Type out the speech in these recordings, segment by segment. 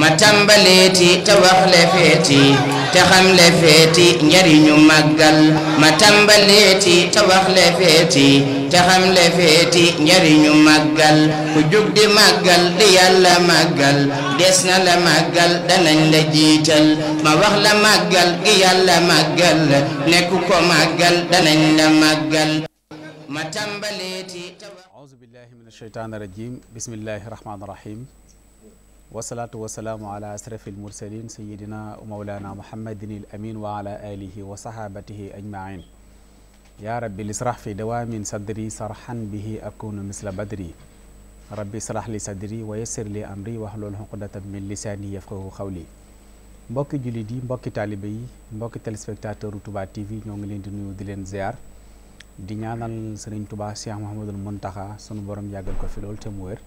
ma tàmbaleeti te wax le feeti te xam le feeti njariñu màggal ma tàmbaleeti te wax le feeti te xam le feeti njariñu màggal ku jugdi di màggal la yàlla desna la màggal danañ la jiital ma wax la màggal gi yàlla màggal nekk ko màggal danañ la màggal ma tàmbaleeti te wax auzu billahi min ashaytaani rajim bismillahi rahmaani rahim والصلاة والسلام على أسرف المرسلين سيدنا ومولانا محمد الأمين وعلى آله وصحابته أجمعين يا رب لسرح في دوام صدري صرحا به أكون مثل بدري ربي صرح لي صدري ويسر لي أمري وحلول حقدة من لساني يفقه خولي مباكي جلدي مباكي طالبي مباكي تلسفكتاتور روتوبا تيفي نونجلين دنيو دلين زيار دينيانا السرين توبا سيام محمد المنتخى سنبورم ياغل كفلول تموير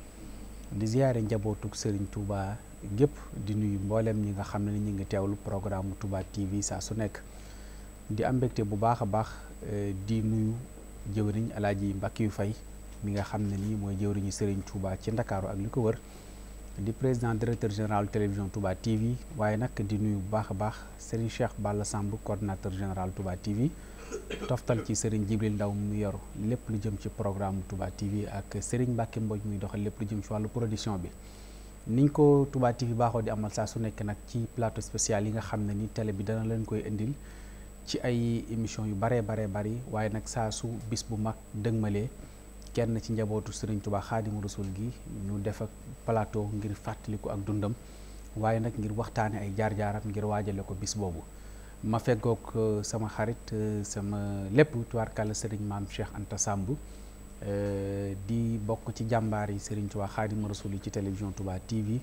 di ziyaare njabootug Serigne Touba gépp di nuyu mboolem ñi nga xam ne ñi ngi teew teewlu programme Touba TV saa su nekk di am mbégte bu baax a baax eh, di nuyu jëwriñ Alaaji yu Fay mi nga xam ne nii mooy jëwriñu Serigne Touba ci Ndakaaru ak li ko wër di président directeur général télévision Touba TV waaye nag di nuyu bu baax a baax Serigne Cheikh Balla Samb coordinateur général Touba TV. toftal ci Serigne Jibril Ndaw mu yor lépp lu jëm ci programme Touba TV ak Serigne Mbacke Mbodj muy doxal lépp lu jëm ci wàllu production bi niñ ko Touba TV baaxoo di amal saa su nekkee nag ci plateau spécial yi nga xam ne ni télé bi dana leen koy indil ci ay émission yu baree baree bari waaye nag saa su bis bu mag dëgmalee kenn ci njabootu Serigne Touba Xaadimu Rasul gi ñu def ak plateau ngir fàttaliku ak dundam waaye nag ngir waxtaane ay jaar-jaaram ngir waajale ko bis boobu ma fegook euh, sama xarit euh, sama lépp tubaarkàlla sëriñ maam Cheikh Anta Samb euh, di bokk ci jàmbaar yi sëriñ Tuubaa Xaadimu Rasuul yi ci télévision Touba TV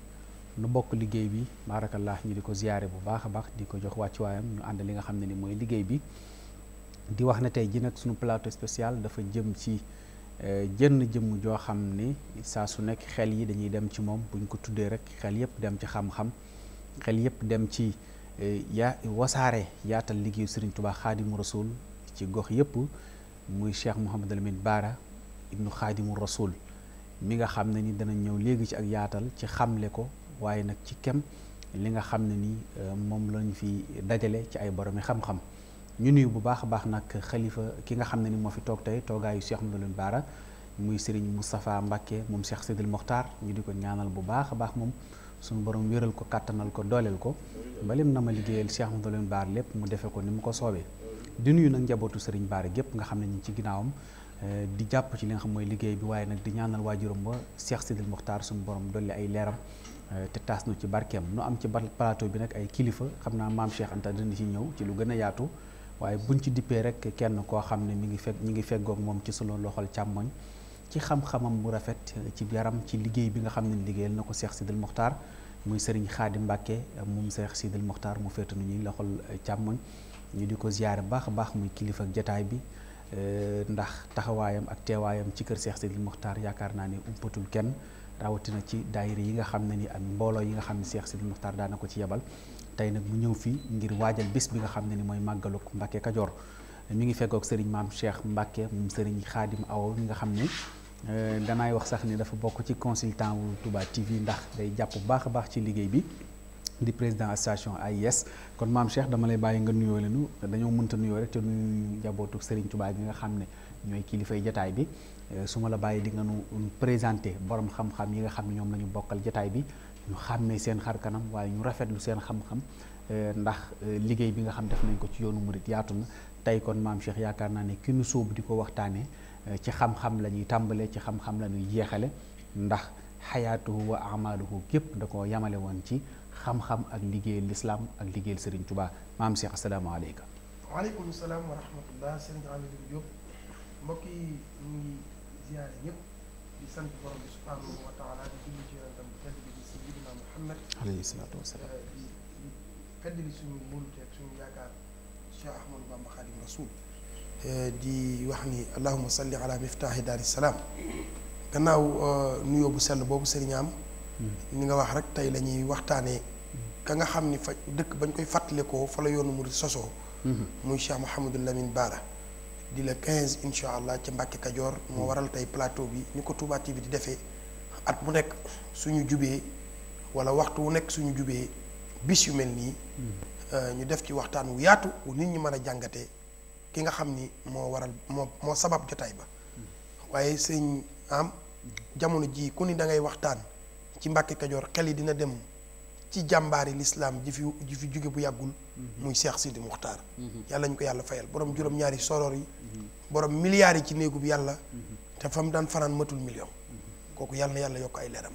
nu bokk liggéey bi baarakallah ñu di ko ziyaare bu baax a baax di ko jox waayam ñu ànd li nga xam ne ni mooy liggéey bi di wax ne tey ji nag suñu plateau spécial dafa jëm ci jënn jëmm joo xam ni saa su nekk xel yi dañuy dem ci moom buñ ko tuddee rek xel yëpp dem ci xam-xam xel yëpp dem ci ya wasare yaatal liggéeyu Serigne Touba Xaadimu Rasul ci gox yëpp muy Cheikh Mouhamed Lamine Baara ibnu Xaadimu Rasul mi nga xam ne ni dana ñëw léegi ci ak yaatal ci xamle ko waaye nag ci kem li nga xam ne ni moom lañu fi dajale ci ay boromi xam-xam ñu nuyu bu baax baax nag xalifa ki nga xam ni moo fi toog tey toogaayu Cheikh Mouhamed Lamine Baara muy Serigne Moustapha Mbacke moom Cheikh Sidil Mokhtar ñu di ñaanal bu baax baax moom. suñu borom wéral ko kàttanal ko dooleel ko mbalim na ma liggéeyal Cheikh Amadou Lamine baar lépp mu defee ko ni mu ko soobee di nuyu nag njabootu Serigne Bara gépp nga xam ne ñu ci ginnaawam eh, di jàpp ci li nga xam mooy liggéey bi waaye nag di ñaanal waajuram ba Cheikh Sidil Mokhtar suñu borom dolli ay leeram eh, te taas nu ci barkeem nu am ci plateau bi nag ay kilifa xam naa maam Cheikh Anta dina ci ñëw ci lu gën a yaatu waaye buñ ci dippee rek kenn koo xam ne mu ngi fekk ñi ngi feggoog moom ci sunu loxol càmmoñ ci xam-xamam bu rafet ci yaram ci liggey bi nga xamne ne nako Cheikh Sidil mukhtar muy Serigne Khadim mbake mum Cheikh Sidil mukhtar mu féetanu la xol chamoy ñu diko ko bax bax muy kilifa ak jotaay bi ndax taxawayam ak teewayam ci keur Cheikh Sidil Mokhtar yaakaar ni umputul ken rawati na ci daayira yi nga xamne ni ak mbolo yi nga xamne Cheikh Sidil Mokhtar daana ko ci yebal tay nak mu ñëw fi ngir wajal bés bi nga xamne ni moy magaluk mbake kadior mi ngi fekkook sëriñ maam Cheikh Mbacke moom sëriñ Xaadim Awo mi nga xam ne euh, danaay wax sax ni dafa bokk ci consultant wu Touba TV ndax day jàpp bu baax a baax ci liggéey bi di président association yes kon maam Cheikh dama lay bàyyi nga nuyoo leenu dañoo mënta nuyoo rek te nuyu njabootu sëriñ tubaab bi nga xam ne ñooy kilifay jataay bi euh, su ma la bàyyi di nga nu présenté borom xam-xam yi nga xam ne ñoom la ñu bokkal jataay bi ñu xàmmee seen xar kanam waaye ñu rafetlu seen xam-xam euh, ndax liggéey bi nga xam def nañ ko ci yoonu murit yaatu tay kon maam Cheikh yaakaar naa ne ki nu sóobu diko waxtane ci xam-xam lañuy tambalé ci xam-xam lañuy jéxalé ndax hayatuhu wa a'maluhu kep dako yamale won ci xam-xam ak liggéeyal l'islam ak liggéeyal serigne touba maam Cheikh assalamu alaykum wa alaykum assalam wa rahmatullah serigne amadou Diop mbokk yi ñu ngi ziyaare ñëpp di sant borom subhanahu wa taala di julli ci yonentam bu tedd bi di sayyidina Muhammad alayhi salaatu wasalaam di fedd li suñu mboolute ak suñu yaakaar. الشيخ احمد بن محمد الرسول دي وحني اللهم صل على مفتاح دار السلام كناو نيو بو سل بوبو سيرنيام نيغا واخ رك تاي لا نيي واختاني كاغا خامني دك بان كوي فاتليكو فا لا يونو مودي سوسو موي شيخ محمد اللامين بارا دي لا 15 ان شاء الله تي مباكي كادور مو وارال تاي بلاتو بي نيكو توبا تي في دي ديفي ات مو نيك سونو جوبي ولا وقتو نيك سونو جوبي بيس ملني Euh, ñu def ci waxtaan wu yaatu wu nit ñi mën a jàngatee ki nga xam ni moo waral moo sabab jotaay ba waaye sëñ am jamono ji ku ni dangay waxtaan ci Mbàkke Kajoor xel yi dina dem ci jàmbaari lislaam ji fi ji jóge bu yàggul muy Seex Sidi Muxtaar yàlla ñu ko yàlla fayal borom juróom-ñaari soror yi borom milliards yi ci néegu bi yàlla te fa mu daan fanaan matul million kooku yàlla yàlla yokk ay leeram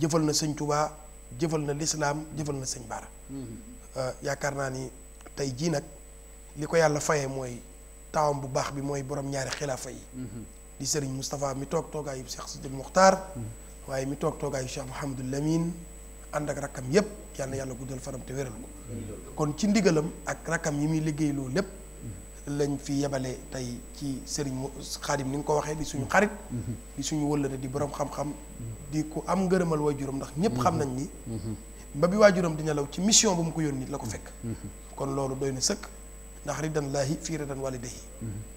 jëfal na sëñ Tubaa jëfal na lislaam jëfal na sëñ Baara Euh, yaakaar naa ni tey jii nag li ko yàlla fayee mooy taawam bu baax bi mooy borom ñaari xilaafa yi mhm. di sëriñ Moustapha mi toog toogaayu Cheikh Sidil Muxtaar mhm. waaye mi toog toogaayu Cheikh Mouhamadul Lamine ànd ak rakkam yépp yàlla na yàlla guddal te wéral kon ci ndigalam ak rakkam yi muy liggéey loolu lépp mhm. lañ fi yebale tey ci sëriñ xaadim ni nga ko waxee di suñu xarit di suñu wëllëre di boroom xam-xam di ku am ngërëmal juróom ndax ñépp xam nañ ni ba bi waajuram di nelaw ci mission bu mu ko yónni la ko fekk kon loolu doy na ndax ridan laahi fii ridan walidahi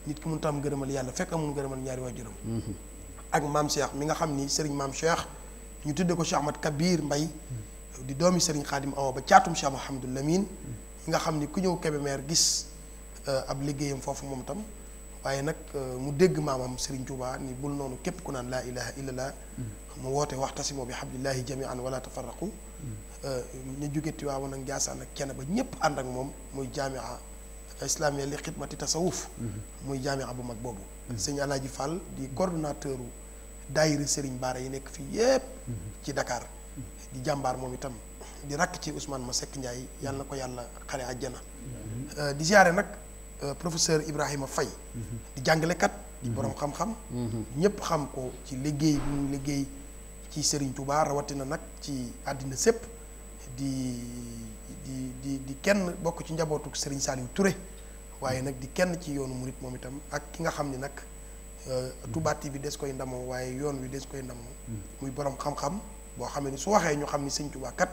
nit ki mun ta am yàlla fekk amul gërëmal ñaari waajuram ak maam Cheikh mi nga xam ni sëriñ Cheikh ñu tudde ko Cheikh Ahmad Kabir Mbay di doomi sëriñ Xaadim Awa ba caatum Cheikh Mouhamadul Lamine nga xam ku ñëw Kébémer gis ab liggéeyam foofu moom tam waaye nag mu dégg maamam Serigne Touba ni bul noonu képp ku naan laa ilaha illallah mu woote waxtasimu bi hablillahi jamian wala tafarraqu Euh, ñu jóge Tiwaawan na Njaasaan ak kenn ba ñëpp ànd ak moom muy jaamia islamiya li xidmati tasawuf mhm. muy jaamia bu mag boobu mhm. sëñ Alaaji Fall di coordonnateur u daayira baare yi nekk fii yépp mhm. ci Dakar di jàmbaar moom itam di rakk ci ma Masseck Ndiaye yàlla na ko yàlla xare àjjana euh, di ziare nag euh, professeur Ibrahima fay di jàngalekat di borom xam-xam ñépp xam ko ci liggéey bi mu liggéey ci Serigne Touba rawatina nag ci àddina sépp di di di di kenn bok ci njabootu Serigne Saliou Touré waye nak di kenn ci yoonu mourid momi tam ak ki nga xamni ni euh Touba TV des koy ndamoo waye yoon wi des koy ndamoo mm. muy borom xam-xam bo xamni su waxe ñu xamni serigne Touba kat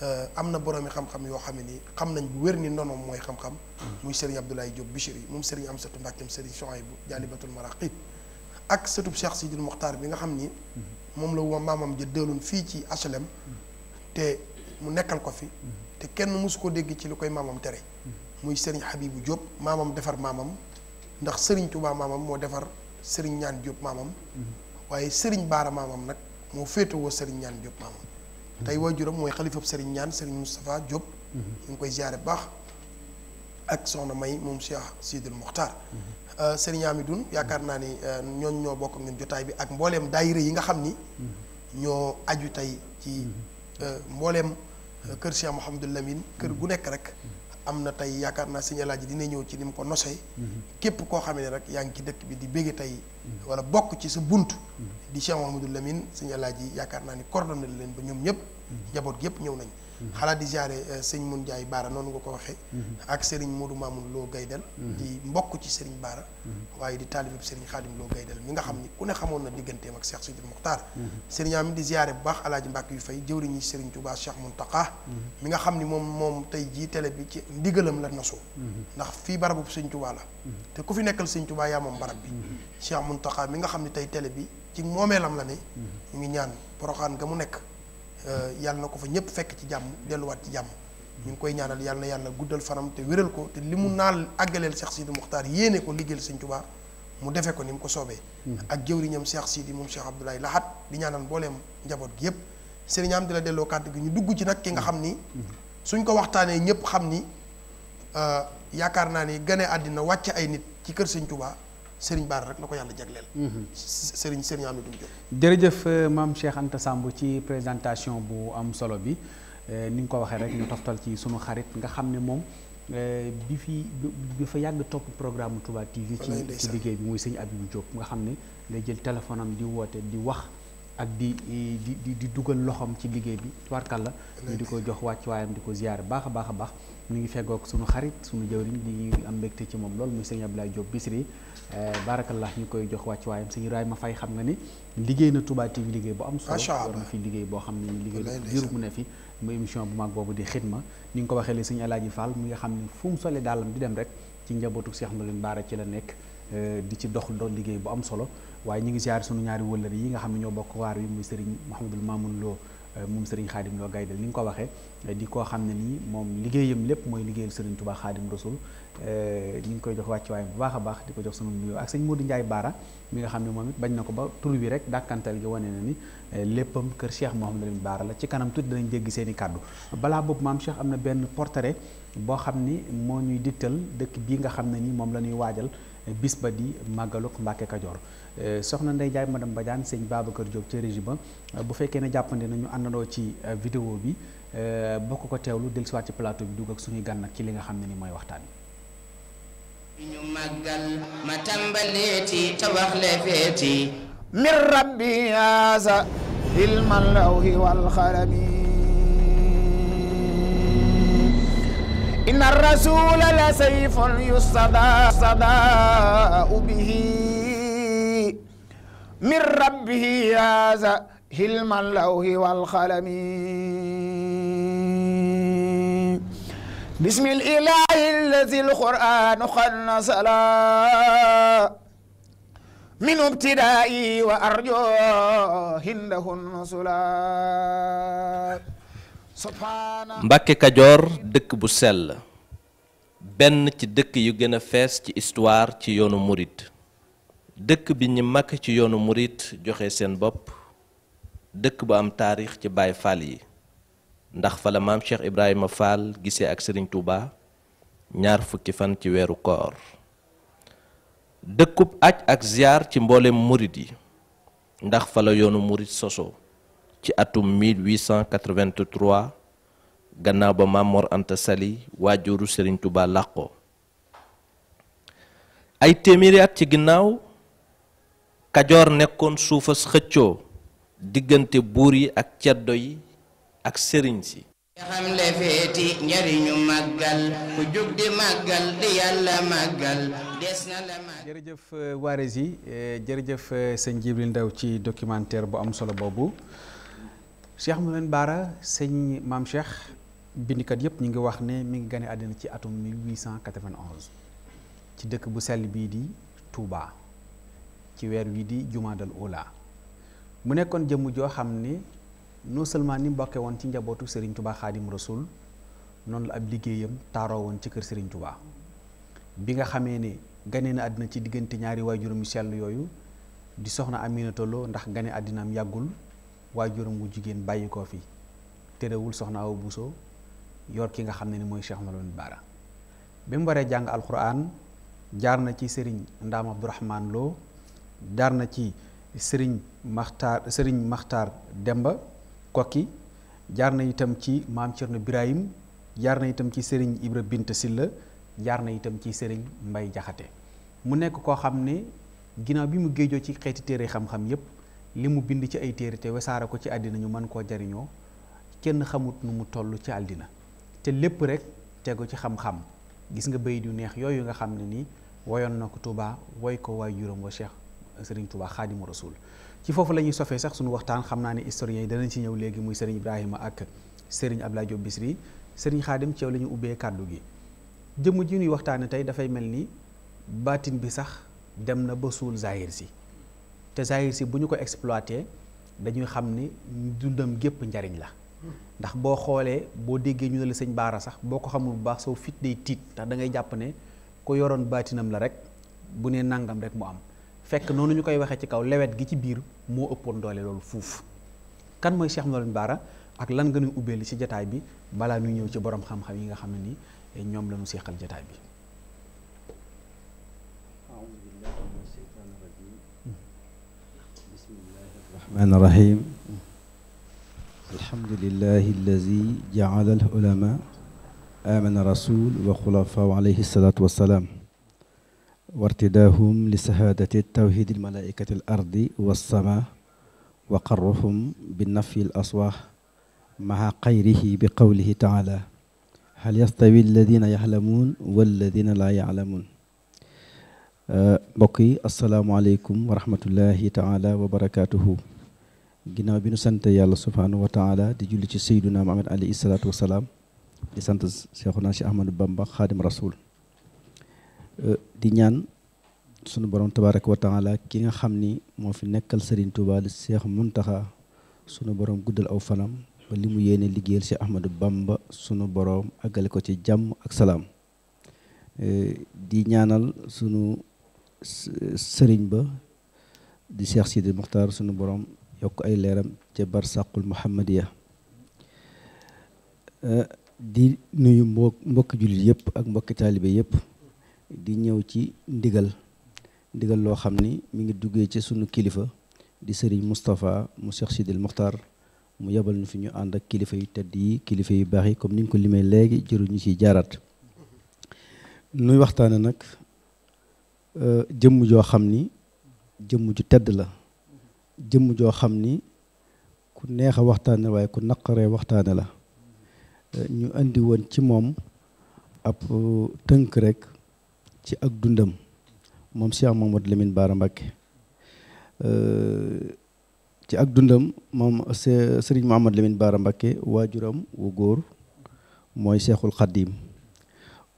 euh, am na borom xam-xam yo xamni xam nañ bu wér nono moy xam-xam mm. muy Serigne Abdoulaye Diop Bichiri mum Serigne Amsatou Mbàckeem Serigne Souhaïbou jalibatul Maraqib ak sëtub Cheikh Sidil mukhtar bi nga xamni mom mm. la wa mamam je dëlun fi ci aslam te mu nekkal ko fi te kenn mosu ko dégg ci lu koy maamam tere muy sëriñ Habibou Diop maamam defar maamam ndax sëriñ Touba maamam moo defar sëriñ ñaan Diop maamam waaye sëriñ Baara maamam nag moo féetewoo sëriñ ñaan Diop maamam tey waajuram mooy xalifa sëriñ ñaan sëriñ Moustapha Diop ñu ngi koy ziare baax ak soxna May moom Cheikh Sidil Mokhtar euh, sëriñ Amidoune yaakaar naa ni euh, ñooñ ñoo bokk ngeen jotaay bi ak mbooleem daayira yi nga xam ni ñoo aju tey ci euh, mbooleem kër Cheikh Mouhamadou Lamine kër gu nekk rek am na tey yaakaar naa sëñ Alaaji dina ñëw ci ni mu ko nosee képp koo xam ne rek yaa ngi ci dëkk bi di bégge tey wala bokk ci sa bunt di Cheikh Mouhamadou Lamine sëñ Alaaji yaakaar naa ni coordonné leen ba ñoom ñëpp njaboot gi yëpp ñëw nañ xalaat di jaare euh, sëñ Mun Njaay Baara noonu nga ko waxee. Mhm. ak Serigne Modou Mamoun Lo Gaydel mhm. di mbokk ci Serigne Baara. Mhm. waaye di taalibeb Serigne Xaadim loo Gaydel mi nga xam ni ku ne xamoon na digganteem ak Cheikh Sidil Mokhtar. Serigne Amin di jaare bu baax Alaaji Mbàkke yu fay jëwriñu Serigne Touba Cheikh Mountakha. mi nga xam ni moom moom tey jii tele bi ci ndigalam la nasoo. ndax fii barabu Sëñ Touba la. te ku fi nekkal Sëñ Touba yaa moom barab bi. mun Mountakha mi nga xam ne tey télé bi ci moomeelam la ne. ngi ñaan Porokhane ga mu nekk. Euh, yàlla na ko fa ñëpp fekk ci jàmm delluwaat ci jàmm ñu ngi koy ñaanal yàlla na yàlla guddal fanam te wéral ko te li mu naal àggaleel Cheikh Sidi Muxtaar yéene ko liggéeyal Sëñ Tuubaa mu defe ko ni mu ko soobee mm-hmm. ak jëwriñam Cheikh Sidi moom Cheikh Abdoulaye Lahat di ñaanal booleem njaboot gi yépp sëriñ am di la delloo kàddu gi ñu dugg ci nag ki nga xam ni mm-hmm. suñ ko waxtaanee ñëpp xam ni euh, yaakaar naa ni gane àddina wàcc ay nit ci kër Sëñ Tuubaa Serigne Bar rek la ko yàlla mhm. Serigne Serigne sëriñ Amidou Diop. jërëjëf euh, Mam Cheikh Anta Samb ci présentation bu am solo bi euh, ni ngi ko waxee rek ñu toftal ci sunu xarit nga xam mom euh, bi fi bi fa yàgg top programme Touba TV. ci ci liggéey bi muy Serigne Abibou Diop nga xam lay jël téléphone am di woote di wax. ak di di di duggal dugal ci liggéey bi tubaarkàlla ñu diko jox wacc wayam diko ziar ziyaar baax a baax baax ñu ngi feggoog suñu xarit suñu jëwriñ di am mbekté ci mom lool muy Serigne Abdoulaye Diop Bichri Eh, baarakallah ñu koy jox wàcc waayam raay ma fay xam nga ni liggéey na Touba TV liggéey bu am solo liggéey boo xam ne ni liggéey jur ne fi mu émission bu mag boobu di xidma ni nga ko waxee la sëñ Alaaji faal mi nga xam ne fu mu solee dàllam dem rek ci njabootu Cheikh Ndoline Baara ci la nekk eh, di ci dox doon liggéey bu am solo waaye ñu ngi si ziar sunu ñaari wëllëri yi nga xam ne ñoo bokk waar wi muy sëriñ Mouhamadul Mamoun Lo eh, moom sëriñ Xaadim Lo Gaydel ni nga ko waxee di koo xam ne nii moom liggéeyam lépp mooy liggéeyal sëriñ tubaa Xaadim Rasul Euh, ñu ngi koy jox wàccuwaay bu baax a baax di ko jox mu nuyoo ak sëñ di Ndiaye Baara mi nga xam ne moom it bañ na ko ba tur wi rek dàkkantal gi wane na ni euh, léppam kër Cheikh Mouhamadou Baara la ci kanam tuuti danañ dégg seen i kàddu balaa boobu maam Cheikh na benn portrait boo xam ni moo ñuy digtal dëkk bii nga xam ne ni moom la ñuy waajal euh, bis ba di màggaluk Mbàkke Kajoor soxna Ndey Jaay madame Badiane sëñ Babacar Diop ca régie ba bu fekkee ne jàppandi nañu àndandoo ci vidéo bi bokk ko teewlu dellusiwaat ci plateau bi dugg ak suñuy gan nag ci li nga xam ne ni mooy waxtaan bi ñu màggal ma tàmbaleeti tabax lefeeti min rabbi yaasa ilmal lawhi wal xalami إن الرسول لسيف يصدى صدى به من ربه هذا هلم اللوه والخلم بسم الإله الذي القرآن قد نزل من ابتدائي وأرجو هنده النزل Mbàkke Kajoor dëkk bu sell benn ci dëkk yu gën a fees ci histoire ci yoonu murit dëkk bi ñi mag ci yoonu murit joxe seen bopp dëkk bu am taarix ci Baay Faal yi ndax fa la maam Cheikh Ibrahima Fall gisee ak sëriñ Touba ñaar fukki fan ci weeru koor dëkkub aj ak ziar ci mboolem murit yi ndax fala yoonu murit soso ci atum 1883 gannaaw ba maam Mor Anta Sali waajuru Serigne Touba làqoo ay téeméeri ci ginnaaw kajoor nekkoon suufa xëccoo diggante buur yi ak ceddo yi ak sëriñ si xam le feeti njariñu màggal ku jug di màggal di yàlla màggal des na la màggal jërëjëf euh, Warési euh, jërëjëf euh, sëñ Jibril Ndaw ci documentaire bu am solo boobu Cheikh mu leen Baara sëñ maam Cheikh bindikat yëpp ñu ngi wax ne mi ngi gane àddina ci atum 1891 ci dëkk bu sell bii di Touba ci weer wii di Jumaadal Oula mu nekkoon jëmm joo xam ni noo seulement ni mu bokkee woon ci njabootu Serigne Touba Xaadim Rasul noonu la ab liggéeyam taaroo woon ci kër Serigne Touba bi nga xamee ni gane na àddina ci diggante ñaari waajuram yu sell yooyu di soxna Aminata Lo ndax gane àddinaam yàggul waajuram wu jigéen bàyyi ko fi terewul soxna aw Bousso yor ki nga xam ne ni mooy Cheikh Maloune Bara bi mu waree jàng alxuraan jaar na ci Serigne Ndaam Abdourahmane Lo jaar na ci sëriñ Maxtaar sëriñ Maxtaar Demba. kokki jaar na itam ci maam Thierno Birahim jaar na itam ci Serigne Ibra Bint Silla jaar na itam ci Serigne Mbay Jaxate mu nekk koo xam ne ginnaaw bi mu géejoo ci xeeti téere xam-xam yépp li mu bind ci ay téere te wesaare ko ci àddina ñu mën koo jariñoo kenn xamut nu mu toll ci àddina te lépp rek tegu ci xam-xam gis nga bayit yu neex yooyu nga xam ne ni woyoon na ko Touba woy ko waay juróom wa Cheikh Serigne Touba Xaadimu Rasuul ci foofu la ñuy sofee sax suñu waxtaan xam naa ne historiens yi danañ ci ñëw léegi muy sëriñ Ibrahima ak sëriñ Abdoulaye Diop Bichri sëriñ Xaadim ci yow la ñu ubbee kàddu gi jëmm ji ñuy waxtaane tey dafay mel ni baatin bi sax dem na ba suul zahir si te zahir si bu ñu ko exploité dañuy xam ni dundam gépp njariñ la ndax boo xoolee boo déggee ñu ne la sëñ baara sax boo ko xamul bu baax soo fit day tiit ndax da jàpp ne ko yoroon baatinam la rek bu ne nangam rek mu am fekk nonu ñu waxe ci kaw lewet gi ci biir mo ëppoon doole loolu fuuf kan moy Cheikh Mouhamadou Bara ak lan nga ñu ubbee ci jotaay bi bala ñu ñëw ci borom xam-xam yi nga xam ne ni ñoom la ñu seexal bi. الرحمن الرحيم الحمد لله الذي جعل العلماء آمن رسول وخلفاء عليه الصلاة والسلام وارتداهم لشهادة التوحيد الملائكة الأرض والسماء وقرهم بالنفي الأصوح مع قيره بقوله تعالى هل يستوي الذين يعلمون والذين لا يعلمون بقي السلام عليكم ورحمة الله تعالى وبركاته جنا بن سنت يا الله سبحانه وتعالى دجلت سيدنا محمد عليه الصلاة والسلام سنت شيخنا شيخ أحمد بامبا خادم رسول Euh, di ñaan sunu borom tabaraka wa ki nga xam ni moo fi nekkal Serigne Touba di Cheikh Mountakha sunu borom guddal aw fanam ba li mu yéene liggéeyal Cheikh Ahmadou sunu borom àggale ko ci jàmm ak salaam euh, di ñaanal sunu sëriñ ba di Cheikh Sidi Muxtaar sunu borom yokk ay leeram ca barsàqul Muhammadiya euh, di nuyu mbokk mbokki jullit yëpp ak mbokki taalibe yépp di ñëw ci ndigal ndigal loo xam ni mi ngi duggee ci sunu kilifa di sëriñ Moustapha mu Cheikh Sidil Mokhtar mu yebal ñu fi ñu ànd ak kilifa yu tedd yi kilifa yu baax yi comme ni ko limay léegi jëru ñu ciy jaaraat nuy waxtaane nag euh, jëmm joo xam ni jëmm ju tedd la jëmm joo xam ni ku neex a waxtaane waaye ku naqaree waxtaane la euh, ñu indi woon ci moom ab euh, tënk rek ci ak dundam moom Cheikh Mamadou Lamine Bara Mbacké euh, ci ak dundam moom Serigne Mamadou waajuram wu góor mooy Cheikhul Khadim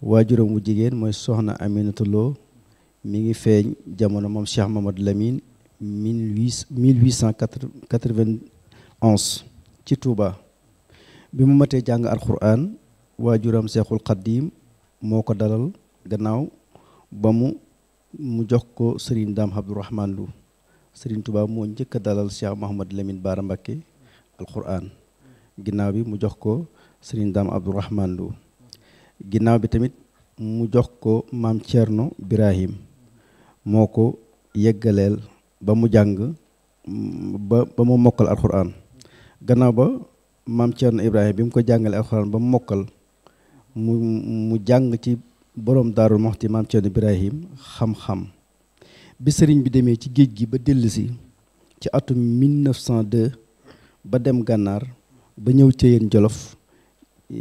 waajuram wu jigéen mooy Soxna Aminata Lo mi ngi feeñ jamono moom Cheikh Mamadou Lamine mille huit mille huit cent quatre-vingt-onze ci Touba bi mu matee jàng alquran waajuram Cheikhul Khadim moo ko dalal gannaaw ba mu mu jox ko Serigne Dame Abdourahmane Lo Serigne Touba moo njëkk a dalal Cheikh Mouhamad Lamine Bara Mbacké alquran ginnaaw bi mu jox ko Serigne Dame Abdourahmane ginnaaw bi tamit mu jox ko maam Thierno Birahim moo ko yeggaleel ba mu jàng ba ba mu mokkal gannaaw ba maam Thierno Ibrahim bi mu ko jàngalee alquran ba mu mokkal mu mu jàng ci. boroom daarul moxti maam Cerno Ibrahim xam-xam bi sëriñ bi demee ci géej gi ba dellusi ci atum 1902 ba dem gànnaar ba ñëw ceyeen jolof e,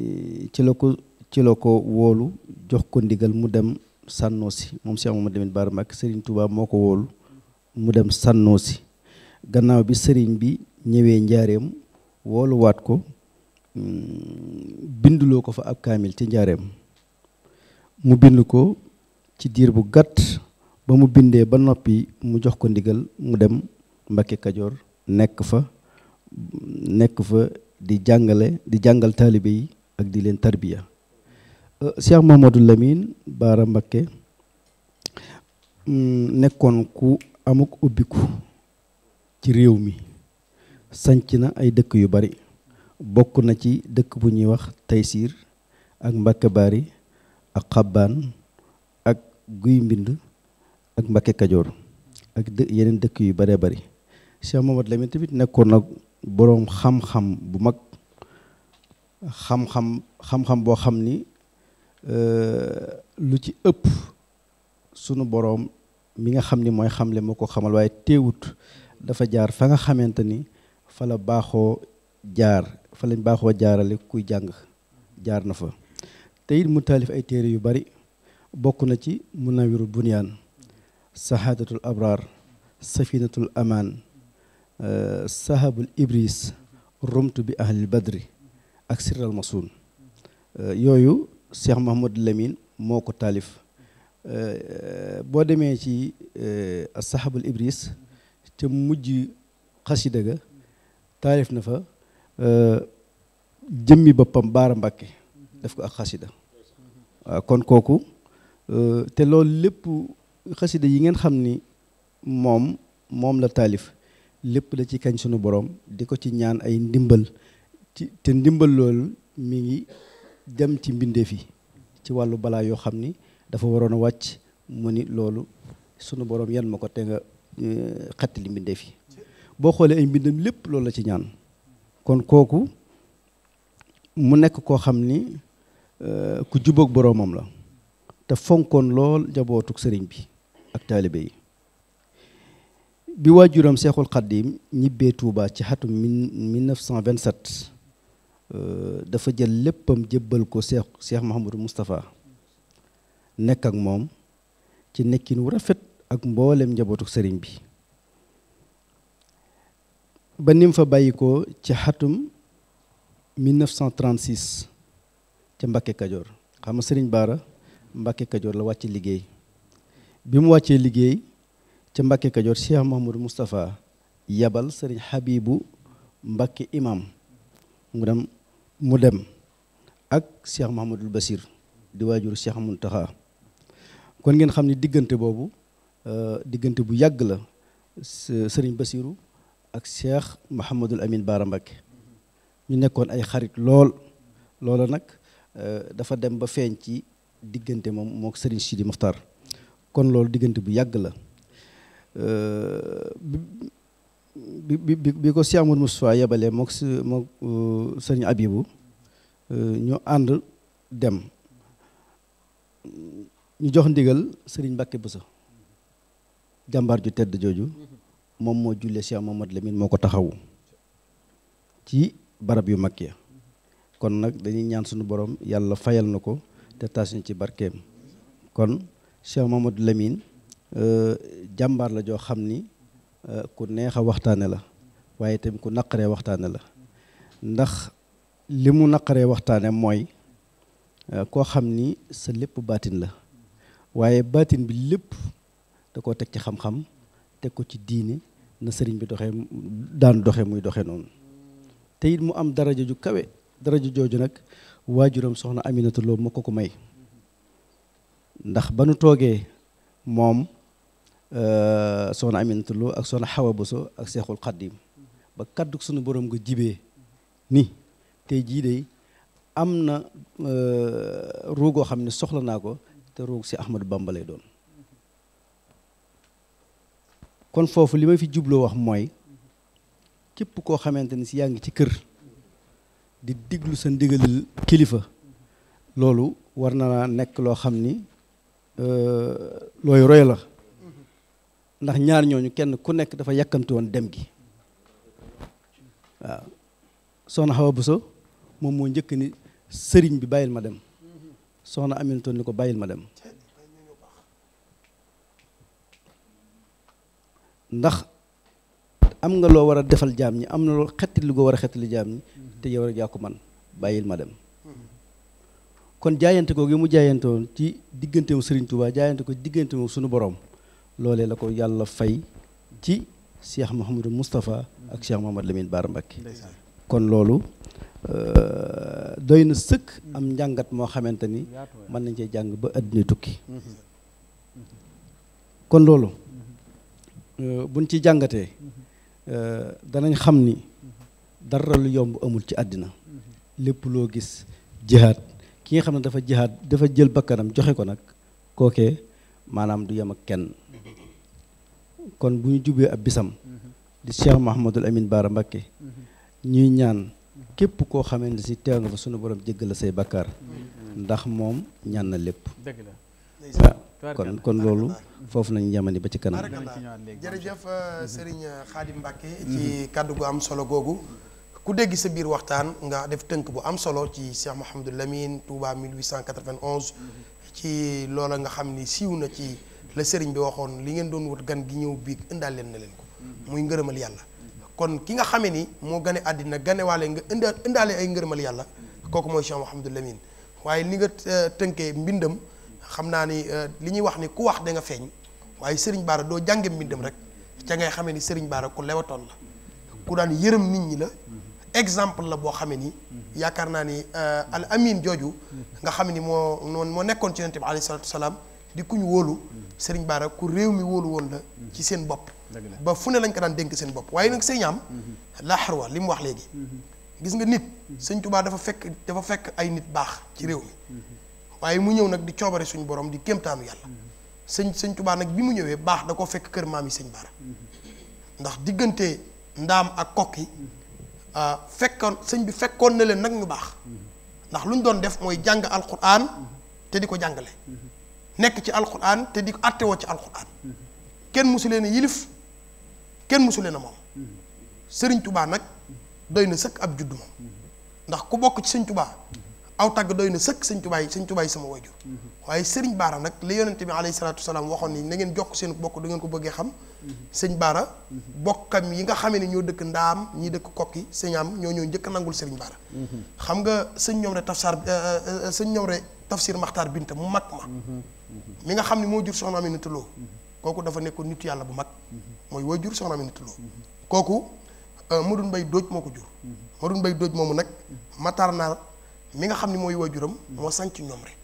ci la ko ci la ko woolu jox ko ndigal mu dem sànnoosi moom Cheikh Mamadou Lamine Bara sëriñ Touba moo ko woolu mu dem sànnoosi gannaaw bi sëriñ bi ñëwee njaareem wooluwaat ko mm, binduloo ko fa ab kaamil ci njaareem mu bind ko ci diir bu gàtt ba mu bindee ba noppi mu jox ko ndigal mu dem Mbàkke Kajoor nekk fa nekk fa di jàngale di jàngal taalibe yi ak di leen tarbiya euh, Cheikh Mamadou Lamine Baara Mbàkke mm, nekkoon ku amuk ubbiku ci réew mi sanc na ay dëkk yu bari bokk na ci dëkk bu ñuy wax Taysiir ak Mbàkke Baari ak xabbaan ak guy mbind ak Mbakke Kajoor ak yeneen dëkk yu bëree bëri Cheikh Mamadou Lamine tamit nekkoon nag boroom xam-xam bu mag xam-xam xam-xam boo xam ni euh, lu ci ëpp sunu boroom mi nga xam ni mooy xam xamle moo ko xamal waaye teewut dafa jaar fa nga xamante ni fa la baaxoo jaar fa lañ baaxoo jaarale kuy jàng jaar na fa تيد متالف أي تيري يباري بكونا تي مناور بنيان سهادة الأبرار سفينة الأمان سهب الإبريس رمت بأهل البدر أكسر المصون يويو سيح محمود لمين موكو تالف بودي ميتي السحب الإبريس تمجي قصيدة تالف نفا جمي بابام بارم باكي دفكو أخاسي ده waaw euh, kon kooku euh, te lool lépp xasida yi ngeen xam ni moom moom la taalif lépp la ci kañ sunu borom di ko ci ñaan ay ndimbal ci te ndimbal loolu mi ngi dem ci mbindeef yi ci wàllu balaa yoo xam ni dafa waroon a wàcc mu ni loolu sunu borom yan ma ko te nga euh, xettali mbindeef yi boo xoolee ay mbindam lépp loolu la ci ñaan kon kooku mu nekk koo xam ni Euh, ku jubóog boroomam la te fonkoon lool njabootuk sëriñ bi ak taalibe yi bi waajuram seexul xaddim ñibbee Touba ci xatum 1927 euh, dafa jël léppam jébbal ko seex seex Mouhamadou nekk ak moom ci nekkin rafet ak mboolem njabootuk sëriñ bi ba nim fa bàyyi ko ci xatum 1936 ca Mbacke Kajoor xam nga Serigne Bara Mbacke Kajoor la wàcce liggéey bi mu wàccee liggéey ca Mbacke Kajoor Cheikh Mouhamadou Moustapha yabal Serigne Habibou Mbacke imam mu dem mu dem ak Cheikh Mouhamadou Bassir di waajur Cheikh Mountakha kon ngeen xam ni diggante boobu euh, diggante bu yàgg la Serigne ak Cheikh Mouhamadul Amin Bara Mbacke ñu nekkoon ay xarit lool loola nag. Euh, dafa dem ba feeñ ci diggante moom mook Serigne Sidi Mokhtar kon loolu diggante bu yàgg la euh, bi bi ko Cheikh Amadou Moustapha yebalee mook si mook euh, Serigne Abibou ñu ànd dem ñu jox ndigal sëriñ Mbacke Bousso jàmbaar ju tedd jooju moom moo jullee Cheikh Mamadou Lamine moo ko taxawu ci barab yu mag ya kon nag dañuy ñaan suñu borom yàlla fayal na ko te taas ci barkeem kon sew Mamadou Lamine euh, jàmbaar la joo xam ni euh, ku neex waxtaane la waaye tamit ku naqaree waxtaane la ndax li mu naqaree waxtaane mooy euh, koo xam ni sa lépp baatin la waaye baatin bi lépp da koo teg ci xam-xam teg ko ci diini na sëriñ bi doxee daan doxe muy doxe noonu te mu am daraja ju kawe daraja jooju nag waajuram soxna Aminata Lo ko ko may ndax ba nu toogee moom euh, soxna Aminata Lo ak soxna Xawa Boso ak Seexul Xaddim ba kaddu sunu borom nga jibee ni tey jii de am na euh, ruugoo xam ne soxla naa ko te ruug si Ahmadou Bamba doon kon foofu li ma fi jubloo wax mooy képp koo xamante ni si yaa ngi ci kër di diglu sa ndigalil kilifa loolu war na nekk loo xam ni euh, looy roy la ndax ñaar ñooñu kenn ku nekk dafa yàkkamti woon dem gi waaw soxna Awa Bousso moom moo njëkk ni sëriñ bi bàyyil ma dem soxna Aminatoon ni ko bàyyil ma dem ndax am nga loo war a defal jaam ñi am na loo xettali lu ko war a xettali jaam ñi te yow rek yaa ko man bàyyil ma dem kon jaayante ko gi mu jaayantoon ci diggante wu Serigne Touba jaayante ko diggante wu suñu borom loolee la ko yàlla fay ci Cheikh Mouhamadou mustafa ak Cheikh Mouhamadou Lamine Bara Mbacké kon loolu euh, doy na sëkk am njàngat moo xamante ni mën nañ cee jàng ba àddina tukki kon loolu euh, buñ ci jàngatee euh, danañ xam ni dara lu yomb amul ci àddina lépp loo gis jihaad ki nga xam ne dafa jihaad dafa jël bakkanam joxe ko nag kookee maanaam du yem ak kenn kon bu ñu jubee ab bisam di Cheikh Mahamadul Amin Baara Mbakke ñuy ñaan képp koo xamee ne si teew nga fa sunu borom la say bakkaar ndax moom ñaan na lépp ah, kon kon loolu foofu nañu yamani ba ci kanam jërëjëf euh, Serigne Khadim Mbakke ci kàddu gu am solo googu ku dégg sa biir waxtaan nga def tënk bu am solo ci Cheikh Mouhamadou Lamine Touba 1891 ci loola nga xam ni siiw na ci la sëriñ bi waxoon li ngeen doon wut gan gi ñëw biig indaal leen na leen ko muy ngërëmal yàlla kon ki nga xamee ni moo gane àddina ganewaale nga inda indaale ay ngërëmal yàlla kooku mooy Cheikh Mouhamadou Lamine waaye li nga euh, tënkee mbindam xam naa ni euh, li ñuy wax ni ku wax danga feeñ waaye sëriñ Baara doo jànge mbindam rek ca ngay xamee ni sëriñ Baara ku la ku daan yërëm nit ñi la exemple la boo xamee ni yaakaar naa ni euh, al amine jooju nga xam ni moo noonu moo nekkoon ci yonent bi alayhi salaatu salaam di ku ñu wóolu sëriñ Baara ku réew mi wóolu woon la ci seen bopp ba fu ne lañ ko daan dénk seen bopp waaye nag sëriñ am xarwa mhm. li mu wax léegi gis nga nit sëñ Tuubaa dafa fekk dafa fekk ay nit baax ci réew mi mhm. waaye mu ñëw nag di coobare suñu borom di kéemtaanu yàlla sëñ sëñ Tuubaa nag bi mu ñëwee baax da ko fekk kër maam yi sëñ Baara mhm. diggante ndaam ak kokki Euh, fekkoon sëñ bi fekkoon na leen nag ñu baax ndax lu ñu doon def mooy jàng alquran te di ko jàngale nekk ci alquran te di ko àttewoo ci alquran kenn mosu leen a yilif kenn mosu leen a moom sëriñ tubaa nag doy na sëkk ab juddu moom ndax ku bokk ci sëñ tubaa aw tàgg doy na sëkk sëñ tubaa sëñ tubaa yi sama wajur waaye sëriñ baara nag li yonente bi alayhi salaatu wasalaam waxoon ni na ngeen jokk seen bokk da ngeen ko bëggee xam sëñ baara bokkam yi nga xamee ne ñoo dëkk ndaam ñii dëkk kokki sëñ am ñoo ñoo njëkk nangul sëriñ baara xam nga sëñ ñoom re tafsar sëñ ñoom re tafsir maxtaar binta mu mag ma mi nga xam ne moo jur soxna Aminata kooku dafa nekkoon nitu yàlla bu mag mooy way jur soxna Aminata Lo kooku euh, madun mbay dooj moo ko jur madun bay dóoj moomu nag matar naar mi nga xam ne mooy waajuram moo sanc ñoom rek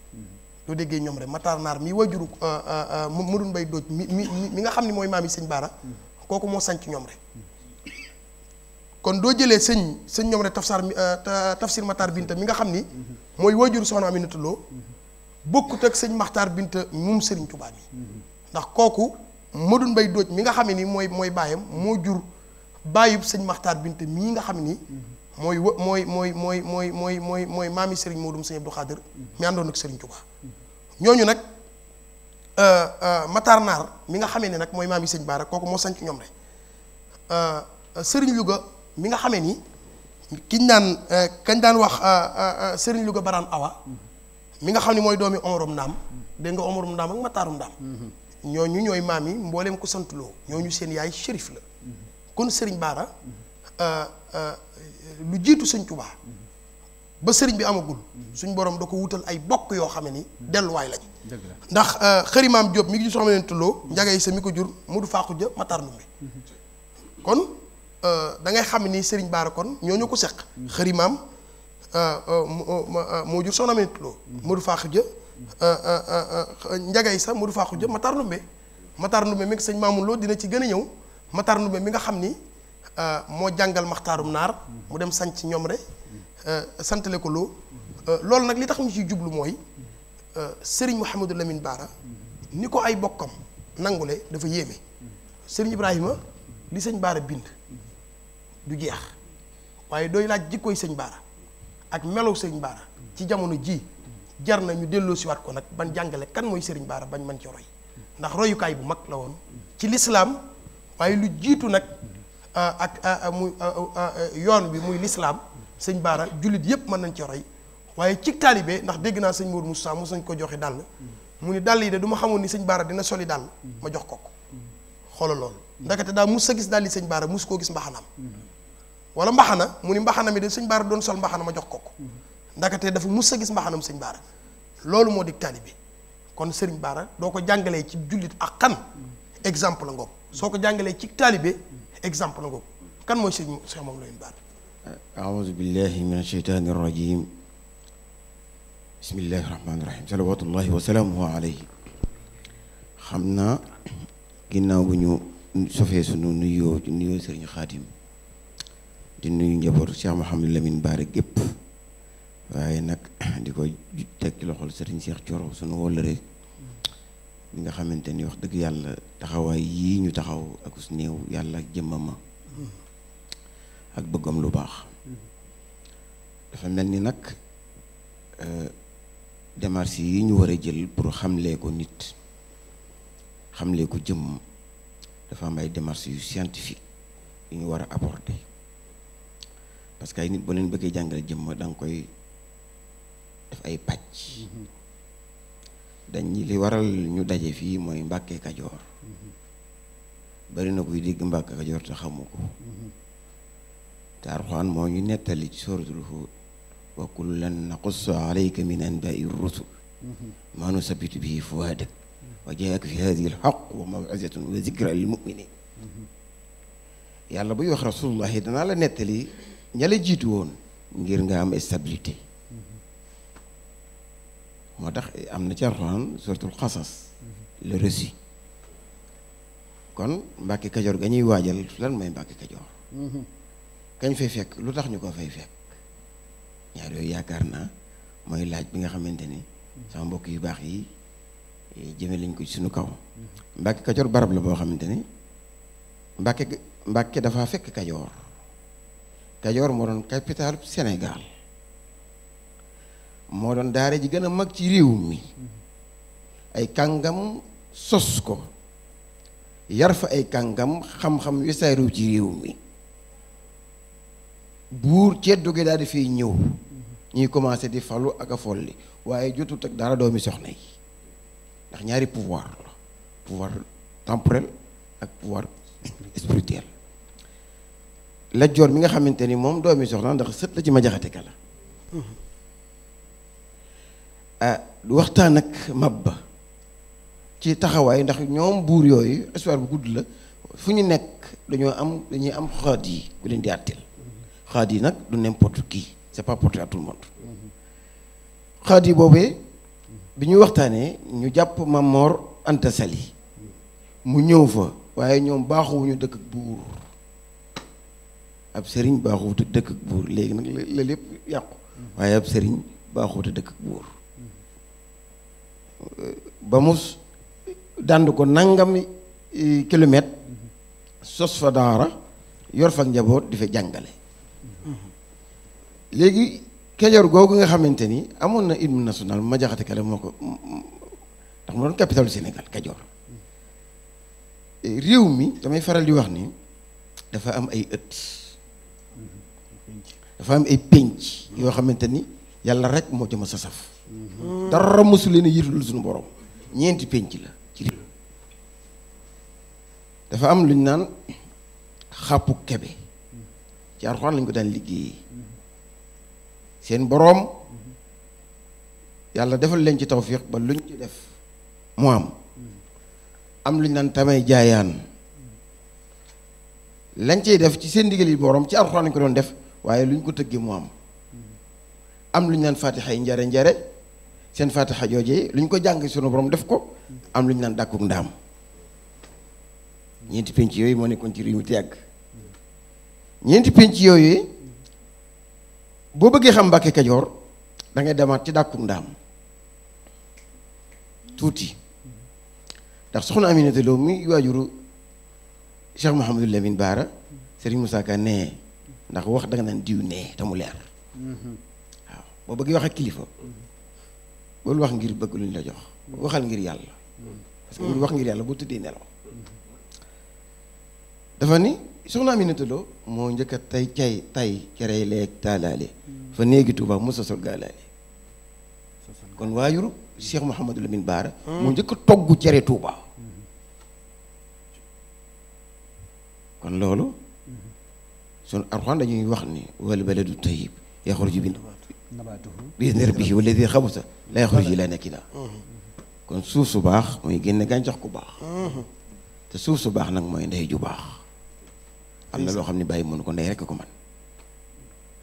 doo déggee ñoom rek Matar Naar mi wajuru euh, euh, euh, Modou Mbaye Dodj mi mi mi nga xam ni mooy maam yi sëñ Baara kooku moo sanc ñoom rek kon doo jëlee sëñ sëñ ñoom rek tafsar tafsir Matar Binta mi nga xam ni mooy wajuru soxna Aminata Lo bokkut ak sëñ Matar Binta moom Serigne Touba mi ndax kooku Modou Mbaye Dodj mi nga xam ni mooy mooy baayam moo jur bàyyub sëñ Matar Binta mii nga xam ni. mooy wa mooy mooy mooy mooy mooy mooy mooy maami Serigne Modou Sëñ Abdou Khadir mi àndoon ak Serigne Touba. ñooñu nag euh, euh, Matar Naar mi nga xamee ne nag mooy maam yi sëñ Baara kooku moo sanc ñoom rek euh, Serigne Louga mi nga xamee ni kiñ naan kañ daan wax Baraan Awa mi nga xam ne mooy doomi Omarum Ndaam dégg nga Omarum Ndaam ak Mataarum Ndaam ñooñu ñooy maam yi mbooleem ku sant ñooñu seen yaay shérif la kon Baara lu jiitu sëñ ba sëriñ bi amagul suñ borom dako wutal ay bokk yo xam ni way lañ ndax xëri euh, job mi ngi ñu soxna leen tulloo njagay sa ko jur mudu faaxu ja kon euh, da ngay xam ni sëriñ baara kon ñoñu ko sekk xëri euh, euh mo jur soxna leen tulo mudu du faaxu ja njagay sa mu du faaxu ja matar ndumbe matar ndumbe mi ngi sëñ maamun dina ci gëna ñew matarnu mi mi nga xamni euh mo jangal nar mu dem ci ñom re Euh, santale ko loo euh, loolu nag li tax ñu ciy jublu mooy euh, sëriñ Mouhamadou Lamine Baara ni ko ay bokkam nangule dafa yéeme sëriñ Ibrahima li sëñ Baara bind du jeex waaye dooy laaj jikkooy sëñ Baara ak melow sëriñ Baara ci jamono ji jar na ñu delloo siwaat ko nag ban jàngale kan mooy sëriñ Baara bañ man ci roy ndax royukaay bu mag la woon ci lislaam waaye lu jiitu nag ak mu yoon bi muy lislaam sëñ Baara jullit yépp mën nañ ci roy waaye cig taalibe ndax dégg naa sëñ Mourou Moussa mu sañ ko joxe dàll mu ni dàll yi de du ma xamoon ni sëñ Baara dina soli dàll ma jox ko ko xoolal loolu ndakate daal mus sa gis dàll sëñ Baara mus koo gis wala mbaxana mu ni mbaxana mi de sëñ Baara doon sol mbaxana ma jox ko ko ndakate dafa mus sa gis mbaxanam sëñ Baara loolu moo dig taalibe kon sëriñ Baara doo ko jàngalee ci jullit ak kan exemple la ngoog soo ko jàngalee ci taalibe exemple la ngoog kan mooy sëriñ Cheikh Mawlana Baara أعوذ بالله من الشيطان الرجيم بسم الله الرحمن الرحيم صلوات الله وسلامه عليه خمنا جنا بنيو سفه سنو نيو نيو سرين خاتم دي نيو جبر شيخ محمد لمين بارك جيب waye nak diko tek ci loxol serigne cheikh thioro sunu wolere bi nga xamanteni wax deug yalla نيو yi ñu taxaw ak us neew yalla ak jëmama ak bëggam lu baax dafa mel ni nag euh, démarches yi ñu war a jël pour xamlee ko nit xamlee ko jëmm dafa am ay démarches yu scientifique yu ñu war a apporter parce que ay nit boo leen bëggee jàngale jëmm da koy def ay pàcc dañ li waral ñu daje fii mooy Mbàkke Kajoor bari na kuy dégg Mbàkke Kajoor te xamu ko تعرفون ما ينتهي لجسوره وكلا نقص عليك من أنباء الرسل ما نثبت به فؤادك وجاءك في هذه الحق وموعظة وذكرى للمؤمنين يا الله بيوخ رسول الله هيدنا على نتلي نيالي جيتون غير غام نعم استابيليتي ما داخ ام نتيارون سورة القصص لو ريسي باكي كاجور غني واجال فلان ماي باكي كاجور kañ fay fekk lu tax ñu ko fay fekk ñaar yooyu yaakaar naa mooy laaj bi nga xamante ni sama mbokk yu baax yi eh, jëme lañ ko suñu kaw Mbàkke Kajoor barab la boo xamante ni Mbàkke Mbàkke dafa fekk Kajoor Kajoor moo doon capitalu Sénégal moo doon daara ji gën a mag ci réew mi ay kàngam sos ko yar fa ay kàngam xam-xam wi sayru ci réew mi buur ceddu gi daal di fiy ñëw ñuy commencé di falu ak a folli waaye jotut ak dara doomi soxna yi ndax ñaari pouvoir la pouvoir temporel ak pouvoir spirituel Lat Joor mi nga xamante ni moom doomi soxna ndax sët la ci ma jaxate ka la ah waxtaan ak ba ci taxawaay ndax ñoom buur yooyu histoire bu gudd la fu ñu nekk dañoo am dañuy am xaat yi ku leen di àtteel xaadi nag du n'importe qui c'est pas porté à tout le monde mm-hmm. xaadi boobee mm-hmm. bi ñuy waxtaanee ñu jàpp Mame Mor mm-hmm. mu ñëw fa waaye ñoom baaxuwuñu dëkk buur ab sëriñ baaxuwut dëkk buur léegi nag yàqu waaye sëriñ baaxuwut dëkk euh, ba mu dànd ko nangami euh, kilomètre sos fa daara yor fa njaboot di fa jàngale léegi kejoor googu nga xamante ni amoon na hymne national ma jaxate kale moo ko ndax moo doon capitale Sénégal Kajoor réew mi damay faral di wax ni dafa am ay ëtt dafa am ay pénc yoo xamante ni yàlla rek moo ci mës a saf dara mosu leen a yirul suñu borom ñeenti pénc la dafa am lu ñu naan xàppu kebe ci Alxuraan lañ ko daan liggéeyee seen boroom yàlla defal leen ci tawfiq ba luñ ci def mu am am luñ naan tamay jaayaan lañ ciy def ci seen ndigal yi boroom ci alxuraan lañ ko doon def waaye lu luñ ko tëggee mu am am luñ naan fatixa yi njare njare seen fatixa joojee luñ ko jàng sunu boroom def ko am luñ naan dàkkuk ndaam ñeenti penc yooyu moo nekkoon ci réew mi te yàgg ñeenti penc yooyu boo bëggee xam Mbàkke Kajoor dangay ngay demaat ci dàqu ndaam tuuti ndax soxna Aminata Lo mi waajuru Cheikh Mouhamadou Lamine Baara Serigne Moussa Ka nee ndax wax da nga naan diw nee te mu leer waaw boo bëggee wax ak kilifa loolu wax ngir bëgg luñ la jox waxal ngir yàlla parce que wax ngir yàlla boo tëddee nelaw dafa ni soxna Aminata Lo moo njëkk a tey cay tay cerey leeg taalaale fa néegi Tuuba mu sosol gaalaale kon waajuru Cheikh Mouhamadou Lamine Baara moo njëkk a togg cere Tuuba kon loolu sun Alxuraan dañuy wax ni wal baladu tayyib yaxruju bi biisner bii wala di xabusa lay yaxruju illa nakira kon suuf su baax mooy génne gàncax ku baax te suuf su baax nag mooy ndey ju baax am na loo xam ne bàyyi mënu ko ndey rekk ko man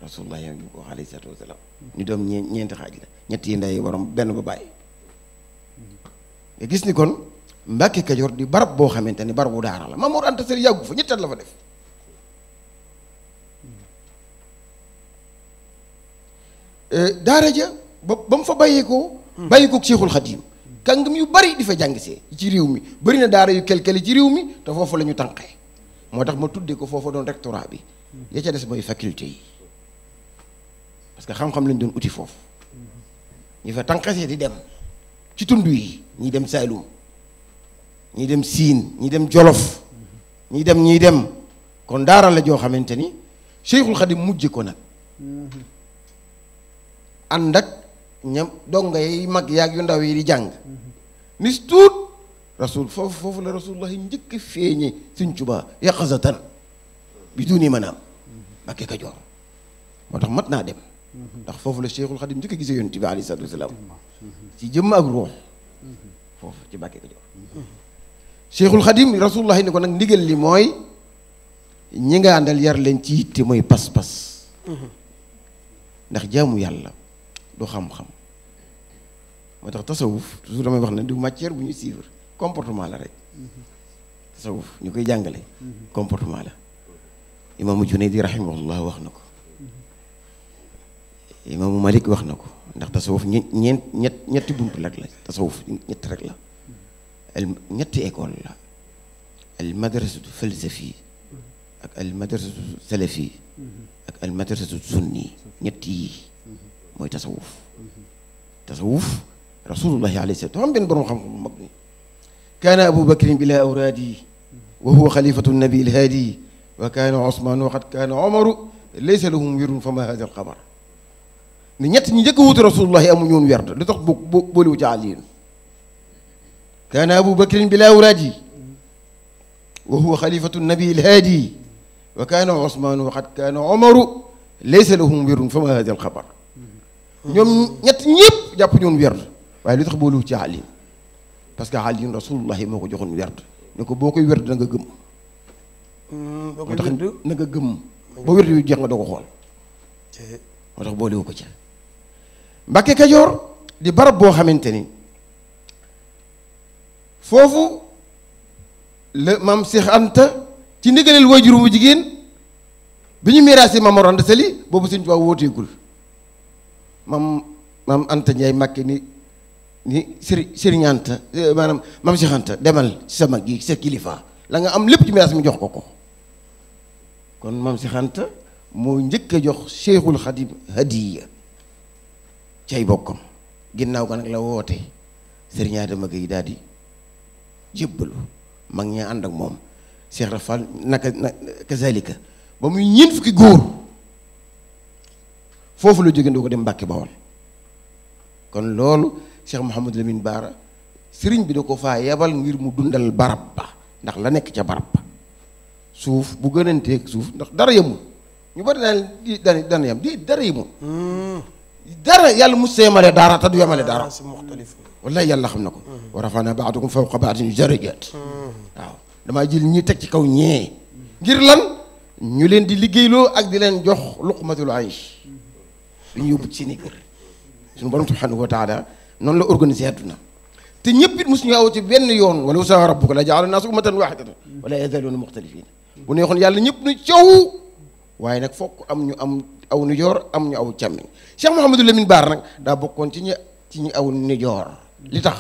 rasulullah yow ñu ko wax ñu doom ñee ñeenti xaaj la ñett yi ndey waroom benn ba bàyyi nga gis ni kon Mbàkke Kajoor di barab boo xamante ni barabu daara la Mamour Anta Sali yàggu fa ñetti at la fa def eh, daara ja ba ba mu fa bàyyi ko hmm. bàyyi ko Seexul Xadiim kàngam yu bari di fa jàng see ci réew mi bari na daara yu kel-keli ci réew mi te foofu la ñu tànqee moo tax ma tuddee ko foofa doon rectorat bi ya ca des mooy faculté yi parce que xam-xam lañ doon uti foofu ñu fa tànqasee di dem ci tund yi ñi dem Saalum ñi dem ñi dem Jolof ñi dem ñi dem kon daara la joo xamante ni Cheikhul Khadim mujj ko nag ànd ak ñam donga yi mag yaag yu ndaw yi di rasul foofu foofu la rasulullahi njëkk feeñe suñ Tuubaa yaqazatan bi duni manaam Mbàkke Kajoor moo tax mat naa dem ndax foofu la Cheikhul Xadim njëkk a yoon yonent bi aleyhi salaatu wa salaam ci jëmm ak ruux foofu ci Mbàkke Kajoor Cheikhul Xadim rasulullahi ne ko nag ndigal li mooy ñi nga àndal yar leen ci yitte mooy pas-pas ndax jaamu yàlla du xam-xam moo tax tasawuf toujours damay wax ne du matière bu ñu suivre comportement la rek tasawuf ñu koy jàngale comportement la imaamu Junayd rahimahullah wax na ko Malik wax na ko ndax tasawuf ñe ñeent ñett ñetti bunt rek la tasawuf ñett rek la ñetti école la al madrasatu falsafi ak al madrasatu salafi ak al madrasatu sunni ñett yi mooy tasawuf tasawuf rasulullahi alayhi salaam benn borom xam mag كان أبو بكر بلا أورادي وهو خليفة النبي الهادي وكان عثمان وقد كان عمر ليس لهم مير فما هذا القمر نيت نجكوت رسول الله أم يون ورد لتق بولو جعلين كان أبو بكر بلا أورادي وهو خليفة النبي الهادي وكان عثمان وقد كان عمر ليس لهم مير فما هذا الخبر يوم نيت نيب جابون يون ورد ولتق بولو جعلين parce que Aliyun rasulullahi moo ko joxoon werd ne ko boo koy werd na nga gëm. Hmm, boo koy na nga gëm. ba werd yu jeex nga doo ko xool. moo tax ko ca boo xamante ni foofu la maam Cheikh Anta ci ndigaleel waajur mu jigéen bi ñu miraasee maam Mor Anta Sali boobu Sëñ Tuubaa wooteegul maam maam Anta Njaay Mbàkke ni. ni Serigne Serigne Anta eh, maanaam Mame demal ci sa mag yi sa kilifa la nga am lépp ci miraas mi jox ko ko kon Mame moo njëkk a jox Cheikhul Khadim hadiya cay bokkam ginnaaw ko nag la woote Serigne Adama Gueye daal di jébbalu mag ñaa ànd ak moom Cheikh Rafal naka kazalika ba muy ñeent fukki góor foofu la jóge ndoo ko dem Mbàkke Bawol kon loolu Cheikh Mouhamadou Lamine Baara sëriñ bi da ko faa yebal ngir mu dundal barab ndax la nekk ca barab suuf bu gënanteeg suuf ndax dara yemul ñu bari daan daan hmm. dara yàlla mu seemale dara te du yemale dara. Ah, wallaay yàlla xam na ko. Hmm. wa rafa'naa ba'dakum fawqa ba'din darajaat hmm. waaw damaa jël ñi teg ci kaw ñee. ngir lan ñu leen di liggéeyloo ak di leen jox luqmatul aysh. du ñu yóbbu ci ni kër. sunu borom subhanahu wa non la organiser aduna te ñëpp it mosuñu aw ci benn yoon wala usaa rabbuka la jaala nasu ummatan waahidatan wala yazaluna mukhtalifin bu neexon yàlla ñëpp nu ciow waye nak fokk am ñu am aw nu jor am ñu aw càmmiñ Cheikh mohammedou Lamine bar nak da bokkon ci ñi ci ñi aw nu jor li tax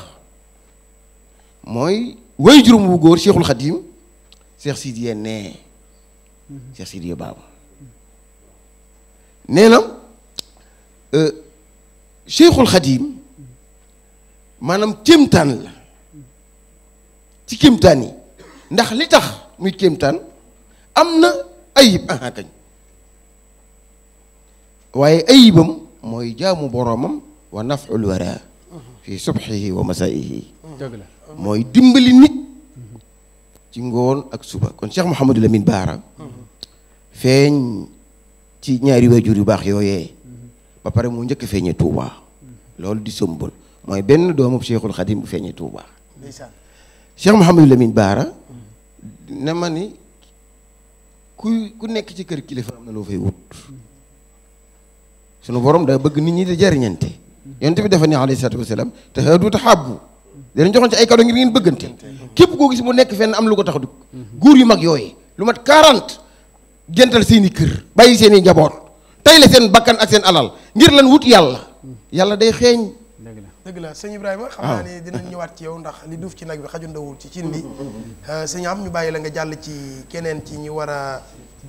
moy way jurum wu góor Cheikhul Khadim Cheikh Sidiye ne Cheikh Sidiye Baba nee euh Cheikhul Khadim maanaam kéemtaan la ci kéemtaan yi ndax li tax muy kéemtaan am na ayib aha kañ waaye ayibam mooy jaamu boroomam wa naf'ul wara fi subxihi wa masaa'ihi mooy dimbali nit ci ngoon ak suba kon Cheikh Mouhamadou Lamine Baara feeñ ci ñaari waajur yu baax yooyee ba pare mu njëkk feeñee Touba loolu di sombol mooy benn doomu Cheikhul Khadim bu feeñee Touba. ndeysaan Cheikh Mouhamadou Lamine Baara. ne ma ni ku ku nekk ci kër kilifa am na loo fay wut. sunu borom daa bëgg nit ñi di jariñante. yonent bi dafa ne alayhi salaatu wasalaam te xaadu taxaabu. dinañ joxoon ci ay cadeau ngir ngeen bëggante. képp koo gis mu nekk fenn am lu ko tax dugg. góor yu mag yooyu lu mat 40. gental seen i kër bàyyi seen i njaboot tey la seen bakkan ak seen alal ngir lan wut yàlla. yàlla day xeeñ. dëgg la sëñ Ibrahima xam naa ah. ne dinañ ñëwaat ci yow ndax li duuf ci nag bi xajundawul ci cin bi mm-hmm, mm-hmm. euh, sëñ am ñu bàyyi la nga jàll ci keneen ci ñi war a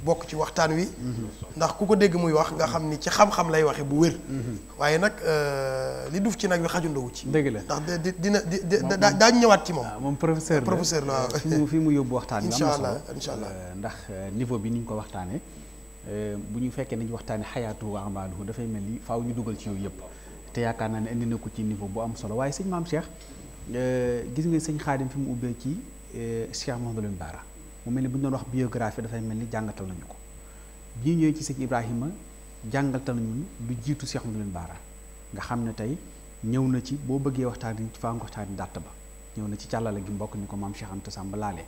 bokk ci waxtaan wi mm-hmm. ndax ku ko dégg muy wax nga xam ni ci xam lay waxe bu wér waaye nag euh, li duuf ci nag bi xajundawu ci dëgg la ndax di dina daa daañ ñawaat ci moom ah, moom professeur professeur la waaw euh, fi mu yóbbu waxtaan bi insha allah insha allah ndax niveau bi ni ñu ko waxtaane bu ñu fekkee nañ waxtaane xayaatu wa amaaluhu dafay mel ni faaw ñu dugal ci yooyu yëpp te yaakaar naa ne indi na ko ci niveau bu am solo waaye sëñ maam Cheikh euh, gis nga sëñ Xaadim fi mu ubbee ci euh, Cheikh Mouhamadou Bara mu mel ni bu ñu doon wax biographie dafay mel ni jàngatal nañu ko bi ñëwee ci sëñ Ibrahima jàngatal nañu lu jiitu Cheikh Mouhamadou Bara nga xam ne tey ñëw na ci boo bëggee waxtaan gi faa nga waxtaan dàtt ba ñëw na ci càllale gi mbokk ni ko maam Cheikh Anta Samba laale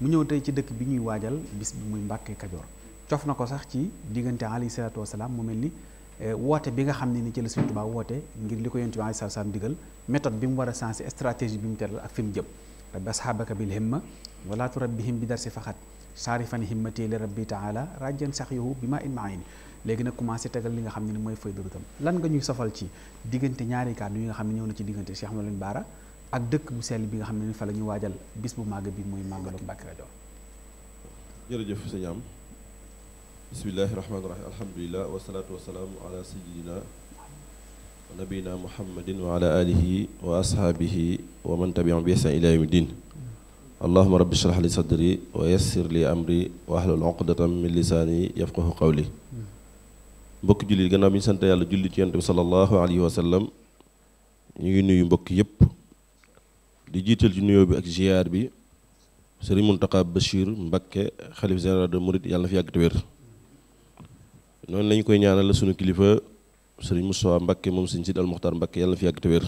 mu ñëw tey ci dëkk bi ñuy waajal bis bi muy Mbàkke Kajoor cof na ko sax ci diggante alayhi salaatu wasalaam mu mel ni Eh, woote bi nga xam ne ni ci la Sëriñ Tuubaa woote ngir li ko Yonent bi alayhi salaatu salaam digal méthode bi mu war a sensé stratégie bi mu teral ak fi mu jëm rabbi asxaabaka bil himma wala turabbihim bi darsi faxat saarifan himmati li rabbi taala rajan sax yohu bi ma in maayin léegi nag commencé tegal li nga xam ne ni mooy feuille de route lan nga ñuy sofal ci diggante ñaari kàddu yi nga xam ne ñëw na ci diggante Cheikh Ahmadou leen Bara ak dëkk bu seel bi nga xam ne ni fa la ñu waajal bis bu màgg bi muy màggalu Mbàkke Kajoor jërëjëf sëñ بسم الله الرحمن الرحيم الحمد لله والصلاة والسلام على سيدنا ونبينا محمد وعلى آله وأصحابه ومن تبعهم بإحسان إلى يوم الدين اللهم رب اشرح لي صدري ويسر لي أمري وأهل العقدة من لساني يفقه قولي بك جل جنا من سنت يا لجل صلى الله عليه وسلم ينوي بك يب ديجيتال جنوي بك زيار بي سري منتقى بشير مبكة خليفة زيارة موريد يالله في أكتوبر noonu lañu koy ñaanal sunu kilifa sëriñ Moustapha Mbakke moom sëñ Sidi al Muxtaar Mbakke yàlla fi yàgg te wér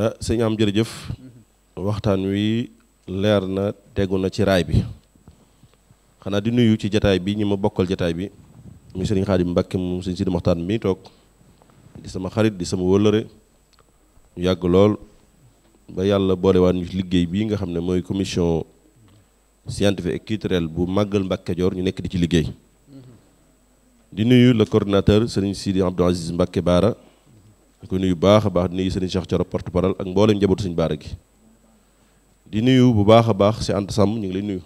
ah, sëñ am jërëjëf mm-hmm. waxtaan wi leer na tegu na ci raay bi xanaa di nuyu ci jataay bi ñu ma bokkal jataay bi muy sëriñ Xaadim Mbakke moom sëñ Sidi Muxtaar mii toog di sama xarit di sama wëllëre ñu yàgg lool ba yàlla boolewaan ñu liggéey bii nga xam ne mooy commission scientifique et culturelle bu màggal Mbàkke Kajoor ñu nekk di ci liggéey di nuyu le coordinateur Serigne Sidi Abdou Aziz Mbacké bara ko nuyu baax baax di nuyu Serigne Cheikh Thioro porte parole ak mbolam njabootu Serigne bara gi di nuyu bu baax baax si ant sam ñu ngi lay nuyu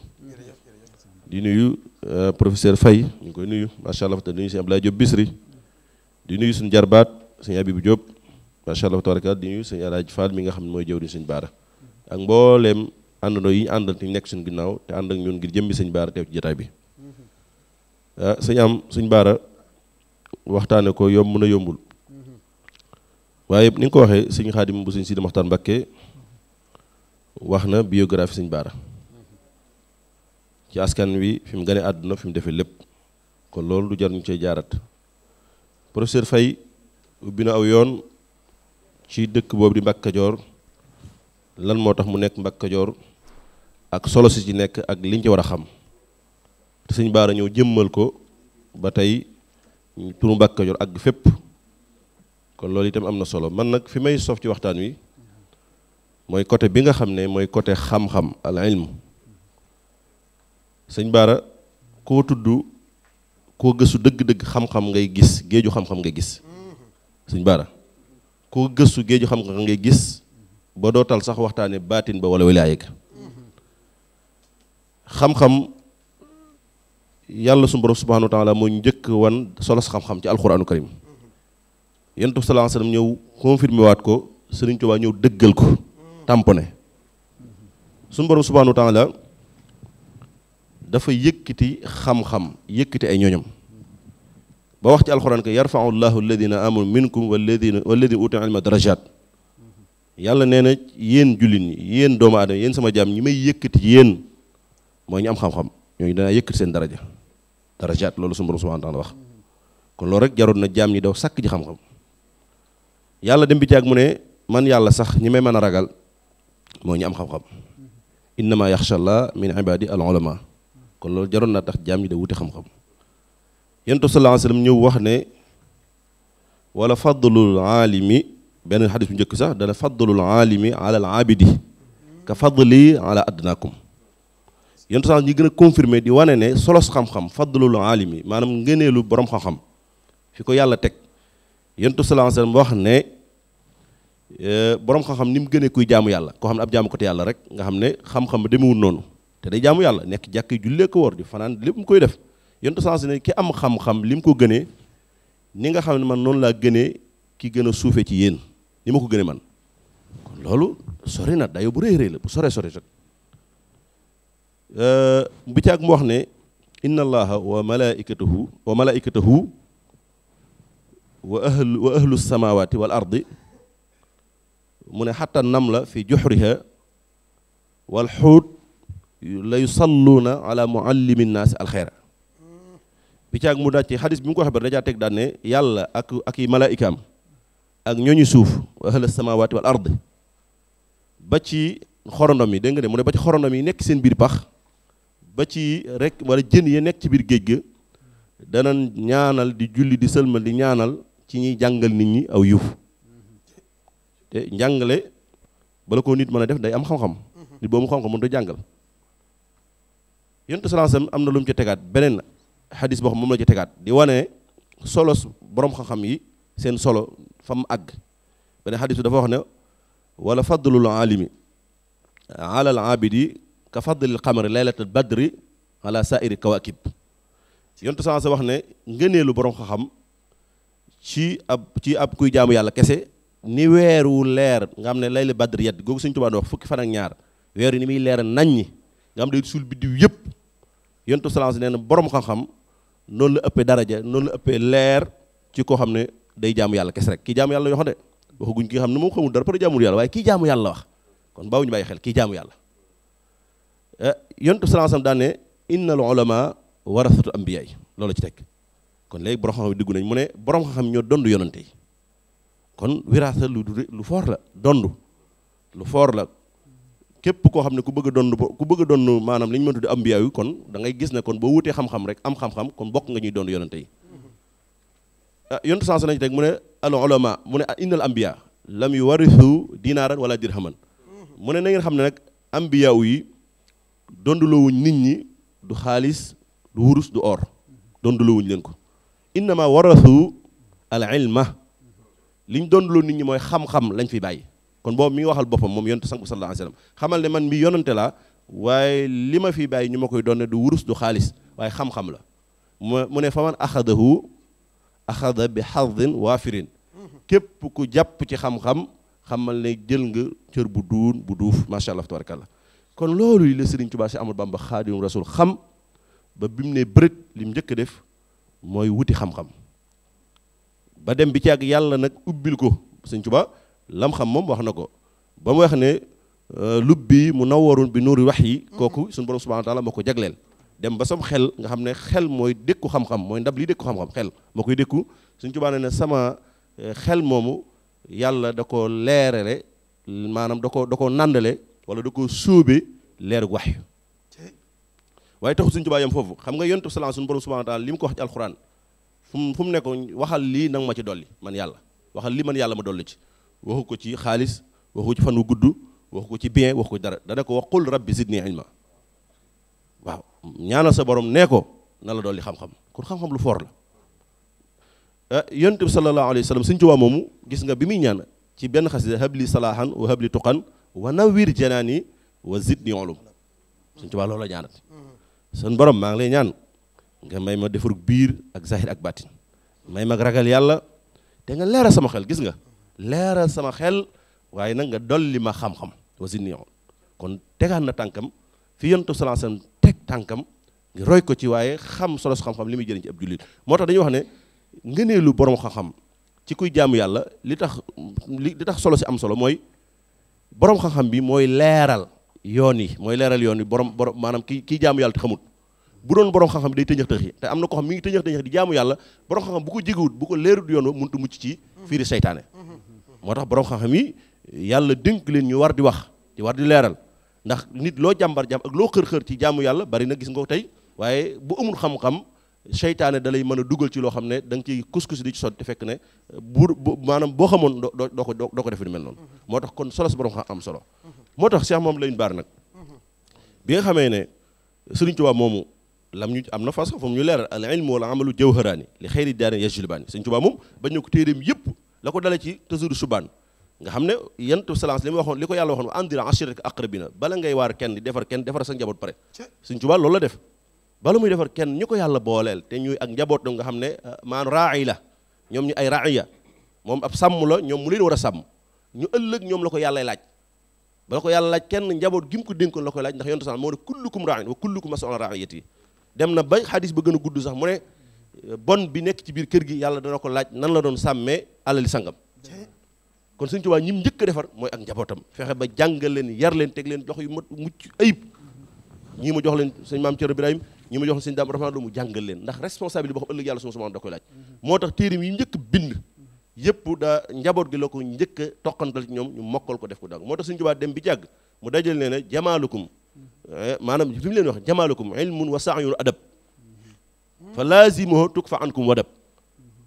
di nuyu euh, professeur fay ñu ngi koy nuyu sha allah te nuyu serigne abdou job Bisri di nuyu suñu jarbaat suñu Habibou ma sha allah tabaraka di nuyu serigne Alaaji Fall mi nga xamne moy mooy Serigne bara ak mbolam andono yi andal àndal nek sun ginnaw te ànd ak ñun ngir jëmbi Serigne bara te ci jotaay bi ah suñ am suñ baara waxtaane ko yomb mën a yombul waaye ni ko waxee suñ xaadim bu suñ Sidi Maxtaar Mbakke wax na biographie suñ baara ci askan wi fi mu gane àdduna fi mu defee lépp kon loolu du jar ñu cee jaarat professeur Faye ubbi na aw yoon ci dëkk boobu di Mbàkke lan moo tax mu nekk Mbàkke ak solo si ci nekk ak liñ ci war a xam sëñ Baara ñëw jëmmal ko ba tey turu Mbàkke Kajoor àgg fépp kon loolu itam am na solo man nag fi may soof ci waxtaan wi mooy côté bi nga xam ne mooy côté xam-xam al sëñ Baara koo tudd koo gëstu dëgg-dëgg xam-xam ngay gis géeju xam-xam gis sëñ Baara koo gëstu géeju xam ngay gis ba dootal sax waxtaane baatin ba wala wilaaya ga xam-xam yàlla suñu borom subhanahu wa moo njëkk wan solos xam-xam ci alquranu karim yonent bi sallallahu alayhi wasallam ñëw confirmé waat ko Serigne Touba ñëw dëggal ko tamponné suñu borom subhanahu wa dafa yëkkati xam-xam yëkkati ay ñooñam ba wax ci alquran que yarfau llahu alladina amanu minkum walladina walladina utu ilma darajat yàlla nee na yéen jullit yéen doomu aadama yéen sama jaam ñi may yëkkati yéen mooy ñu am xam-xam ñooñu danaa yëkkati seen daraja darajaat loolu suñu borom subhanahu taala wax kon loolu rek jaroon na jaam ñi daw sàkk ji xam-xam yàlla dem bi jaag mu ne man yàlla sax ñi may mën a ragal moo ñu am xam-xam innama yaxsha allah min ibadi al ulama kon loolu jaroon naa tax jaam ñi da wuti xam-xam yentu sallallahu alayhi wasallam ñëw wax ne wala fadlul aalimi benn xadis bu njëkk sax dana fadlul aalimi ala al abidi ka fadli ala adnaakum yontu sax ñi gën a confirmer di wane ne solos xam-xam fadlul aalimi maanaam ngëneelu borom xam-xam fi ko yàlla teg yontu sallallahu alayhi ne e, borom xam-xam ni mu gënee kuy jaamu yàlla koo xam ne ab jaamu ko te rek nga xam ne xam-xam noonu te day jaamu yàlla nekk jàkk yi jullee ko war di fanaan lépp mu koy def yontu sallallahu alayhi wasallam ne ki am xam-xam li mu ko gënee ni nga xam ne man noonu laa gënee ki gën a suufee ci yéen ni ma ko gënee man kon loolu sori na dayo bu rëy rëy la bu sore sore بتاعك موحنة إن الله وملائكته وملائكته وأهل وأهل السماوات والأرض من حتى النملة في جحرها والحوت لا يصلون على معلم الناس الخير بتاعك مودا تي حدث بيمكن خبر رجع تك دانة يلا أك أكى ملائكام أك نيو يوسف وأهل السماوات والأرض بتشي خرنامي دينغري مودا بتشي خرنامي نكسين بيربخ ba ci rek wala jin ya nek ci bir geejge da danan ñaanal di julli di sëlmal di ñaanal ci ñi jangal nit ñi aw yiw te bala ko nit mëna def day am xam-xam nit mu xam-xam mu do jangal yontu salaasam am na lu mu ci tegaat benen hadith bo xam mom la ci tegaat di wane solos borom xam-xam yi seen solo fam ag benen hadith xadis bi dafa wax ne wala fadlul alimi ala al abidi ka fadlil xamari laylatul badri ala saairi kawakib yontu saa sa wax ne ngëneelu borom xam-xam ci ab ci ab kuy jaamu yàlla kese ni weer wu leer nga xam ne layla badri yedd googu Sëñ Tuubaa wax fukki fan ñaar weer yi ni muy leer naññi nga xam ne suul biddiw yëpp yontu saa nee na borom xam-xam noonu la ëppee daraja noonu la ëppee leer ci koo xam ne day jaamu yàlla kese rek kii jaamu yàlla yoo xam ne waxaguñ ki nga xam ne moom xamul dara par jaamul yàlla waaye kii jaamu yàlla wax kon baawuñu bàyyi xel kii jaamu yàlla Eh, yontu sallallahu alayhi wasallam daan ne innal ulama warathatu anbiya ci teg kon léegi borom xam-xam diggu nañ mu ne borom xam-xam ñoo dondu yonante yi kon wiraasa lu du lu foor la dondu lu foor la képp koo xam ne ku bëgg a dondu bëgg a dondu maanaam li ñu mën tudde ambiya kon da ngay gis ne kon boo wutee xam-xam rek am xam-xam kon bokk nga ñuy dondu yonante yi ah eh, yontu sallallahu alayhi wasallam ci teg mu ne al ulama mu ne innal ambiya lam yuwarithu dinaaran wala dirhaman mu donduloowuñ nit ñi du xaalis du wurus du or donduloowuñ leen ko innama warathu al ilma liñ donduloo nit ñi mooy xam-xam lañ fi bàyyi kon boobu mi waxal boppam moom yonent sanku sallallahu alayhi xamal ne man mii yonante laa waaye li ma fi bàyyi ñu ma koy doonne du wurus du xaalis waaye xam-xam la mu ne fa man axadahu axada bi xardin waafirin képp ku jàpp ci xam-xam xamal ne jël nga cër bu duun bu duuf macha allah tabarakallah kon loolu la Serigne Touba Cheikh Amadou Bamba Xaadimu Rasul xam ba bi mu ne bërët li mu njëkk a def mooy wuti xam-xam ba dem bi ci ak yàlla nag ubbil ko Serigne Touba lam xam moom wax na ko ba mu wax ne euh, lub bi mu nawaroon bi nuuri wax yi kooku mhm. suñ borom subhanahu wa moo ko jagleel dem ba sam xel nga xam ne xel mooy dékku xam mooy ndab lii dékku xam-xam xel moo koy dékku Serigne Touba ne sama euh, xel moomu yàlla da ko leerale maanaam da ko da ko nàndale wala da koo sóobee leer wax yu waaye taxu suñ tubaa yam foofu xam nga yontu salaan suñu borom subhanahu li mu ko wax fu mu nekkoon waxal lii nag ma ci dolli man yàlla waxal lii man yàlla ma dolli ci waxu ko ci xaalis waxu ci fan wu gudd waxu ko ci bien waxu ko ci dara dana ko wax qul rabbi zidni ma waaw ñaanal sa borom nee ko na la dolli xam-xam kon xam-xam lu foor la eh, yonent bi sallallahu alayhi wa sallam suñ tubaa gis nga bi muy ñaan ci benn xasida habli salahan wa nawwir janani wa zidni ulum sun tubaa loolu la ñaanal sun borom ma ngi lay ñaan nga may ma defur biir ak zahir ak batin may mag ragal yalla te nga lera sama xel gis nga lera sama xel waye nak nga doli ma xam-xam wa zidni ulum kon tegah na tankam fi yantu sallallahu tek wasallam teg roy ko ci waye xam solo xam-xam limi jeñ ci ab jullit dañu wax ne ngëneelu borom xam-xam ci kuy jaamu yalla li tax li tax solo ci am solo moy borom xam-xam bi mooy leeral yoon yi mooy leeral yoon yi borom borom maanaam ki kii jaamu yàlla bu doon borom xam-xam day tëñëx tëxi na ko xam mi ngi tëñëx tëñëx di jaamu yàlla borom bu ko jegewut bu ko leerut yoon wa mënut mucc ci fiiri seytaane moo tax borom xam-xam yi yàlla dénk leen ñu war di wax di war di leeral ndax nit loo jàmbar jàmb ak loo xër-xër ci jaamu yàlla bari na gis nga ko tey waaye bu amul xam-xam seytaane da lay mën a dugal ci loo xam ne da nga ciy kus-kus di ci sotti fekk ne bu maanaam boo xamoon doo doo ko doo ko def lu mel noonu. Mhm. moo tax kon solo si borom xam am solo. moom lañ baar nag mhm. bi nga ne Sëriñ Tuubaa moomu na façon foofu ñu leeral al ilmu wal amalu jawharaani li xëyri daani yajlibaani Sëriñ Tuubaa moom bañ na xam ne yentu li ma waxoon li ko yàlla waxoon andir ashiratak aqrabina bala ngay waar kenn di defar kenn defar sa njaboot pare Sëriñ Tuubaa loolu la def bala muy defar kenn ñu ko yàlla booleel te ñuy ak njaboot nga xam ne euh, maan raay la ñoom ñu ay raaya moom ab sàmm la ñoom mu leen war a sàmm ñu ëllëg ñoom la ko yàlla laaj bala ko yàlla laaj kenn njaboot gi mu ko dénkoon la koy laaj ndax yonte sax moo ne kullukum raain wa kullukum mas'uulun an raiyati dem na ba xadis ba gën a gudd sax mu ne euh, bon bi nekk ci biir kër gi yàlla dana ko laaj nan la doon sàmmee alali sangam kon Sëñ Tuubaa ñim njëkk a defar mooy ak njabootam fexe ba jàngal leen yar leen teg leen jox yu mat mucc ayib ñii ma jox leen sëñ maam Thierno Ibrahim ñi ma jox sëñ daam rahmaan lu mu jàngal leen ndax responsabilité boo xam ëllëg yàlla suma sumaan da koy laaj moo njëkk bind yëpp daa njaboot gi la ko njëkk a toqantal ñoom ñu mokkal ko def ko dang moo tax sëñ Tuubaa dem bi jàgg mu dajal nee ne jamaalukum eh, maanaam fi mu leen wax jamaalukum ilmun wa saayun adab fa laazimoho tuk fa ankum wadab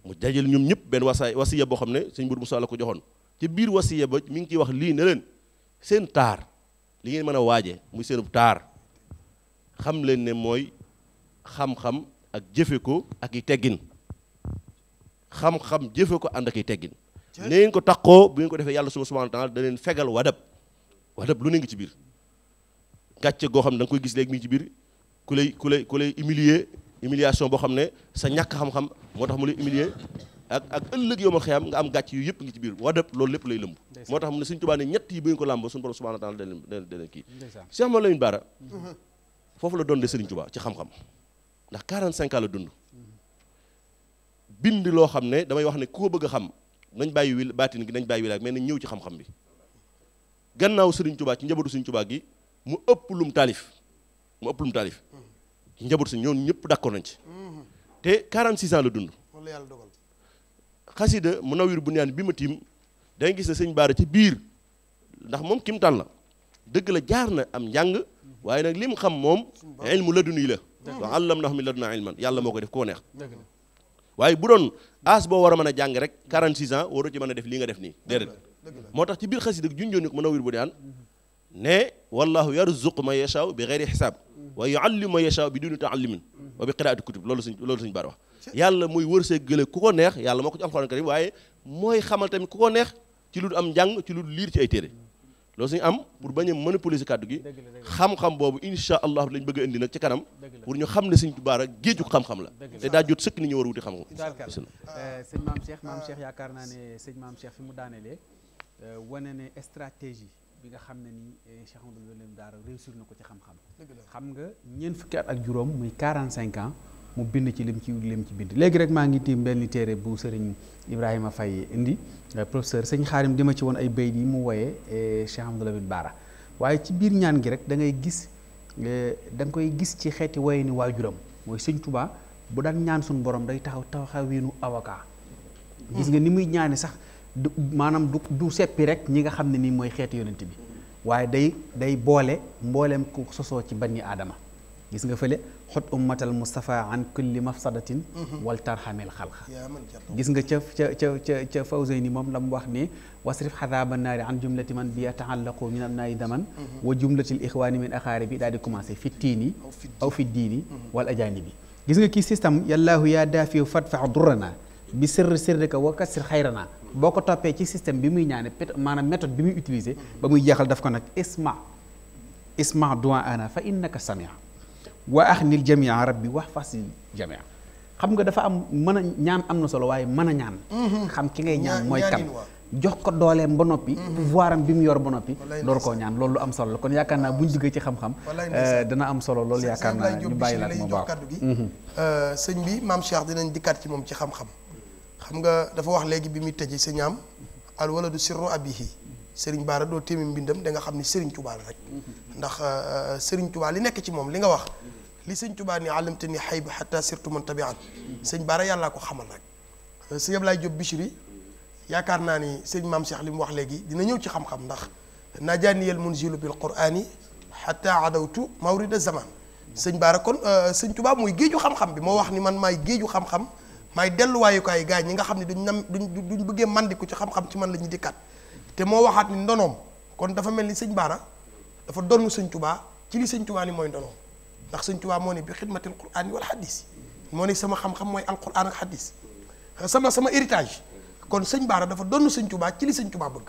mu dajal ñoom ñëpp benn wasa wasiya boo xam ne sëñ Buur Musaa ko joxoon ci biir wasiya ba mi ngi koy wax lii ne leen seen taar li ngeen mën a waaje muy seenub taar xam leen ne mooy xam-xam ak jëfe ko ak i teggin xam-xam jëfe ko ànd ak i teggin ne ngeen ko takkoo bu ngeen ko defee yàlla subhaanahu wa taala da leen fegal wadab wadab lu ne ngi ci biir gàcce goo xam ne da koy gis léegi ci biir ku lay ku lay ku lay humilier humiliation boo xam ne sa ñàkk xam-xam moo tax mu lay humilier ak ak ëllëg yow ma xëyam nga am gàcce yu yëpp ngi ci biir wadab loolu lépp lay lëmb moo tax mu ne suñ tubaa ne ñett yi bu ngeen ko làmb suñu borom subhaanahu wa taala da foofu la doon de Serigne Touba ci xam ndax 45 ans la dund bind loo xam ne damay wax ne ku ko bëgg a xam nañ bàyyi wil baatin gi nañ bàyyi wilaay mais nañ ñëw ci xam-xam bi gannaaw Serigne Touba ci njabootu Serigne Touba gi mu ëpp lum taalif mu ëpp lum taalif ci njabootu Serigne ñoom ñëpp d'accord nañ ci te 46 ans la dund. wala yàlla dogal xasida mu nawir bu ñaan bi ma tiim da nga gis ne sëñ Baara ci biir ndax moom kim tànn la dëgg la jaar na am njàng waaye nag lim xam moom ilmu laduni la. علمناهم لنا علما يلا موقع ديف كو نيخ واي بودون اس بو ورا مانا جانغ ريك 46 عام ورا جي مانا ديف ليغا ديف ني ديرت موتاخ تي بير خاسيد جونجون مانا وير بوديان ني والله يرزق ما يشاء بغير حساب ويعلم ما يشاء بدون تعلم وبقراءة الكتب لولو سن لولو سن بارو يلا موي ورسه گله كو نيخ يلا مكو جي القران واي موي خمال تامي كو نيخ تي لود ام جانغ تي لود لير تي اي تيري loolu suñu am pour bañ a monopoliser kàddu gi xam-xam boobu insha allah lañ bëgg a indi nag ci kanam pour ñu xam ne sëñ Tuubaa rek géeju xam-xam la te daa jot sëkk ni ñu war wuti xam-xam euh, sëñ maam Cheikh maam Cheikh yaakaar naa ne sëñ maam Cheikh fi mu daanelee euh, wane ne stratégie bi nga xam ne ni euh, Cheikh Amadou Lamine Bara réussir na ko ci xam-xam xam nga ñeent fukki ak juróom muy 45 ans mu bind ci lim ci lim ci bind léegi rek maa ngi tiim benn téere bu sëriñ Ibrahima Faye indi euh, professeur sëñ xaarim ma ci woon ay bayt yi mu woyee euh, Cheikh Amadou Lamine Bara waaye ci biir ñaan gi rek da ngay gis euh, da nga koy gis ci xeeti woye ni waajuram mooy sëñ Touba bu daan ñaan suñu borom day taxaw taxawiinu avocat gis nga ni muy ñaane sax du maanaam du du seppi rek ñi nga xam ne nii mooy xeeti yonent bi waaye day day boole mbooleem ku sosoo ci banni aadama gis nga fële خط أمة المصطفى عن كل مفسدة والتر حامل خلقها. جزء كيف كيف كيف كيف فوزي نمام لم وحني وصرف حذاب النار عن جملة من بيتعلق من النار دمن وجملة الإخوان من أخاربي داركم أسي في الدين أو في الدين والأجانبي. جزء كي سيستم يالله يا دافي وفرد فعذرنا بسر سرك وكسر خيرنا. بوكو تابي كي سيستم بمي يعني بيت مانا ميثود بمي يتلزي بمي يخل دفكنك اسمع اسمع دعاءنا فإنك سميع. waa wa axnil jamia bi wax fasil jamia xam nga dafa am mën a ñaan am na solo waaye mën a ñaan mhm. xam ki ngay ñaan mooy kan jox ko dooleem ba noppi mhm. pouvoir am bi mu yor ba noppi door koo ñaan loolu am solo kon yaakaar naa buñ duggee ci xam-xam eh, dana am solo loolu yaakaar naa ñu bàyyi la ak moom baax kaddu mhm. euh, sëñ bi maam Cheikh dinañ dikkaat ci moom ci xam-xam xam nga dafa wax léegi bi muy tëjee sa ñaam al wala du sirru abihi sëriñ Baara doo téemi mbindam da nga xam ne sëriñ Tuubaa la rek ndax euh, euh, sëriñ Tuubaa li nekk ci moom li nga wax li sëñ Tuubaa ni alamte ni xay bi xataa surtout man tabian sëñ Baara yàllaa ko xamal nag sëñ Ablaye Diop Bichri yaakaar naa ni sëñ maam Cheikh li mu wax léegi dina ñëw ci xam-xam ndax najaaniyal munzilu bil qurani xataa adawtu mawrida zaman sëñ Baara kon euh, sëñ Tuubaa mooy géeju xam-xam bi moo wax ni man maay géeju xam-xam maay delluwaayu ko ay gars ñi nga xam ne duñ nam duñ duñ bëggee mandiku ci xam-xam ci man la ñuy dikkaat te moo waxaat ni ndonoom kon dafa mel ni sëñ Baara dafa donn sëñ Tuubaa ci li sëñ ni mooy ndonoom ndax Sëñ Tuubaa moo ne bi xidmatil quraan wal xadis moo ne sama xam-xam mooy alquran ak xadis sama sama héritage kon sëñ Baara dafa donn Sëñ Tuubaa ci li Sëñ Tuubaa bëgg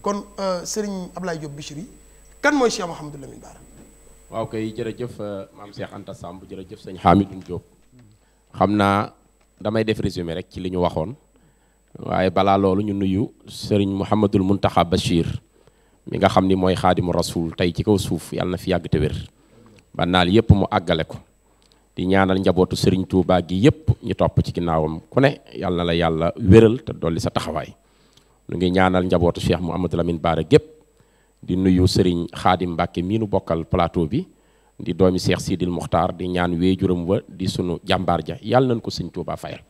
kon euh, sëriñ Ablaye Diop Bichri kan mooy Cheikh Mouhamadou Lamine Baara. waaw kay jërëjëf euh, maam Cheikh Anta Samb jërëjëf sëñ Hamidou Diop xam naa damay def résumé rek ci li ñu waxoon waaye balaa loolu ñu nuyu sëriñ Mouhamadul Mountakha Bachir mi nga xam ni mooy xaadimu rasul tey ci kaw suuf yàlla na fi yàgg te ba naal yëpp mu àggale ko di ñaanal njabootu sëriñ Touba gi yëpp ñu topp ci ginnaawam ku ne yàlla na la yàlla wéral te dolli sa taxawaay nu ngi ñaanal njabootu Cheikh Mouhamadou Lamine Bara gépp di nuyu sëriñ Xaadim Mbàkke mii nu bokkal plateau bi di doomi Cheikh Sidil Muxtaar di ñaan weejuram wa di sunu jàmbaar ja yàlla na ko sëñ Touba fayal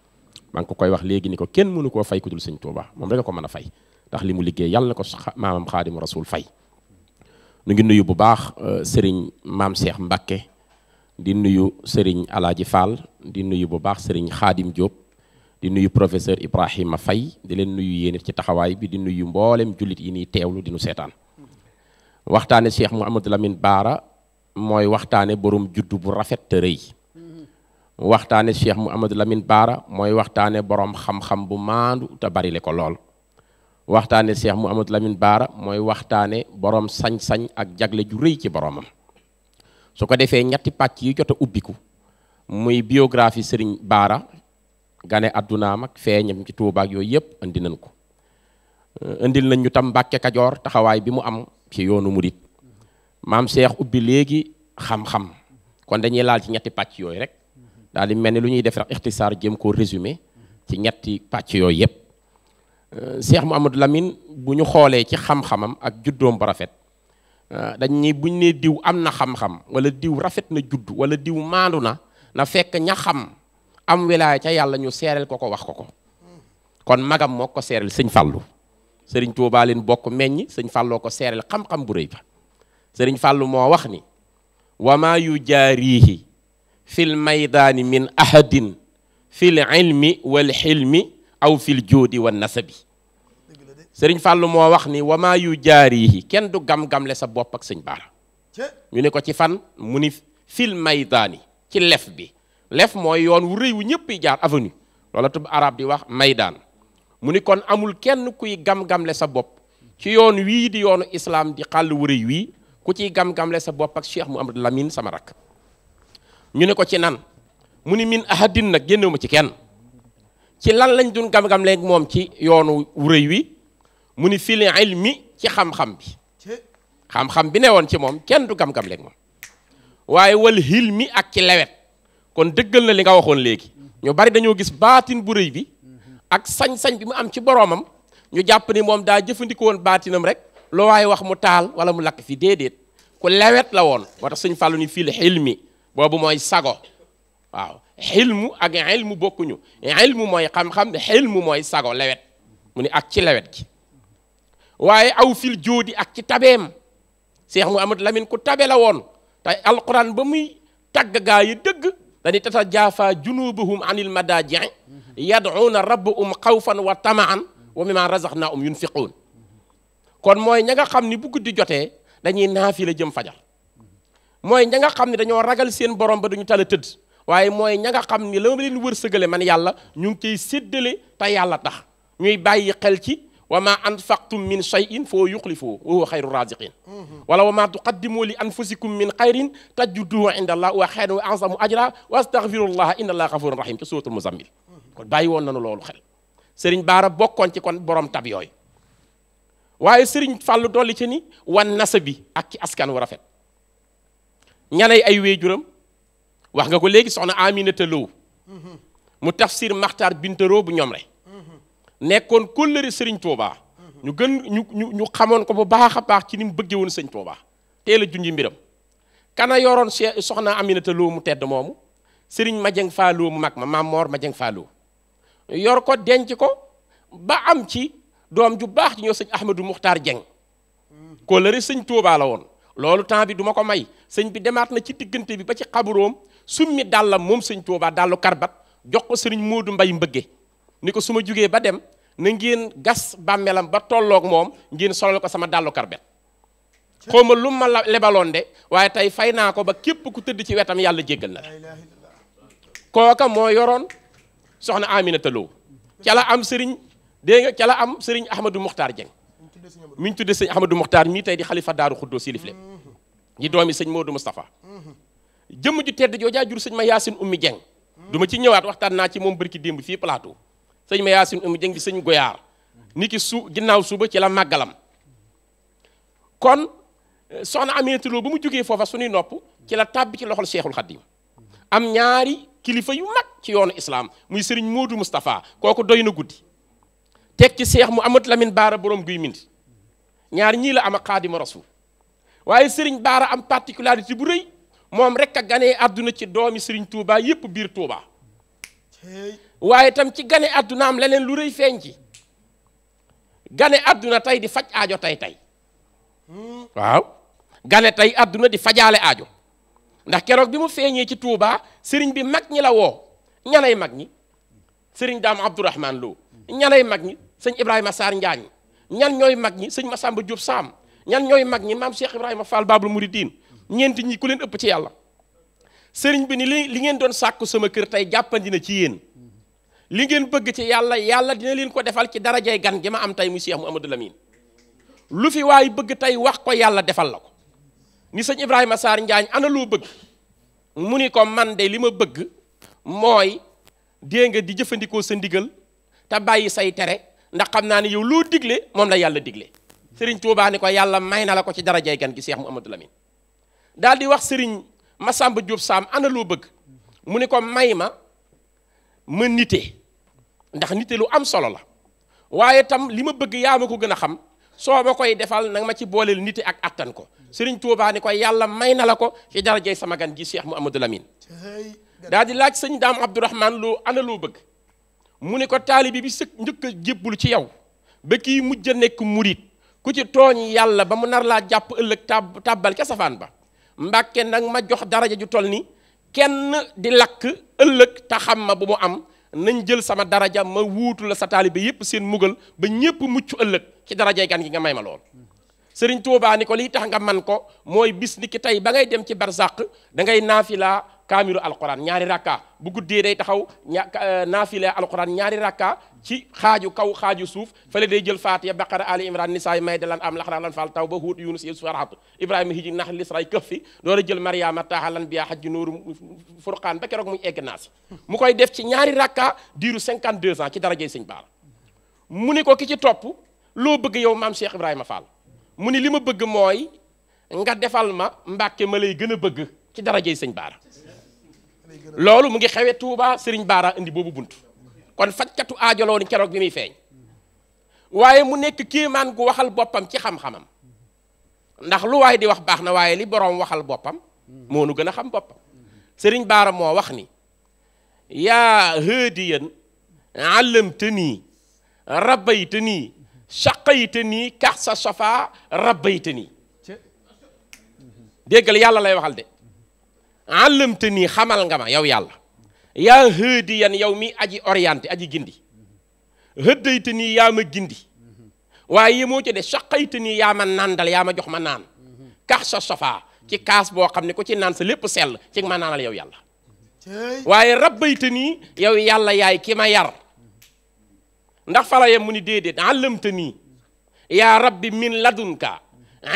maa ngi ko koy wax léegi ni ko kenn mënu koo fay ku dul sëñ Touba moom rek a ko mën a fay ndax li mu liggéey yàlla na ko maamam Xaadim Rasul fay ñu ngi nuyu bu baax euh, sëriñ maam Cheikh Mbacke di nuyu sëriñ Alaaji Fall di nuyu bu baax sëriñ Xaadim Diop di nuyu professeur Ibrahima fay di leen nuyu yéen ci taxawaay bi di nuyu mboolem jullit yi nii teewlu dinu nu seetaan waxtaane Cheikh Mouhamadou amin Baara mooy waxtaane borom juddu bu rafet te rëy waxtaane Cheikh Mouhamadou Lamine Baara mooy waxtaane borom xam-xam bu maandu te bari le ko lool. waxtaane mu Mouhamadou Lamine Baara mooy waxtaane borom sañ-sañ ak jagle ju rëy ci boromam su ko defee ñetti pàcc yi jot a ubbiku muy biographie Serigne Baara gane addunaam mag feeñam ci Touba yooyu yëpp indi nañ ko indil euh, nañ ñu tam Mbàkke Kajoor taxawaay bi mu am ci yoonu murit maam Cheikh ubbi léegi xam-xam kon dañuy laal ci ñetti pàcc yooyu rek daal di mel ni lu ñuy def rek ixtisaar jëm koo résumé ci ñetti pàcc yooyu yëpp. Cheikh Mouhamadou Lamine buñu xolé ci xam-xamam ak juddoom ba rafet dañ ni buñ ne diw amna xam-xam wala diw rafet na judd wala diw manduna na fekk ña xam am wilaya ca yàlla ñu seereel ko ko wax ko ko kon magam moko ko seereel fallu Fallou touba Tuubaa leen bokk meññ sëñ fallo ko seereel xam-xam bu rëy ba sëriñ fallu mo wax ni wama yujarihi fil maidan min ahadin fil ilmi wal hilmi aw fil joodi wan nasabi sering fallu mo wax ni wama yu jarihi ken du gam lesa sa bop ak sëñ baara ñu ne ko ci fan mu fil maidani ci lef bi lef moy yoon wu wu jaar avenue loola tub arab di wax maidan muni kon amul kenn kuy gam le sa bop ci yoon wi di yoonu islam di xal wu rëy wii ku ci gam lesa sa bop ak cheikh Mouhamadou Lamine sama rak ñu ne ko ci nan muni min ahadin nak gennuma ci kenn ci lan lañ dun gam ak mom ci yoonu wu rëy wi mu ni fil ilmi ci xam-xam bi xam-xam bi newon ci mom kenn du gam-gam lek mom waye wal hilmi ak ci lewet kon dëggal na li nga waxon legi ñu bari dañu gis batin bu reuy bi ak sañ-sañ bi mu am ci boromam ñu jàpp ni mom da jëfëndiko won batinam rek lo way wax mu taal wala mu lak fi dedet ku lewet la won moo tax suñ fàllu ni fil hilmi bobu moy sago waaw xilmu ak ilmu ñu ilmu moy xam-xam xilmu moy sago lewet mu ni ak ci lewet gi waaye aw fil jóodi ak ci tabeem Cheikh Mouhamadou Lamine ku tabe la woon te alquran ba muy tagg gaa yi dëgg dañuy tata jaafa junubuhum anil madaji yad'una rabbahum xawfan wa tamaan wa mimma razaqnahum yunfiqun kon mooy ña nga xam ni bu guddi jotee dañuy naafi la jëm fajar mooy ña nga xam ne dañoo ragal seen borom ba duñu tala tëdd waaye mooy ña nga xam ni la ma leen wërsëgale man yàlla ñu ngi koy séddale te yàlla tax ñuy bàyyi xel ci وما أنفقتم من شيء فيخلفه وهو خير الرازقين ولو ما تقدموا لأنفسكم من خير تجدوه عند الله وخير وأعظم أجرا واستغفر الله إن الله غفور رحيم سورة المزمل كون باي وون نانو لولو خيل سيرن بارا بوكون تي كون واي سيرن فالو دولي تي وان نسبي اك اسكان ورافت نالاي اي وي جورم واخ غاكو ليغي سخنا تلو مو تفسير مختار بنترو روب nekkoon kóllëre sëriñ Touba. ñu gën ñu ñu ñu xamoon ko bu baax a baax ci ni mu bëggee woon sëñ Touba teel a junj mbiram. kana yoroon soxna Aminata Lo mu tedd moomu sëriñ Madieng Fallou mu mag ma maam Mor Madieng Fallou yor ko denc ko ba am ci doom ju baax ci ñoo sëñ Ahmadou Moukhtar jeng kóllëre sëñ Touba la woon. loolu temps bi du ko may sëñ bi demaat na ci diggante bi ba ci xaburoom summi la moom sëñ Touba dàllu karbat jox ko sëriñ Modou Mbaye Mbëgge. ni ko su ma jugee ba dem na ngeen gas bàmmeelam ba tollook moom ngeen solal ko sama dàllu karbet xaw ma lu ma lebaloon de waaye tey fay naa ko ba képp ku tëdd ci wetam yàlla jéggal na la kooka moo yoroon soxna Aminata Lo ca la am sëriñ dégg nga ca la am sëriñ Ahmadou Mokhtar Dieng mi ñu tuddee sëñ Ahmadou Mokhtar mii tey di xalifa Daaru Xuddoo Silif Lem mm-hmm. ñi doomi sëñ Modou Moustapha mm-hmm. jëmm ju tedd joojaa jur sëñ ma Yaasin Ummi Dieng mm-hmm. du ma ci ñëwaat waxtaan naa ci moom bërki démb fii plateau sëñ ma yaasin umu jëng di sëñ goyaar ni ki su ginnaaw suba ci la màggalam kon eh, soxna amee Lo ba mu jógee foofa suñuy nopp ci la tàbbi ci loxol Cheikhul Khadim am ñaari kilifa yu mag ci yoonu islaam muy sëriñ Modou mustafaa kooku doy na guddi teg ci seex mu amat Lamine Baara borom guy mind ñaar ñii la am a xaadima rasul waaye Baara am particularité bu rëy moom rek a ganee àdduna ci doomi sëriñ Touba yépp biir Touba. waaye itam ci gane àdduna am leneen lu rëy feeñ ci gane àdduna tey di faj aajo tey tey waaw gane tey adduna di fajaale aajo ndax keroog bi mu feeñee ci tuuba sëriñ bi mag ñi la woo ñanay mag ñi sëriñ daam Abdourahman Lo ñanay mag ñi sëñ Ibrahima Sarr Njaañ ñan ñooy mag ñi sëñ Massamba Diop Saam ñan ñooy mag ñi maam Cheikh Ibrahima Fall Babul Mouridine ñeenti ñi ku leen ëpp ci yàlla. sering bi ni li li ngeen doon sàkku sama kër tey jàppandi na ci yéen li ngeen bëgg ci yàlla yàlla dina leen ko defal ci darajay gan gi ma am tey muy Cheikh amadou Lamine lu fi waay bëgg tey wax ko yàlla defal la ko ni sëñ Ibrahima sar Njaañ ana lu bëgg mu ni ko man de li ma bëgg mooy nga di jëfandikoo sa ndigal te bàyyi say tere ndax xam naa yow loo digle moom la yàlla digle sëriñ touba ni ko yàlla may na la ko ci darajay gan gi Cheikh amadou Lamine daal wax sëriñ Masamba Diop Saam ana loo bëgg mu ne ko may ma ma nite ndax nite lu am solo la waaye tam li ma bëgg yaa ma ko gën a xam soo ma koy defal nag ma ci booleel nite ak attan ko Serigne Touba ko yàlla may na la ko ci darajay sama gan ji Cheikh Mouhamadou Lamine daal di laaj sëñ Daam Abdourahman loo ana loo bëgg mu ne ko taalibi bi sëkk njëkk a ci yow ba kii mujj a nekk murit ku ci tooñ yàlla ba mu nar laa jàpp ëllëg tab tabbal ca safaan ba mbàkke nag ma jox daraja ju toll nii kenn di lakk ëllëg te xam ma bu mu am nañ jël sama daraja ma wuutu la sa taalibe yépp seen mugal ba ñépp mucc ëllëg ci darajay gan gi nga may ma lool sëriñ Tuubaa ko lii tax nga man ko mooy bis ni tey ba ngay dem ci barzaq da ngay naafilaa kaamilu alquran ñaari rakka bu guddee day taxaw ña euh, naafile alquran ñaari rakka ci xaaju kaw xaaju suuf fële day jël faatiya baqara ali imran nisaay may dalan am laxra lan faal taw ba huut yunus yusuf rahat ibrahima hiji nax lisray këf fi door a jël mariama taaxalan biya xajji nooru furqaan ba keroog muy egg naasi mu koy def ci ñaari rakka diiru cinquante 52 ans ci darajey sëñ baara mu ni ko ki ci topp loo bëgg yow maam Cheikh Ibrahima Fall mu ni li ma bëgg mooy nga defal ma mbàkke ma lay gën a bëgg ci darajey sëñ baara loolu mu ngi xewe Touba Serigne baara indi boobu bunt kon fajkatu aajo la woon keroog bi muy feeñ waaye mu nekk kéemaan gu waxal boppam ci xam-xamam ndax lu waaye di wax baax na waaye li boroom waxal boppam moo nu gën a xam boppam Serigne baara moo wax ni yaa hëdiyan allamtanii rabbaytanii shaqaytanii kax sa safa rabbaytanii déggal yàlla lay waxal de àllamte nii xamal nga ma yow yàlla yaa hëedi yan yow mi aji orienté aji gindi hëddayte nii yaa ma gindi waaye moo ci de saqayte nii yaa ma nàndal yaa ma jox ma naan kax sa safaa ci kaas boo xam ne ku ci naan sa lépp sell ci ma naanal yow yàlla waaye rabbayte nii yow yàlla yaay ki ma yar ndax fala yam mu ni déedéet àllamte nii yaa rabbi min ladunka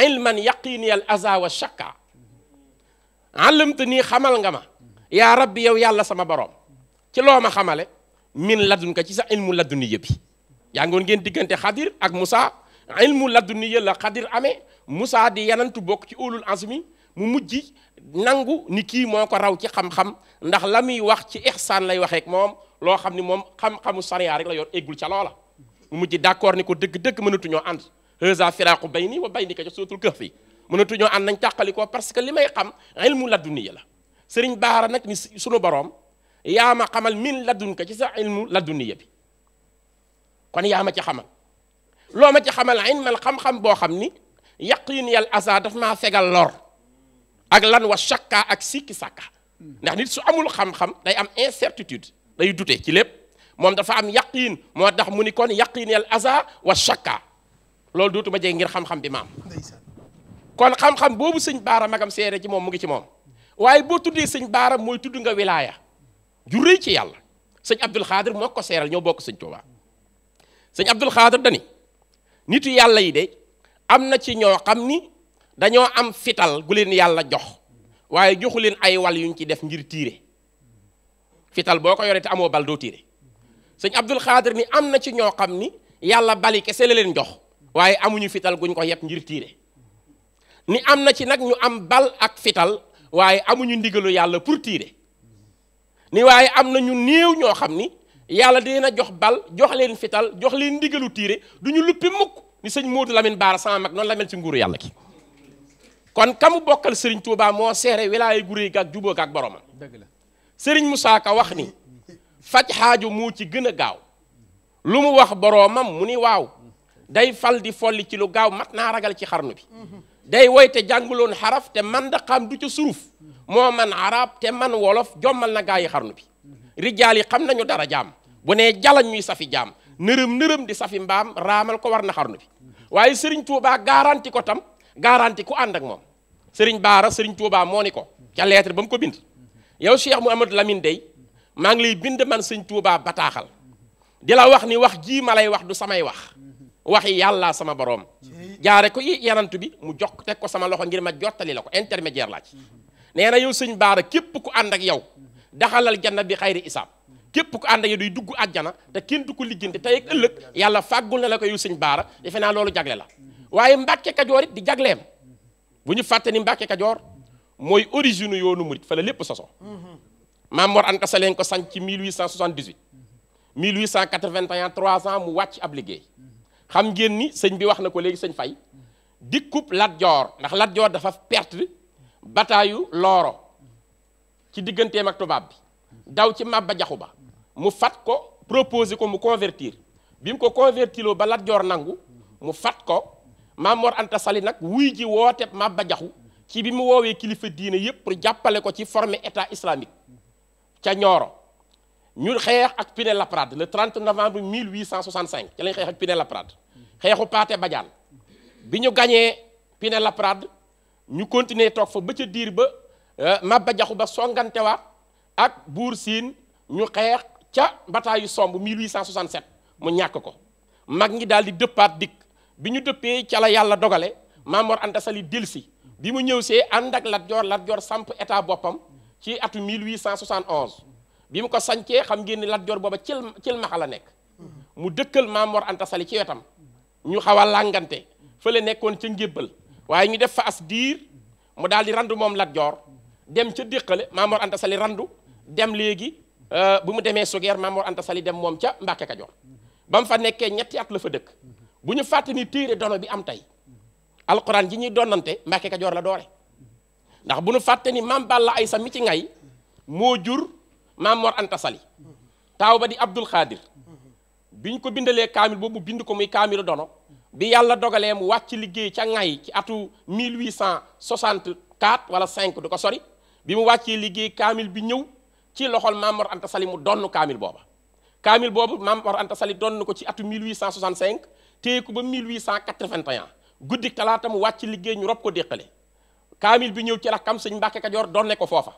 ilman yaqiniyal aza wa shakka àllamta nii xamal nga ma yaa rabbi yow yàlla sama boroom ci loo ma xamale min laddun ka ci sa ilmu ladduniya bi yaa ngoon ngeen diggante xadir ak Moussa ilmu ladduniya la xadir amee musa di yanantu bokk ci ulul azmi mu mujj nangu ni kii moo ko raw ci xam-xam ndax la muy wax ci ihsaan lay waxeek moom loo xam ni moom xam-xamu sariya rek la yor eggul ca loola mu mujj d'accord ni ko dëgg-dëgg mënatuñoo ànd heza firaqu bayni wa baynaka ca suratul kahfi mënatuñoo ànd nañ tàqalikoo parce que li may xam ilmu ladduniya la sëriñ baara nag ni sunu boroom yaa ma xamal min laddun ka ci sa ilmu ladduniya bi kon yaa ma ci xamal loo ma ci xamal ilmal xam-xam boo xam ni yaqin yal asa daf maa fegal lor ak lan wa shakka ak sikki sàkka ndax nit su amul xam-xam day am incertitude day dute ci lépp moom dafa am yaqin moo tax mu ni kon yaqin yal asa wa shakka loolu dootuma jege ngir xam-xam bi maam kon xam-xam boobu sëñ baara magam seere ci moom mu ngi ci moom waaye boo tuddee sëñ baara mooy tudd nga wilaaya ju rëy ci yàlla sëñ abdul xaadir moo ko seeral ñoo bokk sëñ tuuba sëñ abdul xaadir dani nitu yàlla yi de am na ci ñoo xam ni dañoo am fital gu leen yàlla jox waaye joxu leen ay wal yuñ ci def njir tiire fital boo ko yore ti amoo bal doo tiire sëñ abdul xaadir ni am na ci ñoo xam ni yàlla bali kese la leen jox waaye amuñu fital guñ ko yeb ngir ni am na ci nag ñu am bal ak fital waaye amuñu ndigalu yàlla pour tiire ni waaye am na ñu néew ñoo xam ni yàlla na jox bal jox leen fital jox leen ndigalu tiire du ñu luppi mukk ni sëñ Modou Lamine Baara sama mag noonu la mel ci nguuru yàlla ki kon kamu bokkal sëriñ Touba moo seere wilaaye gu réy gaak jubóog ak boromam dëgg la Serigne Moussa Ka wax ni faj xaaju moo ci gën a gaaw lu mu wax boroomam mu ni waaw day fal di folli ci lu gaaw mat naa ragal ci xarnu bi mm-hmm. day woy te jànguloon xaraf te man daqaam du ca suruf moo man arab te man wolof jommal na gaa yi xarnu bi rijaal yi xam nañu dara jaam bu ne jalañ ñuy safi jaam nërëm nërëm di safi mbaam raamal ko war na xarnu bi waaye sëriñ Touba garanti ko tam garanti ku ànd ak moom sëriñ Baara sëriñ Touba moo ni ko ca lettre ba ko bind yow Cheikh Mouhamadou Lamine Dey maa ngi lay bind man sëñ Touba bataaxal di la wax ni wax jii ma lay wax du samay wax waxi yàlla sama boroom jaare ko yi yanantu bi mu jox te ko sama loxo ngir ma jottali la ko intermédiaire laa ci nee na yow sëñ baara képp ku ànd ak daxalal janna bi xayri isaab képp ku ànd ak yow duy dugg àjjana te kenn du ko lijjanti tey ak ëllëg yàlla fàggul na la ko yow sëñ baara defe naa loolu jagle la waaye mbàkke kajoor it di jagleem bu ñu fàtte ni mbàkke kajoor mooy origine yoonu murit fa la lépp soso maam Mor Anta Sali ko sanc ci 1878 1881 3 ans mu wàcc ab xam ngeen ni sëñ bi wax na ko léegi sëñ Fay dikkub Lat Joor ndax Lat Joor dafa perte bataayu Looro ci digganteem ak tubaab bi daw ci mabba jaxuba mu fat ko proposé ko mu convertir bi mu ko convertiroo ba Lat Joor nangu mu fat ko mamor Anta Sali nak wuy ji woote Màbba Jaxu ci bi mu woowee kilifa diine yépp pour jàppale ko ci former état islamique ca ñoro ñu xeex ak pinel laprade le 30 novembre 1865 ci lañ xeex ak pinel laprade xexu paté Badiane biñu gagné piné la prade ñu continuer tok fa bëcë ca diir ba euh, Maba Jaxu Ba ak bursin nyu ñu xex ca bataayu sombu 1867 mu ñak ko mag ñi dal di dëppaat dik biñu ñu dëppee ca la yàlla dogale Mamor Anta Sali dilsi bi mu ñëw sé andak Lat jor Lat jor samp état bopam ci atu 1871 bi mu ko sancee xam ngeen ni Lat jor boba cil cil maxa la mu dëkkal Mamor Anta Sali ci wetam ñu xaw a làngante fële nekkoon ca ngébbal waaye ñu def fa as diir mu daal di randu moom la Joor dem ca déqale Maamoor Anta Sali randu dem léegi euh, bu mu demee Sugeer Maamoor Anta Sali dem moom ca Mbàkke Kajoor ba mu fa nekkee ñetti at la fa dëkk bu ñu fàtte ni téere dono bi am tey alxuraan ji ñuy donante Mbàkke Kajoor la doore ndax bu ñu fàtte ni maam ay Aysa mi ci ngay moo jur Maamoor Anta taaw ba di Abdul Xaadir bi ñu ko bindalee kaamil boobu bind ko muy kaamilu dono bi yàlla dogalee mu wàcc liggéey ca ŋay ci atu 1864 wala 5 du ko sori bi mu wàccee liggéey kaamil bi ñëw ci loxol Mamor Anta Sali mu donn kaamil booba kaamil boobu Mamor Anta Sali donn ko ci atu mille 1865 téye ko ba 1881 guddik talaata mu wàcc liggéey ñu rob ko déqale kaamil bi ñëw ci rakkam sëñ Mbàkke Kajoor donne ko foofa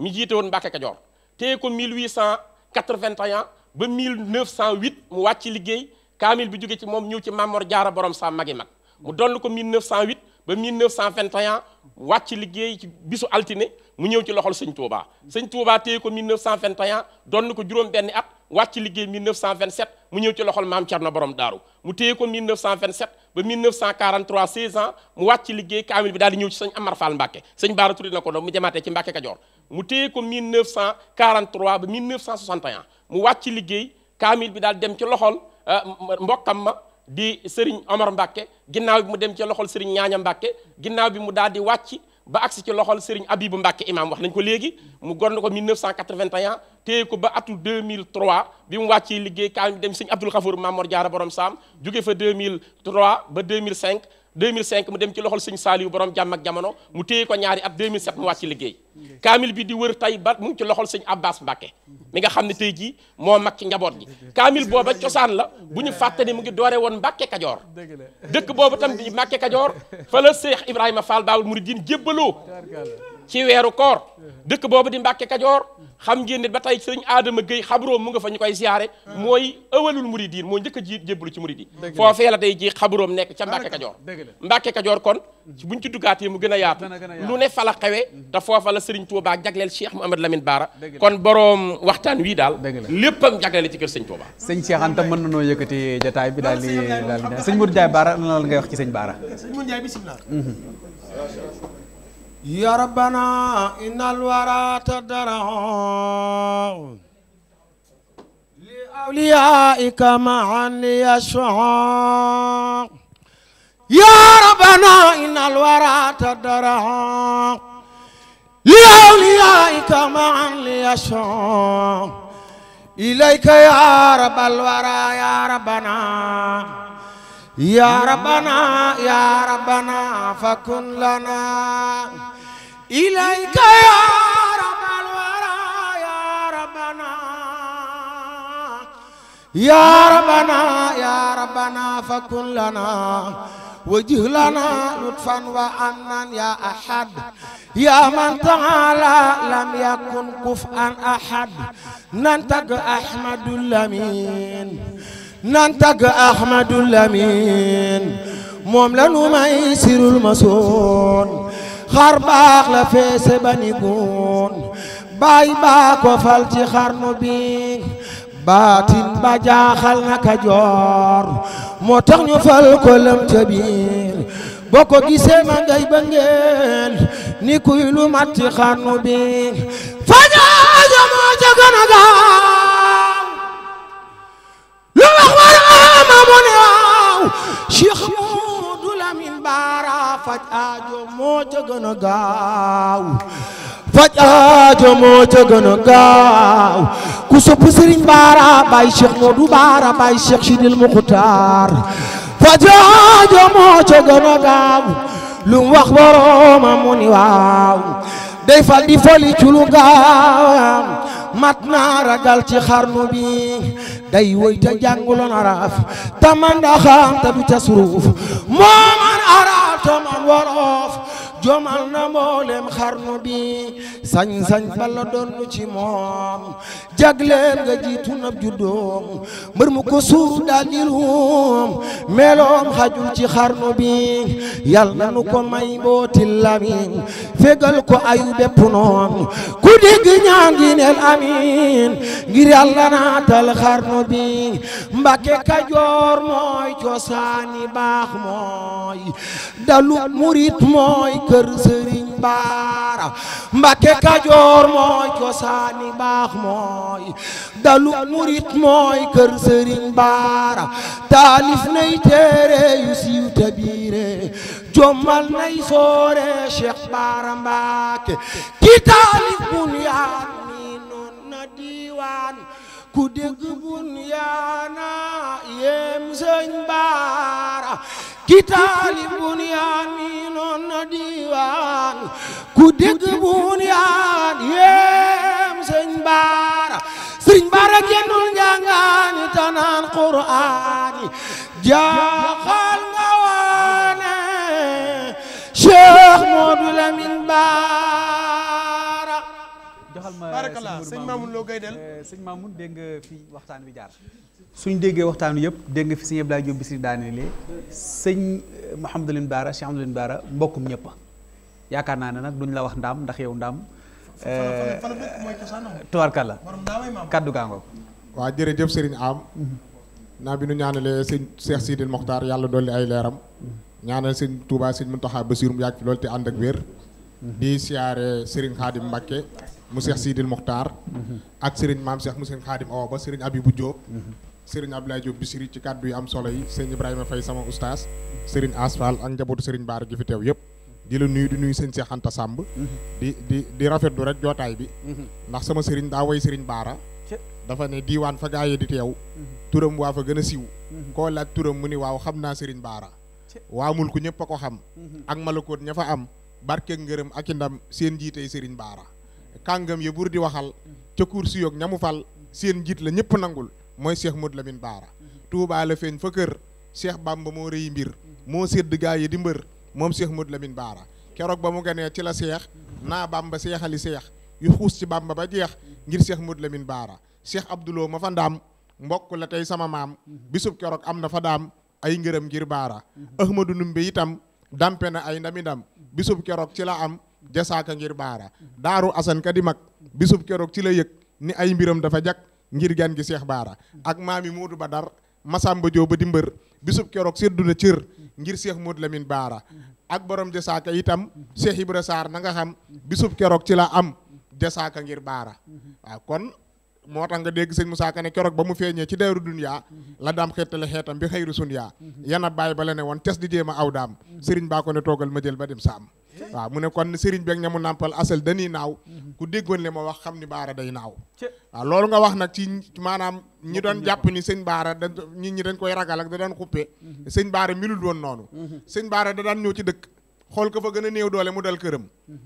mi jiite woon Mbàkke Kajoor téye ko 1881 ba 1908 mu wacc liggéey kamil bi jóge ci moom ñëw ci Mamor Jaara borom sa magi mag mu donn ko 1908 ba 1921 mu wàcc liggéey ci bisu altine mu ñëw ci loxol sëñ Touba sëñ Touba téye ko 1921 donn ko juróom benni at wàcc liggéey 1927 mu ñëw ci loxol maam Thierno borom daaru mu téye ko 1927 ba 1943 16 ans mu wàcc liggéey kamil bi daal di ñëw ci sëñ Amar Fall Mbàkke sëñ Baara Touré na ko mu jamaatee ci Mbàkke Kajoor muté ko 1943 ba 1961 mu wàcc liggéey kamil bi dal dem ci loxol euh, mbokam ma di Serigne Omar Mbacke ginnaw bi mu dem ci loxol Serigne Ñaaña Mbacke ginnaw bi mu dal di wacc ba agsi ci loxol Serigne Abibu Mbacke imam wax nañ ko léegi mu gorn ko 1981 téye ko ba atu 2003 bi mu wacc liggéey kaamil bi dem Serigne Abdoul Khafour Mamor Diarra borom sam jugge fa 2003 ba 2005. 2005 mu dem ci loxol sëñ Saaliyu borom jàmm ak jamono mu téye ko ñaari at 2007 mu wàcc liggéey kaamil bi di wër tay ba mu ngi ci loxol sëñ Abbas Mbàkke mi nga xam ne tey jii moo mag ci njaboot gi kaamil booba cosaan la bu ñu fàtte ne mu ngi doore woon Mbàkke Kajoor dëkk boobu tam di Mbàkke Kajoor fa la Seex Ibrahima Fall Baabul Muridiin jébbaloo ci weeru koor dëkk boobu di Mbàkke Kajoor xam ngeen ne ba tey sëriñ aadama Gueye xabroom mu nga fa ñu koy siyaare mooy ëwalul muridiin moo njëkk a ji jébbalu ci murid yi foofee la tey ji xabroom nekk ca Mbàkke Kajoor Mbàkke Kajoor kon buñ ci duggaatee mu gën a yaatu lu ne fa la xewe te foofa la sëriñ Touba jagleel Cheikh Mouhamadou Lamine Bara kon boroom waxtaan wii daal léppam jagleel ci kër sëñ Touba sëñ Cheikh Anta mën na noo yëkkati jotaay bi daal di daal di sëñ Modou Ndiaye Bara lan la ngay wax يا ربنا إن الورى تدرع لأوليائك معا ليشفعوا يا ربنا إن الورى تدرع لأوليائك معا ليشفعوا إليك يا رب الورى يا ربنا يا ربنا يا ربنا فكن لنا إليك يا رب الورى يا ربنا يا ربنا يا ربنا فكن لنا وجه لنا لطفا وأمنا يا أحد يا من تعالى لم يكن كفءا أحد ننتج أحمد اللمين ننتج أحمد اللمين موم لنو ميسر المسون xar baax la feese bani goon baay baa ko fal ci xarnu bi baatin ba jaaxal na Kajoor moo tax ñu fal ko lëm ca biir gisee ma ngay ni kuy lu mat ci xarnu bi fa jaaja moo ca gën a faj aajo moo ca gën gaaw faj aajo moo ca gën gaaw ku sopp Sëriñ Baara Baay Cheikh Modou Baara Baay Cheikh Sidil Muxtaar faj aajo moo ca gën gaaw lu mu wax borooma mu ni waaw day fal di foli ci gaaw mat naa ragal ci xarnu bi day woy te jànguloon araf te man daxam te du ca suruuf moo man araf jomal na mboolem xarnu bi sañ-sañ bala doon ci moom jagleem nga jiitu na juddoom mbër mu ko suuf daal di meloom xajul ci xarnu bi yal na nu ko may booti lamin fegal ko ayu bépp noon ku dégg ñaan gi neel amin ngir yàlla naatal xarnu bi mbàkke kajoor mooy cosaani baax mooy dalu murit mooy kër sëriñ baara mbàkke kajoor mooy cosaani baax mooy dalu murit mooy kër sëriñ baara taalif nay téere yu siiw te biire nay soore cheikh baara mbàkke ki taalif bunyaan mi noon na diiwaan ku dégg bunyaana yem sëñ baara ki taalif bunyaan mi noon na diiwaan ku dégg bunyaan yéem sëñ baara sëñ baara tanaan quraani jaaxal nga waane Cheikh Modou Lamine Bara barakallah sëñ Mamoun loo gay eh, dégg nga fi waxtaan wi jaar suñ déggee waxtaan wi yëpp dégg nga fi sëñ Abdoulaye Diop Bichri daanelee sëñ Mouhamadulin Baara Cheikh Mouhamadulin Baara mbokkum ñëpp yaakaar naa ne nag duñ la wax ndaam ndax yow ndaam eh, tubaarkalla kaddu gaangoo waaw jërëjëf sëriñ am mhm. naa bi nu ñaanalee sëñ Cheikh Sidil Mokhtar yàlla dolli ay leeram mhm. ñaanal sëñ Touba sëñ Mountakha Bassirou mu yàgg loolu te ànd ak wér mhm. di siyaare sëriñ Khadim Mbacké mu Cheikh Sidil Mokhtar. ak Serigne maam Cheikh mu Serigne Khadim Awa Ba Serigne Abibou Diop. Serigne Abdoulaye Diop Bichri ci kàddu yi am solo yi sëñ Ibrahima Faye sama oustaz. Serigne Asfal ak njabootu Serigne Baara gi fi teew yëpp. di la nuyu di nuyu sëñ Cheikh Anta Samb. di di di rafetlu rek jootaay bi. ndax sama Serigne daa woy Serigne Baara. dafa ne diiwaan fa gaayee di teew. turam waa fa gën a siw koo laaj turam mu ni waaw xam naa Serigne Baara. waamul ku ñëpp a ko xam. ak malakoot ña fa am barkeeg ngërëm ak i seen jiitey Serigne Baara. kàngam yi bur di waxal ca kuur si yoog ñamu fal seen njiit la ñëpp nangul mooy Cheikh Modou lamin Baara Touba la feeñ fa kër Cheikh Bamba moo rëy mbir moo sédd gaa yi di mbër moom Cheikh Modou lamin Baara keroog ba mu ganee ci la seex naa Bamba seexali seex yu xuus ci Bamba ba jeex ngir Cheikh Modou lamin Baara Cheikh Abdouloo ma fa ndaam mbokk la tey sama maam bisub keroog am na fa daam ay ngërëm ngir Baara Ahmadou Numbe itam dampe na ay ndami ndam keroog ci la am ka ngir bara daru asan ka di mak bisub keroog ci ni ay mbiram dafa jak ngir gan gi cheikh bara ak mami modou badar dar masamba ba bisub seddu na ngir cheikh modou lamine bara ak borom ka itam cheikh ibra sar nga xam bisub ci la am ka ngir bara wa kon motax nga deg seigne Moussa Ka ne keroog ba mu feeñee ci dayru dunya la dam xeetale xeetam bi khairu sunya yana baye ba tes di jema awdam serigne daam ko ne togal ma jël ba dem sam waaw mu ne kon sëriñ bi ak ñamu nàmpal asal dañuy naaw mhm. ku déggoon li ma wax xam ni baara day naaw waaw loolu nga wax nag ci maanaam ñi doon jàpp ni sëñ baara da ñi ñi dañ koy ragal ak da doon xuppe mhm. sëñ baara milul woon noonu mhm. sëñ baara da daan ñëw ci dëkk xool ko fa gën a néew doole mu dal këram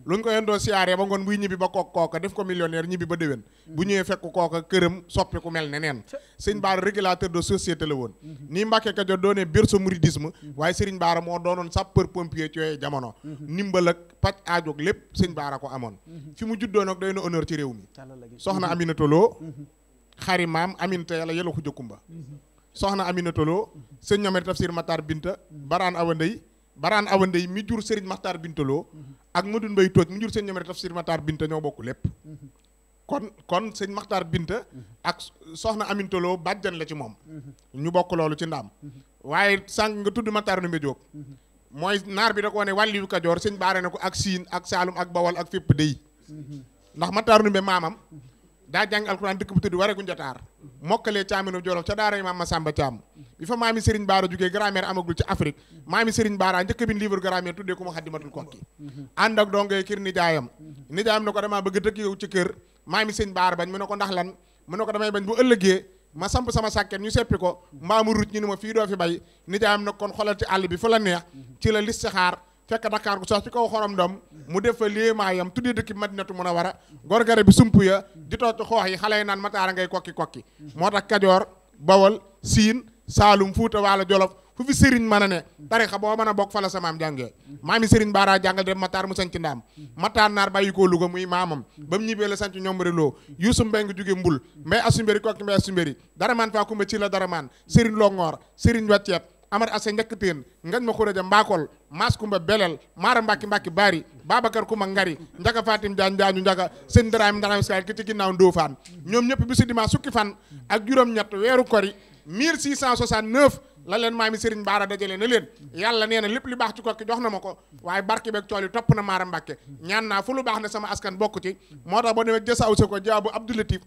lu ñu ko yendoo siyaaree ba ngoon buy ñibbi ba kook kooka def ko millionnaire ñibbi ba déwén bu ñëwee fekk kooka këram soppi ku mel ne neen sëñ Baara régulateur de société la woon nii Mbàkke Kajoor doonee biir sa mouridisme waaye sëriñ Baara moo doonoon sapeur pompier ci yooyu jamono ndimbal ak paj aajoog lépp sëñ Baara ko amoon fi mu juddoo nag doy na honneur ci réew mi soxna Aminata Lo xari maam Aminata yàlla yelu xujja kumba soxna Aminata Lo sëñ ñamet tafsir Matar Binta baraan awa ndey baraan awandey mi jur Serigne Makhtar Bintaloo ak Modou Mbaye Tooj mi jur sëñ ñoom tafsir Makhtar Binta ñoo bokk lépp kon kon sëñ Makhtar Binta ak soxna Amintaloo bàjjan la ci moom ñu bokk loolu ci ndaam waaye sànq nga tudd Makhtar Ndumbe Jóob mooy naar bi da ko ne Kajoor sëñ baare na ko ak Siin ak Saalum ak Bawol ak fépp dey ndax Makhtar Ndumbe maamam daa jàng alxuraan dëkk bu tudd Waregu Njataar mokkalee caaminu Jolof ca daara Maam Masamba Caam bi fa maami Serigne Baara jógee grammaire amagul ci Afrique maami Serigne Baara njëkk bin livre grammaire tuddee ku Muxaddamatul Kokki ànd ak dongee kër nijaayam nijaayam ne ko damaa bëgg dëkk yow ci kër maami Serigne Baara bañ mu ne ko ndax lan mu ne ko damay bañ bu ëllëgee ma samp sama sàkket ñu seppi ko mbaamu ruuj ñu ni ma fii doo fi bay nijaayam nag kon xolal ci àll bi fu la neex ci la fekk Dakar gu sax ci kaw xorom doom mu def fa léemaayam tuddee dëkk Madinatu Munawara gorgare bi sump ya di toog xoox yi xale yi naan mataara ngay kokki kokki moo tax Kajoor Bawol Siin Saalum Fuuta Waalo Jolof fu fi sëriñ mën a ne tarixa boo mën a bokk fa samaam sa maam jàngee maami sëriñ Baara jàngal dem Matar mu sanc ndaam Matar naar bàyyi koo Louga muy maamam ba ñibbee la sanc ñombari loo Yuusu Mbeng jóge mbul mbay asumbéri kokki mbay asumbéri dara maan faa kumba ci la dara maan sëriñ amar ase ngakkiten gañmo huraja mbakol maskumba belel mara mbaki mbaki baari babacar kuma ngari jaga fatim diagne diagne jaga sen darami darami skal kiti ginnaw ndofan ñoom ñëpp bisu dimanche sukki fan ak juróom ñett weeru kori 1669 la leen maami Serigne Baara dajale na leen yàlla nee na lépp li baax ci kokki jox na ma ko waaye barke beeg tool yi topp na Maara Mbàkke ñaan naa fu lu baax ne sama askan bokk moo tax boo demee jësa awse ko jawaabu Abdou Latif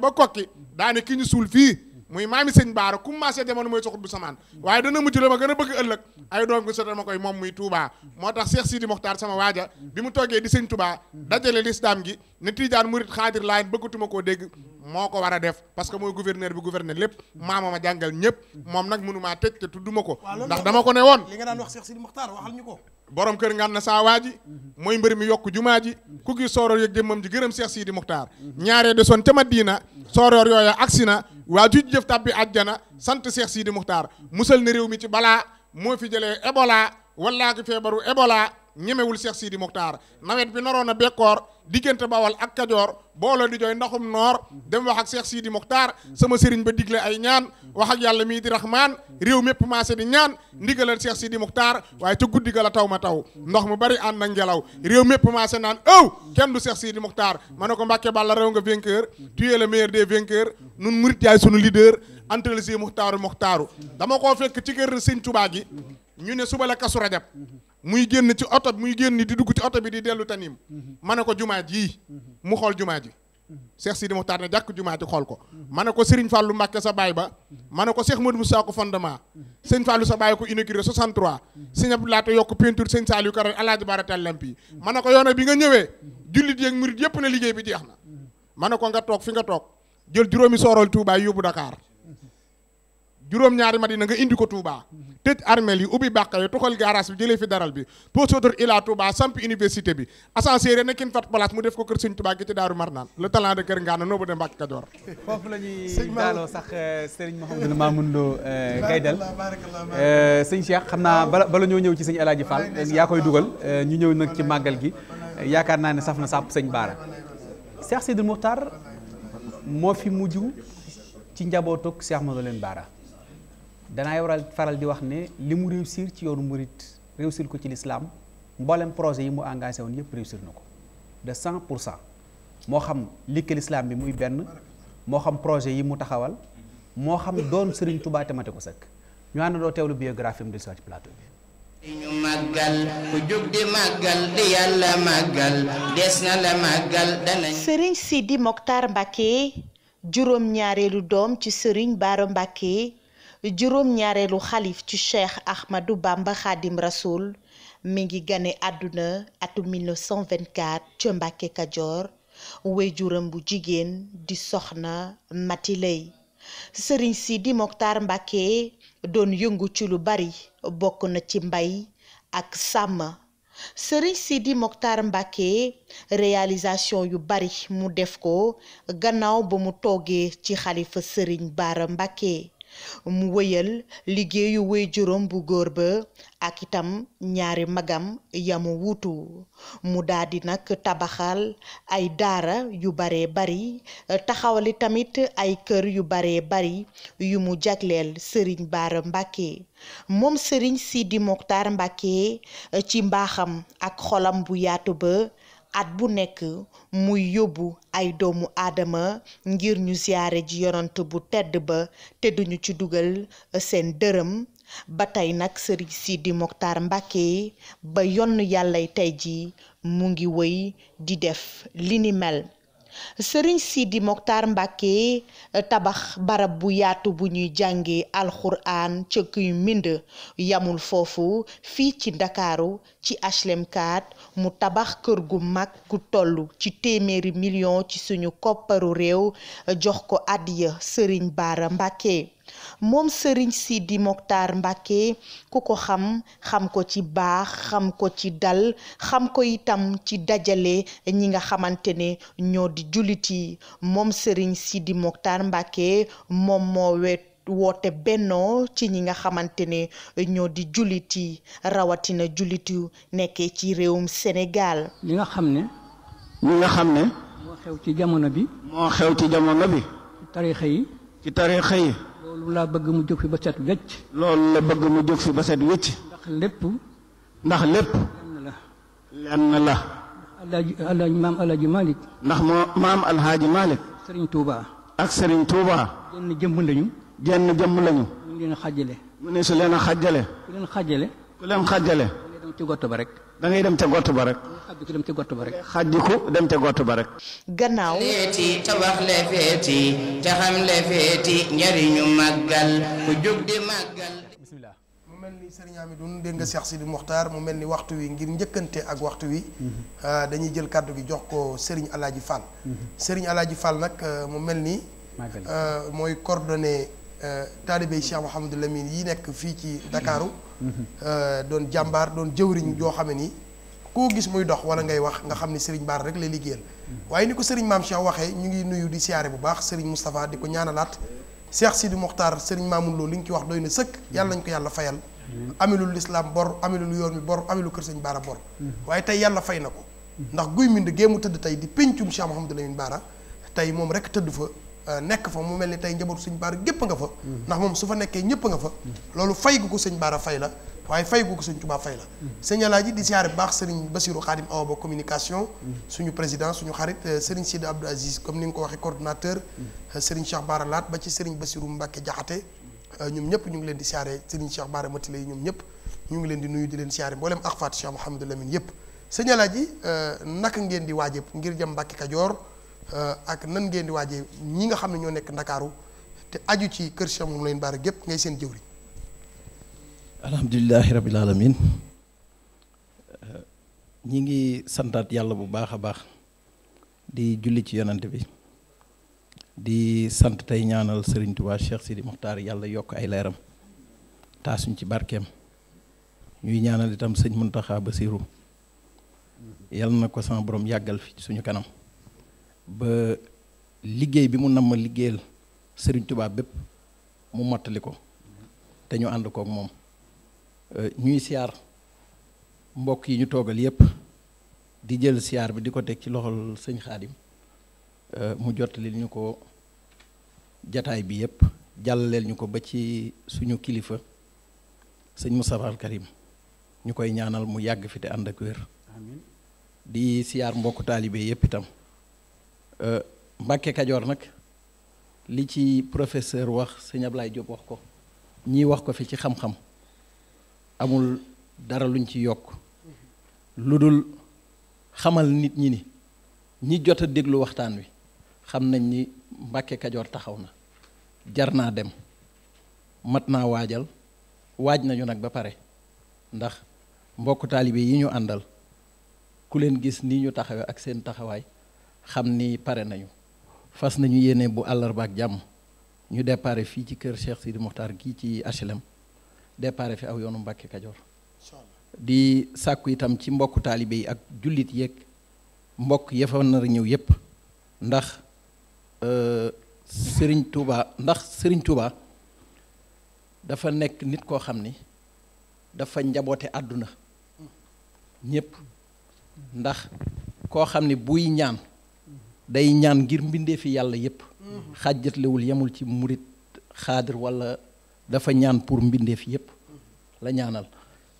ba kokki daane ki suul fii muy maami sëñ baara kum maasee jamono mooy soxut bu samaan waaye dana mujj la ma gën a bëgg ëllëg ay doom ko sa dama koy moom muy Touba moo tax Cheikh Sidi Mokhtar sama waaja bi mu toogee di sëñ Touba dajale lislaam gi ne Tiijaan murit xaadir laayen bëggatuma koo dégg moo ko war a def parce que mooy gouverneur bi gouverneur lépp maama ma jàngal ñëpp moom nag mënumaa tëj te tudduma ko ndax dama ko ne woon li nga daan wax Cheikh Sidi Mokhtar waxal ko borom kër ngan na saa waa ji mooy mbër mi yokk jumaa ji ku gis sooroor yëg jëmmam ji gërëm Seex Sidi Muxtaar ñaaree de son ca Madina sooroor yooya agsi na waa ju jëf tàbbi àjjana sant Seex Sidi Muxtaar musal na réew mi ci balaa moo fi jëlee Ebola wallaa ki feebaru Ebola ñemewul Cheikh Sidi Mokhtar nawet bi naroon a bekkoor diggante bawal ak kajoor booloo di jooy ndaxum noor dem wax ak Cheikh Sidi Mokhtar sama sëriñ ba digle ay ñaan wax ak yàlla mii di raxmaan réew mépp maase di ñaan ndigalal Cheikh Sidi Mokhtar waaye ci guddi ga la taw ma taw ndox mu bari ànd ak ngelaw réew mépp maase naan ëw kenn du Cheikh Sidi Mokhtar ma ne ko Mbàkke Bàlla réew nga vainqueur tu es le meilleur des vainqueurs nun murit yaay sunu leader antal dama koo fekk ci kër Sëñ Tuubaa ñu ne suba la kasu rajab muy génn ci oto muy génn di dugg ci oto bi di dellu tanim mm-hmm. ma ne ko jumaa ji mm-hmm. mu xool jumaa ji Seex mm-hmm. Sidi Muxtaar ne jàkk jumaa ji xool ko ma ne ko Serigne Fallou Mbacke sa baay ba ma ne ko Seex Modou Moussa ko fondement sëñ Fallou sa baay ko inauguré 63 sëñ Abdou Lahat yokk peinture sëñ Saliou Karo Alaaji Bara Tall Lampi ma ko yoona bi nga ñëwee jullit yeeg murit yëpp liggéey bi jeex na ma ne ko nga toog fi nga toog jël juróomi soorol Touba yóbbu Dakar juróom-ñaari na nga indi ko Touba tëj armel yi ubbi bàqa yi toxal garage bi jëlee fi daral bi pour sautur ila Touba samp université bi ascenseur nekkin fat place mu def ko kër sëñ Touba gi ci Daaru Marnaan le talent de kër ngaana noobu de Mbàkke Kajoor foofu la ñuy daaloo sax euh, sëriñ Mouhamadou Mamoun euh, Lo Gaydel euh, sëñ Cheikh xam naa bala bala ñoo ñëw ci sëñ Alaaji Fall yaa koy dugal ñu ñëw nag ci màggal gi yaakaar naa ne saf na sàpp sëñ Baara Cheikh Sidil Mouhtar moo fi mujj ci njabootuk ma Mouhamadou leen Baara danaay waral faral di wax ne li mu réussir ci yoonu murit réussir ko ci lislaam mboolem projet yi mu engagé woon yëpp réussir na ko de cent pour cent moo xam likk lislaam bi muy benn moo xam projet yi mu taxawal moo xam doon Serigne Touba te mate ko sëkk ñu àndandoo teewlu biographie mu del ci plateau bi ñu màggal ku jóg di màggal di yàlla màggal des na la màggal dana sëriñ Sidi Moktar Mbacke juróom ñaareelu doom ci sëriñ Baara Mbacke juróom-ñaareelu xalif ci cheikh Ahmadou Bamba Khadim Rasoul mi ngi gane àdduna atu 1924 ca Mbàkke Kajoor wéyjuram bu jigéen di soxna Mati Lay sëriñ Sidi Moktar Mbàkke doon yëngu ci lu bari bokk na ci mbay ak sàmm sëriñ Sidi Moktar Mbàkke réalisation yu bari mu def ko gannaaw ba mu toggee ci xalifa sëriñ Baara Mbàkke mu wéyal liggéeyu waajuram bu góor ba ak itam ñaari magam yamu wuutu mu daldi nag tabaxal ay daara yu bare bari taxawali tamit ay kër yu bare bari yu mu jagleel sëriñ Baara Mbàkke moom sëriñ Sidi Mokhtar Mbàkke ci mbaaxam ak xolam bu yaatu ba at bu nekk muy yóbbu ay doomu aadama ngir ñu siyaare ji yonant bu tedd ba te duñu ci dugal uh, seen dërëm ba tey nag sëriñ Sidi Moktar Mbacke ba yonn yàlla tey ji mu ngi woy di def li ni mel sëriñ Sidi Moktar Mbacke eh, tabax barab bu yaatu bu ñuy jànge alxuraan ca kuy mbind yamul foofu fii ci ndakaaru ci HLM 4 mu tabax kër gu mag gu tollu ci téeméeri million ci suñu kopparu réew eh, jox ko àddiya sëriñ Baara Mbacke moom Serigne Sidi Mokhtar Mbacké ku ko xam xam ko ci baax xam ko ci dal xam ko itam ci dajale ñi nga xamante ne ñoo di jullit moom sëriñ Serigne di Mokhtar Mbacké moom moo wet woote bennoo ci ñi nga xamante ne ñoo di jullit yi rawatina jullit yu nekkee ci réewum Sénégal. li nga xam ne. ñi nga xam ne. moo xew ci jamono bi. moo xew ci jamono bi. ci tariixa yi. ci tariixa yi. loolu laa bëgg mu jóg fi ba set wecc loolu la bëgg mu jóg fi ba set wecc ndax lépp ndax lépp lenn la alaaji maam alaaji malik ndax moo maam alhaaji malik sëriñ tuuba ak sëriñ tuuba jenn jëmm lañu jenn jëmm lañu mu leen xajale mu ne su leen xajale ku leen xajale ku leen xajale ci gott ba rek da dem ca gott ba rek. xaj dem ca gott ba rek. ko dem ca gott ba rek. gannaaw. leeti tabax le feeti te xam le feeti njariñu màggal ku jóg di màggal. mu mel ni Serigne Amidoune dégg nga Cheikh Sidi Mokhtar mu mel ni waxtu wi ngir njëkkante ak waxtu wi. Mhm. Ah, dañuy jël kàddu gi jox ko Serigne Alaaji Fall. Mhm. Serigne Alaaji Fall nag ah, mu mel ni. Ah, mooy coordonné taalibe Cheikh Mouhamadou yi nekk fii ci Ndakaaru. Euh, doon jàmbaar doon jëwriñ joo xam ne nii koo gis muy dox wala ngay wax nga xam ni Serigne Bara rek lay liggéeyal waaye ni ko Serigne Maam Cheikh waxee ñu ngi nuyu di siyaare bu baax Serigne Moustapha di ko ñaanalaat Cheikh Sidi Mokhtar Serigne Mamoun Lo li nga ci wax doy na sëkk yàlla nañ ko yàlla fayal. amilul lislaam bor amilul yoon mi bor amilul kër sëñ Bara bor. waaye tey yàlla fay na ko. ndax guy mind géemu tëdd tey di pencum Cheikh Mouhamadou Lamine Bara tey moom rek tëdd fa. Euh, nekk fa mu mel ni tey njabootu sëñ baara gépp nga fa ndax moom su fa nekkee ñëpp nga fa loolu fay gu ko sëñ baara fay la waaye fay gu ko sëñ tubaa fay la sëñ alaaji di siyaare baax sëriñ basiru xaadim awa ba communication suñu président suñu xarit euh, sëriñ sidi abdou aziz comme ni nga ko waxee coordonnateur euh, sëriñ cheikh laat ba ci sëriñ basiru mbàkke jaxate ñoom ñëpp ñu ngi leen di siyaare sëriñ cheikh baara matile yi ñoom ñëpp ñu ngi leen di nuyu di leen siyaare mboolem ak faat cheikh mouhamadou lamine yëpp sëñ alaaji nak ngeen di waajee ngir jëm mbàkke kajoor Euh, ak nan ngeen di waje ñi nga xamne ne nek dakaru te aju ci keur Cheikh moom leen bar gep ngay seen jëwri alhamdullilah rabbil alamin euh, ñi ngi santat yalla bu baakha baax di julli ci yonante bi di sante tay ñaanal Serigne Touba Cheikh Sidi Mokhtar yalla yok ay leeram taasuñ ci barkem ñuy ñaanal itam serigne Muntaxa basirou yalla na sama borom yagal fi suñu kanam ba liggéey bi mu namm liggéeyal sëriñ tubaab bépp mu mattali ko te ñu ànd kook moom euh, ñuy siyaar mbokk yi ñu toogal yépp di jël siyaar bi di ko teg ci loxol sëñ Xaadim euh, mu jottali ñu ko jataay bi yépp jàllaleel ñu ko ba ci suñu kilifa sëñ Moustapha al Karim ñu koy ñaanal mu yàgg fi te ànd ak wér di siyaar mbokk taalibe yépp itam Euh, Mbàkke Kajoor nag li ci professeur wax sëñ Ablaye Diop wax ko ñii wax ko fi ci xam-xam amul dara luñ ci yokk lu dul xamal nit ñi ni ñi jot a déglu waxtaan wi xam nañ ni Mbàkke Kajoor taxaw na jar naa dem mat naa waajal waaj nañu nag ba pare ndax mbokk taalibe yi ñu àndal ku leen gis nii ñu taxawe ak seen taxawaay xam ni pare nañu fas nañu yéene bu àllarba jàmm ñu déparé fii ci kër Cheikh Sidi Mokhtar gii ci HLM déparé fi aw yoonu Mbàkke Kajoor di sàkku itam ci mbokku taalibe yi ak jullit yeeg mbokk yafa nar ñëw yépp ndax euh, Sëriñ Tuuba ndax Sëriñ Tuuba dafa nekk nit koo xam ni dafa njaboote àdduna mm. ñépp ndax koo xam ni buy ñaan day ñaan ngir mbinde fi yalla yépp lewul yamul ci murid khadir wala dafa ñaan pour mbinde fi yépp la ñaanal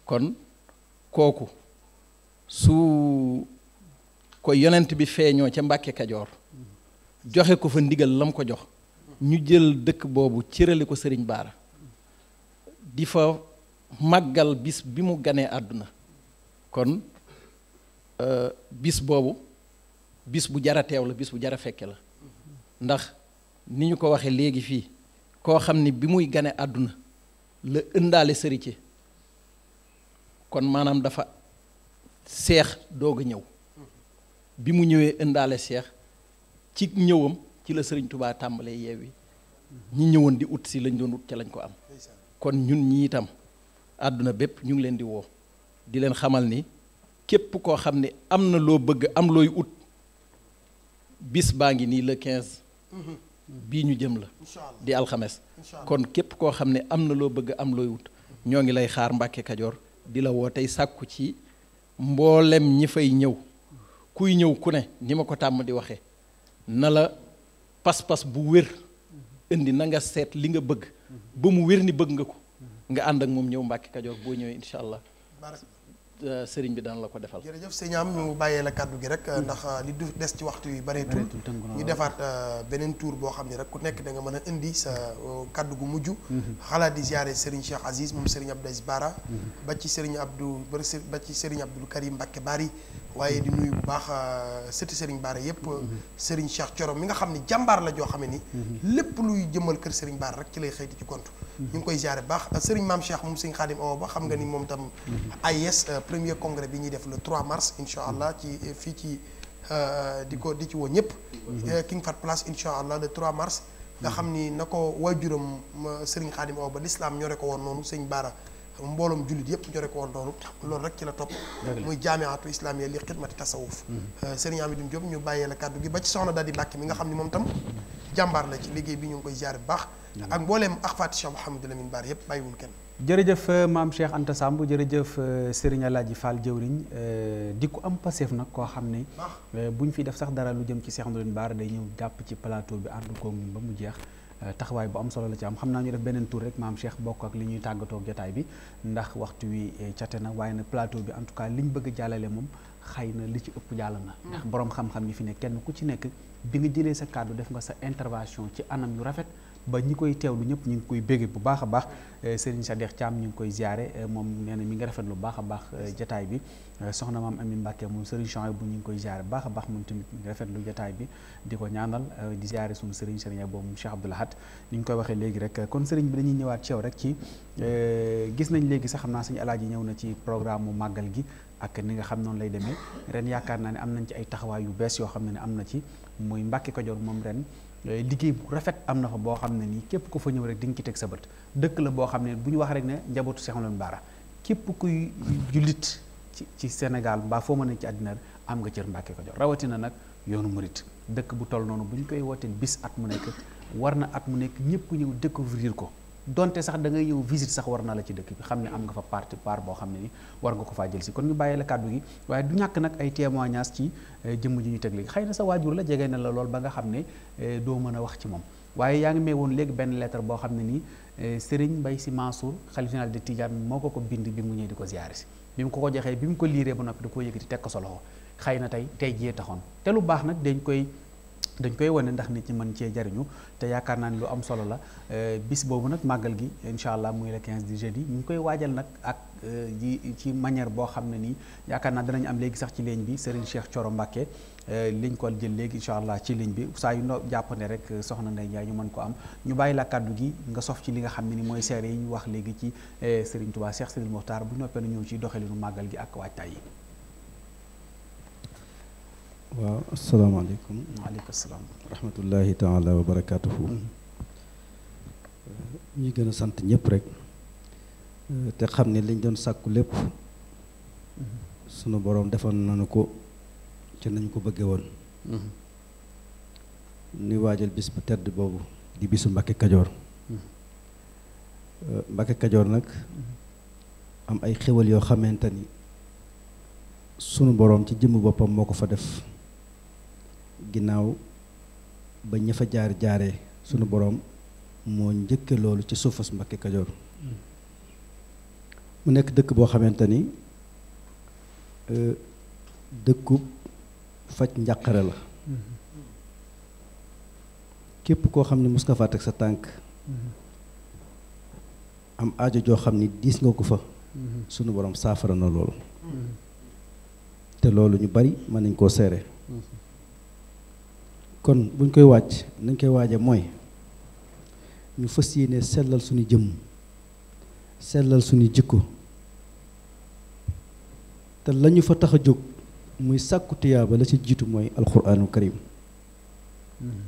kon koku, su ko yonent bi feño ci mbacke kadior joxe ko fa ndigal lam ko jox ñu jël dekk bobu cërale ko sëriñ di fa maggal bis bi mu aduna kon kon euh, bis bobu bis bu jara teew la bis bu jara fekke la ndax ni ñu ko waxee léegi fii koo xam ni bi muy gane àdduna la ëndaale sërice kon maanaam dafa seex doog a ñëw bi mu ñëwee ëndaale seex ci ñëwam ci la sëriñ tubaa tàmbalee yi ñu ñëwoon di ut si lañ doon ut ca lañ ko am kon ñun ñi itam àdduna bépp ñu ngi leen di woo di leen xamal ni képp koo xam ni am na loo bëgg am looy ut bis baa ngi nii le 15. Mm-hmm. bii ñu jëm la. di alxames. kon képp koo xam ne am na loo bëgg am looy wut. Mm-hmm. ñoo ngi lay xaar Mbàkke Kajoor di la woo tey sàkku ci mboolem ñi fay ñëw kuy ñëw ku ne ni ma ko tàmm di waxee na la pas-pas bu wér mm-hmm. indi na nga seet li nga bëgg ba mu wér ni bëgg nga ko nga ànd ak moom ñëw Mbàkke Kajoor boo ñëwee incha allah. Euh, sëriñ bi daan la ko defal. jërëjëf sëñ am ñu bàyyee la kàddu gi rek mm. ndax euh, li du des ci waxtu yi bareetul ñu defaat euh, beneen tour boo xam ne rek ku nekk da nga mën a indi sa kàddu gu mujj. Mm-hmm. xalaat di ziare sëriñ Cheikh Aziz moom sëriñ Abdou Aziz Bara. Mm-hmm. ba ci sëriñ Abdou ba ci sëriñ Abdou Karim Mbacké Bari waaye di nuyu bu baax sëti sëriñ Bara yëpp. Mm-hmm. sëriñ Cheikh Thioro mi nga xam ne jàmbaar la joo xam ne ni. lépp luy jëmal kër sëriñ baar rek ci lay xëyti ci gont ñu ngi koy ziare bax serigne mam Cheikh mom serigne khadim Awa Ba xam nga ni mom tam AIS premier congrès bi ñi def le 3 mars inshallah ci fi ci euh diko di ci wo ñep King Fat Place inshallah le 3 mars. nga xam ni nako ko serigne khadim Xaadim Awa Ba lislaam ñore ko won noonu serigne bara mbooloom jullit yëpp ñore ko woon doonu loolu rek ci la topp muy jaamiatu islamiya li xidmati tasawuf mm-hmm. euh, sëriñ Amidou Diop ñu bàyyee la kàddu gi ba ci soxna daal di bàkki mi nga xam ne moom tam jàmbaar la ci liggéey bi ñu ngi koy jaar bu baax ak mbooleem axfaati Cheikh Mouhamadou Lamine Bara yëpp bàyyiwul kenn jërëjëf euh, maam Cheikh Anta Samb jërëjëf euh, Serigne Alaaji Fall jëwriñ di ko am pasef nag koo xam ne bu ñu fi def sax dara lu jëm ci Cheikh Mouhamadou Lamine Bara day ñëw jàpp ci plateau bi ànd ko ba mu jeex Euh, taxawaay bu am solo la ci am xam naa ñu def beneen tour rek maam Cheikh bokk ak li ñuy tàggatoo jotaay bi ndax waxtu wi eh, cate na waaye na plateau bi en tout cas li ñu bëgg jàllale moom xëy na li ci ëpp jàll na. Mm. ndax borom xam-xam yi fi ne kenn ku ci nekk bi nga jëlee sa kàddu def nga sa intervention ci anam yu rafet. ba ñi koy teew teewlu ñëpp ñu ngi koy bége bu baax a baax eh, Serigne Sadikh Thiam ñu ngi koy ziare eh, moom nee mi nga rafet lu baax a baax eh, jataay bi soxna maam Amy Mbacke moom Serigne Chouaïb bu ñu ngi koy ziare baax a baax moom tamit mi jataay bi di ko di ziare suñu Serigne Serigne boobu moom Cheikh Abdoul ni ñu koy waxee léegi rek kon Serigne bi dañuy ñëwaat ci rek ci gis nañ léegi sax xam naa suñu alaaji ñëw na ci programme mu màggal gi ak ni nga xam noonu lay demee ren yaakaar naa ne am nañ ci ay taxawaay yu bees yoo xam ne am na ci muy Mbacke Kajoor moom ren liggéey bu rafet am na fa boo xam ne nii képp ku fa ñëw rek di ci teg sa bët dëkk la boo xam ne bu ñu wax rek ne njabootu Cheikh Mouhamadou Bara képp kuy jullit ci ci Sénégal mbaa foo mën a ci àddina am nga cër Mbàkke Kajoor rawatina nag yoonu murit dëkk bu toll noonu bu ñu koy wootee bis at mu nekk war na at mu nekk ñëpp ñëw découvrir ko donte sax da ngay ñëw visite sax war na la ci dëkk bi xam ne am nga fa parti part boo xam ne ni war nga ko faa jël si kon ñu bàyyi la kàddu gi waaye du ñàkk nag ay témoignages ci eh, jëmm ji ñu teg léegi xëy na sa waajur la jege na la lool ba nga xam ne eh, doo mën a wax ci moom waaye yaa ngi may woon léegi benn lettre boo xam ne nii eh, Serigne Mbaye Sy Mansour xalif général de Tidiane moo ko ko bind bi mu ñëw di ko ziyaare si bi mu ko ko joxee bi mu ko liiree ba noppi da koo yëkkati teg ko sa loxo na tey tey jiyee taxoon te lu dañ koy wane ndax nit ñi man cee jariñu te yaakaar naa ni lu am solo la euh, bis boobu nag màggal gi incha allah muy le 15 du jeudi ñu ngi koy waajal nag ak euh, ji ci manière boo xam ne nii yaakaar naa danañ am léegi sax ci ligne bi Serigne Cheikh Thioro Mbacké euh, liñ ko jël léegi incha allah ci ligne bi saa yu noo jàpp ne rek soxna Ndeye Ndiaye ñu mën ko am ñu bàyyi la kàddu gi nga sof ci li nga xam ne nii mooy seere yi ñu wax léegi ci Serigne Touba Cheikh Serigne Mokhtar bu noppee na ñëw doxalinu màggal gi ak waajtaay yi waaw asalaamaaleykum waaleykum salaam rahmatullahi taala wa barakaatuhu ñuy gën a sant ñëpp rek te xam ne liñ doon sàkku lépp sunu boroom defoon nañu ko ci nañ ko bëgge woon ni waajal bis bu tedd boobu di bisu Mbàkke Kajoor Mbàkke Kajoor nag am ay xéwal yoo xamante ni sunu boroom ci jëmm boppam moo ko fa def ginnaaw ba ña fa jaar jaaree sunu boroom moo njëkke loolu ci suufas Mbàkke Kajoor mu nekk dëkk boo xamante ni euh, dëkku faj njàqare la képp koo xam ne mos nga faa sa tànk am aajo joo xam ni diis nga ko fa sunu borom saafara na loolu te loolu ñu bari mën nañ koo seere kon buñ koy waaj nañ koy waaje mooy ñu fas yéene sellal suñu jëmm sellal suñu jikko te lañu fa tax a jóg muy sàkku tuyaaba la ci jiitu mooy alxuraanu karim mm-hmm.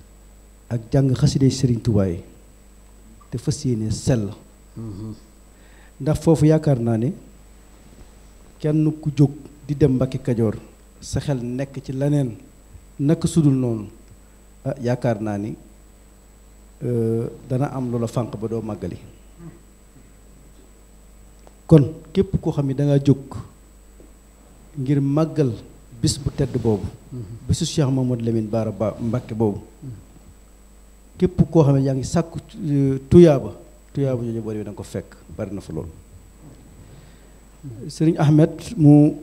ak jàng xaside sëriñ te fas yéene sell mm-hmm. ndax foofu yaakaar naa ne kenn ku jóg di dem Mbàkke Kajoor sa xel nekk ci leneen nakk sudul noonu Ya naa ni eh, dana am loola fank ba do magali kon kep ko xam da nga ngir magal bis bu tedd bobu bisu Cheikh Mamadou Lamine Bara Ba Mbacke bobu kep ko xam yaangi sak ngi sàkku eh, tuyaaba tuyaaba ñooñu boo da nga ko fekk bari na fa serigne Ahmed mu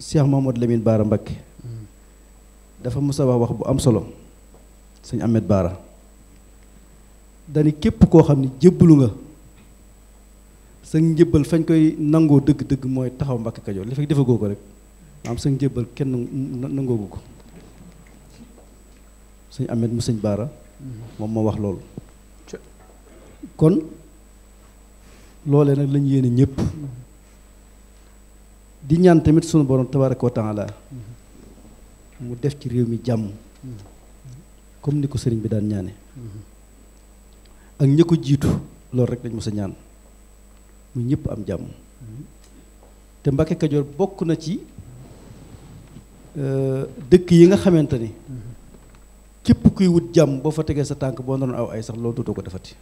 Cheikh Mamadou Lamine Bara Mbacke dafa musaba wax bu am solo sëñ Ahmed Baara dani képp koo xam ni jébbalu nga sa njëbbal fañ koy nangoo dëgg-dëgg mooy taxaw Mbàkke Kajoor li fekk defagoo ko rek am sa njëbbal kenn nangoogu ko sëñ Ahmed mu sëñ Baara moom moo wax loolu kon loolee nag lañ yéene ñëpp di ñaan tamit sunu borom tabaraka wa taala mu def ci réew mi jàmm comme ni ko sëriñ bi daan ñaane ak ñi ko jiitu loolu rek dañ mos a ñaan mu ñëpp am jàmm te Mbàkke Kajoor bokk na ci euh, dëkk yi nga xamante ni képp kuy wut jàmm boo fa tegee sa tànk boo naroon aw ay sax loolu dootoo ko defati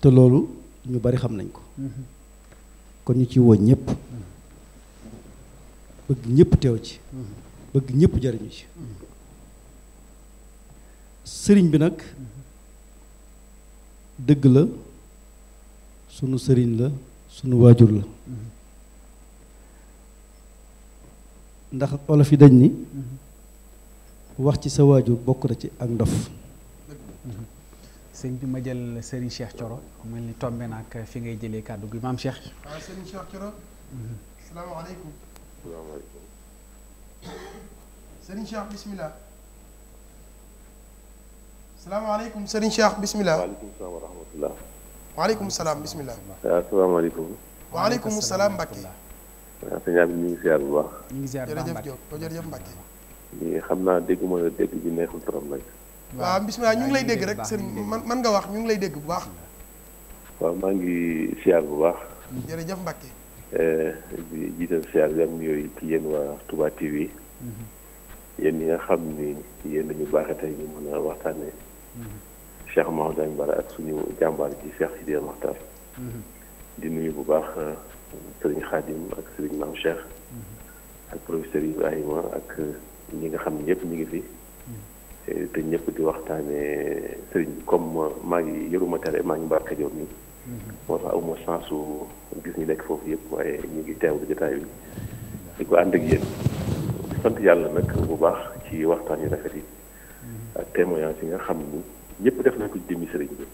te loolu ñu bari xam nañ ko kon ñu ci woo ñëpp bëgg ñëpp teew ci bëgg ñëpp jariñu ci sëriñ bi nag dëgg la sunu sëriñ la sunu waajur la ndax olof yi dañ ni wax ci sa waajur bokk na ci ak ndof sëñ bi ma jël sëriñ Cheikh Thioro mel ni tombe naa ak fi ngay jëlee kàddu gi maam Cheikh waaw sëriñ Cheikh Thioro mhm. salaamaaleykum sëriñ salaamaaleykum sëriñ Cheikh bisimilah. waaleykum salaam wa rahmatulah. waaleykum salaam bisimilah. asalaamaaleykum. waaleykum salaam Mbacke. waaw sëñ Abdou ñu ngi ziar bu baax. ñu ngi ziar bu baax jërëjëf Diop jërëjëf Mbacke. lii xam naa dégg mooy dégg bi neexul trop nag. waaw bisimilah ñu ngi lay dégg rek sëriñ man man nga wax ñu ngi lay dégg bu baax. waaw maa ngi ziar bu baax. jërëjëf Mbacke. Eh, di jiital ziar bi ak nuyooyu ci yéen waa Touba TV. Mhm. yéen ñi nga xam ni yéen la ñu baaxee tey ñu mën a waxtaanee. Cheikh Mouhamadou Lamine Bara ak suñu jàmbaar ji Cheikh Sidy Makhtar di nuyu bu baax euh, sëriñ Khadim ak sëriñ Maam Cheikh ak professeur Ibrahima ak euh, ñi nga xam ne ñëpp ñu ngi fi te ñëpp di waxtaanee sëriñ comme euh, maa ngi yëruma tere maa ngi Mbàkke Kajoor nii moo tax awma chance su gis ñi nekk foofu yëpp waaye ñu ngi teewlu jotaay bi di ko ànd ak yéen sant yàlla nag bu baax ci waxtaan yu rafet yi ak témoignage yi nga xam ni ñëpp def nañ ko jëmmi sëriñ bi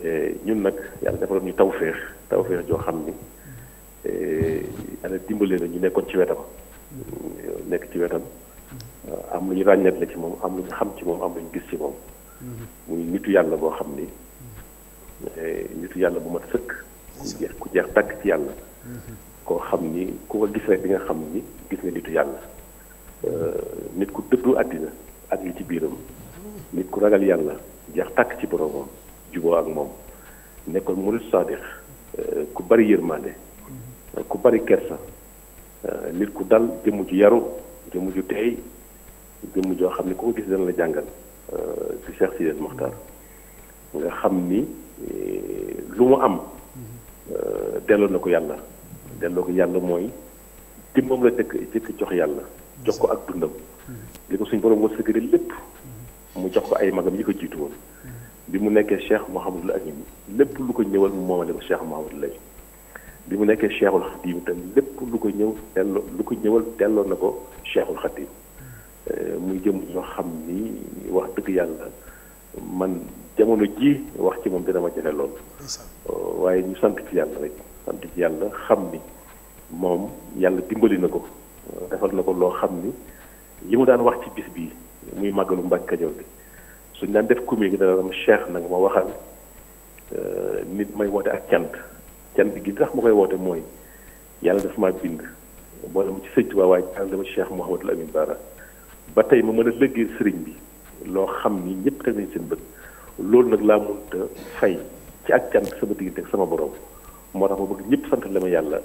eh, ñun nag yàlla defaloon ñu tawféex tawféex joo xam ni eh, yàlla dimbale na ñu nekkoon ci wetam nekk ci wetam eh, am lu ñu ràññat la ci moom am lu ñu xam ci moom am lu ñu gis ci moom muy nitu yàlla boo xam ni nitu yàlla bu ma sëkk ku jeex ku jeex ci yàlla koo xam ni koo ko gis rek di nga xam ni gis nga nitu yàlla nit ku dëddu àddina ak li ci biiram nit ku ragal yàlla jeex tàkk ci boromam juboo ak moom nekkoon murid saadix euh, ku bari yërmande ku bari kersa euh, nit ku dal jëmm ju yaru jëmm ju tey jëmm joo xam ne ku ko gis dana la jàngal euh, ci Cheikh Sidy Mokhtar nga xam ni lu mu am delloo na ko yàlla delloo ko yàlla mooy dimbam la jëkk jëkk jox yàlla jox ko ak dundam li ko suñ borom wërsëg lépp mu jox ko ay magam yi ko jiitu woon bi mu nekkee cheikh Mouhamadul Amin lépp lu ko ñëwal mu moomale ko cheikh Mouhamadul bi mu nekkee cheikhul xadim tam lépp lu ko ñëw delloo lu ko ñëwal delloo na ko cheikhul xadim euh, muy jëm ñoo xam ni wax dëgg yàlla man jamono ji wax ci moom dina ma jële lool euh, waaye ñu sant ci yàlla rek sant ci yàlla xam ni moom yàlla dimbali na ko defal na ko loo xam ni li mu daan wax ci bis bi muy màggalu Mbàkke Kajoor bi suñ daan def commune gi dana dama cheikh nag ma waxal nit may woote ak cant cant gi tax ma koy woote mooy yàlla dafa maa bind boole ma ci sëñ Tuubaa waaye ànd dama cheikh Mouhamadul Amin Bara ba tey ma mën a lëggee sëriñ bi loo xam ni ñëpp teg nañ seen bët loolu nag laa mënta fay ci ak cant sama diggante ak sama borom moo tax ma bëgg ñëpp sant la ma yàlla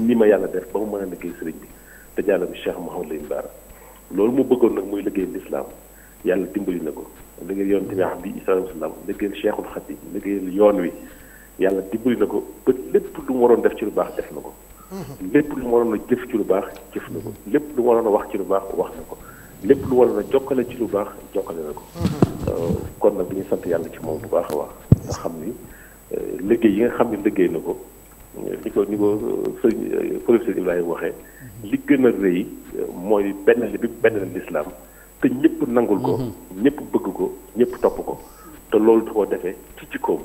ni ma yàlla def ba ma mën a lëggee sëriñ bi te jàllale bi cheikh Mouhamadul Amin Bara loolu mu bëggoon nag muy liggéeyal l'islam yàlla dimbali na ko liggéeyal yonent bi abdi isalam salaam liggéeyal cheikhul xatib liggéeyal yoon wi yàlla dimbali na ko ba lépp lu mu waroon def ci lu baax def na ko lépp lu mu waroon a jëf ci lu baax jëf na ko lépp lu mu waroon a wax ci lu baax wax na ko lépp lu waroon a jokkale ci lu baax jokkale na ko kon nag dañuy sant yàlla ci moom bu baax a baax nga xam ni liggéey yi nga xam ne liggéey na ko ni ko ni ko sëñ professeur Ibrahima waxee li gën a rëy mooy benn bi benn lislaam te ñëpp nangul ko mhm. ñëpp bëgg ko ñëpp topp ko te loolu du koo defee ci jikkoom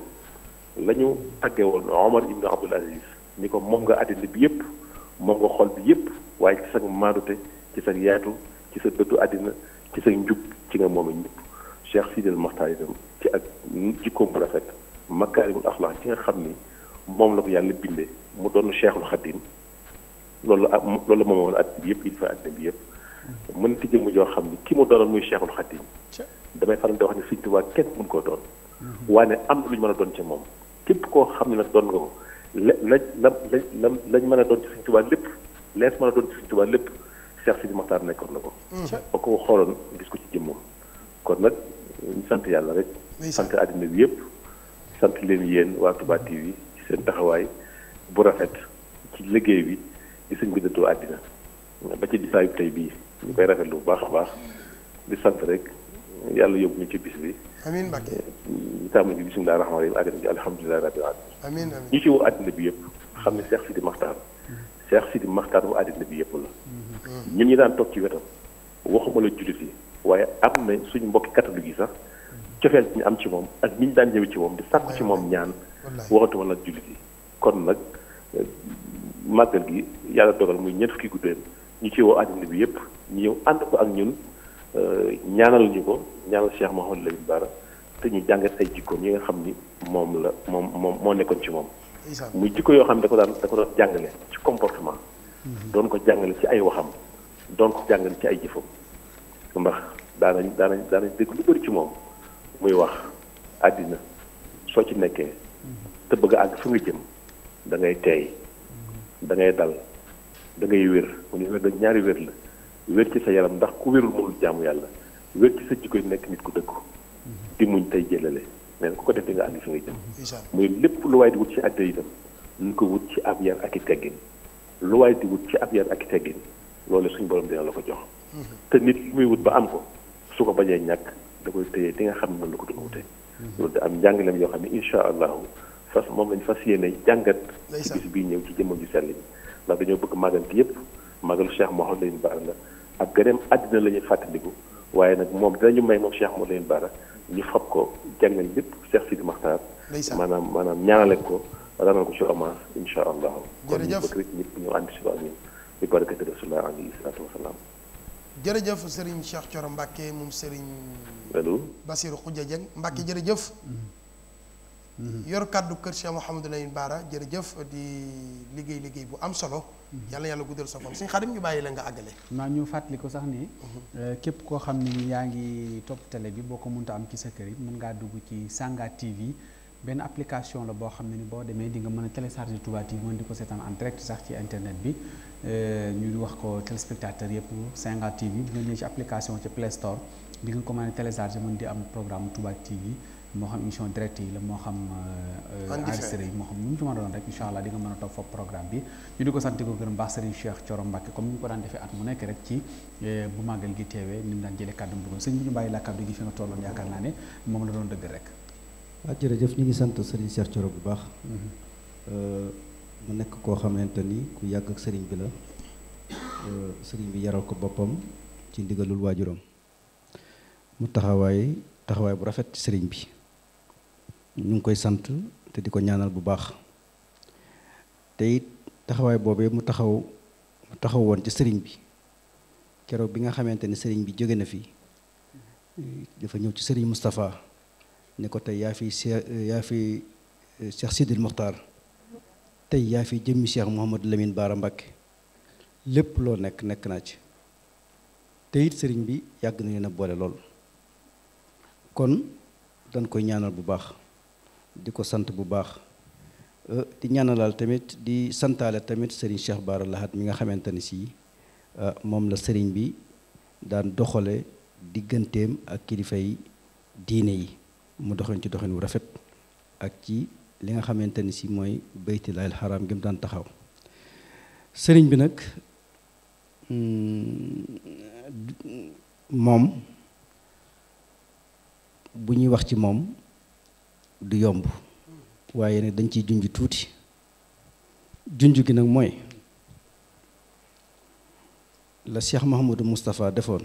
la ñu tàggee woon Omar ibn Abdul Aziz ni ko moom nga àddina bi yëpp moom nga xol bi yëpp waaye ci sa maadute ci sa yaatu ci sa dëddu àddina ci sa njub ci nga moom ñëpp Cheikh Sidil Maxtaar itam ci ak jikkoom bu rafet makaarimul axlaaq ci nga xam ni moom la ko yàlla bindee mu doon Cheikhul Khadim loolu la loolu la moom woon at bi yëpp il fa àddina bi yëpp mën joo xam ki mu doonoon muy Cheikhul Khadim damay faral di wax ne Sëñ Tuubaa kenn mën koo doon mhm. lu ñu mën a doon ci moom képp koo xam ne nag doon nga ko la la la la lañ a doon ci a doon ci Sëñ Tuubaa lépp Cheikh Sidi Moxtaar nekkoon na ko mhm. boo ko xooloon gis ko ci jëmmam kon nag ñu sant yàlla rek sant àddina bi yëpp sant leen yéen waa Touba mhm. TV seen taxawaay bu rafet ci liggéey bi di sëñ bi dëddoo àddina ba ci bisaayub tey bii ñu koy rafetlu bu baax a baax di sant rek yàlla yóbbu ñu ci bis bi. amiin Mbacke ñu tàmm ci bisimilah rahmaani rahiim àggale ci alhamdulilah rabbil alamin amiin amiin ñu ci woo àddina yëpp xam ne Cheikh Sidi Makhtar Cheikh Sidi Makhtar bu àddina bi yëpp la. Mm-hmm. ñun ñi daan toog ci wetam waxuma la jullit yi waaye am na suñu mbokki catholique yi sax cofeel ñu am ci moom ak ni ñu daan ñëwee ci moom di sàkku ci moom ñaan. waxatuma nag jullit yi kon nag eh, màggal gi yàlla dogal muy ñett fukki guddeen ñu ci woo àddina bi yëpp ñu ñëw ànd ko ak ñun eh, ñaanal ñu ko ñaanal Cheikh Mouhamadou Lamine te ñu jàngat ay jikkoom yi nga xam ni moom la moom moom moo nekkoon ci moom. muy jikko yoo xam ne da ko daan da doon jàngale ci comportement. Mhm. doon ko jàngale ci ay waxam doon ko ci ay jëfam ndax daanañ daanañ daanañ dégg lu bëri ci moom muy wax àddina soo ci nekkee. te bëgg a àgg fi nga jëm da ngay teey da dal da ngay wér mu ne ñaari wér la wér ci sa yaram ndax ku wérul mënul jaamu yàlla wér ci sa jikko nekk nit ku dëggu di muñ tey jëlale mais ku ko def di nga àgg fi nga jëm muy lépp lu waay di wut ci àddina itam ñu ko wut ci ab yar ak i teggin lu waay di ci ab yar ak i teggin loolu suñu borom dina la ko jox mhm. te nit muy wut ba am ko su ko bañee ñàkk da koy téye di nga xam ne noonu ko doon wute mhm. loolu da am njàngaleem yoo xam ne incha allahu fas moom lañ fas yéene jàngat ci bis bii ñëw ci jëmmam ju sell bi ndax dañoo bëgg màggal gi yëpp màggalu Cheikh Mouhamadou Lamine Bara la ak gëneem àddina la ñuy fàttaliku waaye nag moom dinañu may moom Cheikh Mouhamadou Lamine Bara ñu fab ko jàngal lépp Cheikh Sidi Makhtar maanaam maanaam ñaanale ko ranal ko ci hommage insha allah kon ñu bëgg rek ñëpp ñëw ànd si ko ak ñun bi barakati rasulillah jërëjëf sëriñ Cheikh Thioro Mbacke moom sëriñ allo Basirou Khoudia Dieng Mbacke jërëjëf mm-hmm. yor kàddu kër Cheikh Mouhamadou Lamine Bara jërëjëf di liggéey liggéey bu am solo. Mhm. yàlla yàlla guddal sa fan suñu xarit ñu bàyyi la nga àggale. naa ñu fàttali ko sax ni. Mhm. Euh, képp koo xam ne ni yaa ngi topp télé bi boo ko mënta am ci sa kër yi mën ngaa dugg ci Sanga TV benn application la boo xam ne ni boo demee di nga mën a télécharger Touba TV mën di ko seetaan en direct sax ci internet bi. Euh, ñu wax ko téléspectateur yëpp Sanga TV bu nga ñëwee ci application ci Play Store di nga ko mën a télécharger mun di am programme Touba TV. moo xam émission direct yi la moo xam euh, enregistré yi moo xam nu mu ci mën a doon rek incha allah di nga mën a topp foofu programme bi ñu di ko sant ko gërëm baax Serigne Cheikh Thioro Mbacke comme ni ñu ko daan defee at mu nekk rek ci euh, bu màggal gi teewee ni mu daan jëlee kàddu bu sëñ bi ñu la kàddu gi fi nga tolloon yaakaar naa ne moom la doon dëgg rek ah, jërëjëf ñu ngi sant Serigne Cheikh Thioro bu baax mm-hmm. euh, mu nekk koo xamante ni ku yàgg ak sëriñ bi la sëriñ bi yaral ko boppam ci ndigalul waajuram mu taxawaay taxawaay bu rafet ci sëriñ bi ñu ngi koy sant te di ko ñaanal bu baax te it taxawaay boobee mu taxaw mu taxaw woon ci sëriñ bi keroog bi nga xamante ne sëriñ bi jóge na fi dafa ñëw ci sëriñ Moustapha ne ko tey yaa fi Cheikh yaa fi eh, Cheikh Sidil Mokhtar tey yaa fi jëmmi Cheikh Mouhamadou Lamine Baara Mbacké lépp loo nekk nekk naa ci te it sëriñ bi yàgg na leen a boole lool kon dañ koy ñaanal bu baax di ko sant bu baax euh, di ñaanalaal tamit di santaale tamit Serigne Cheikh Bara Lahad mi nga xamante ne si euh, moom la sëriñ bi daan doxale digganteem ak kilifay diine yi mu doxin ci doxin wu rafet ak ci li nga xamante ni si mooy baytilaayil xaraam gi mu daan taxaw sëriñ bi nag mm, moom bu ñuy wax ci moom du yomb waaye nag dañ ciy junj tuuti junj gi nag mooy la Cheikh Mahamadou Moustapha defoon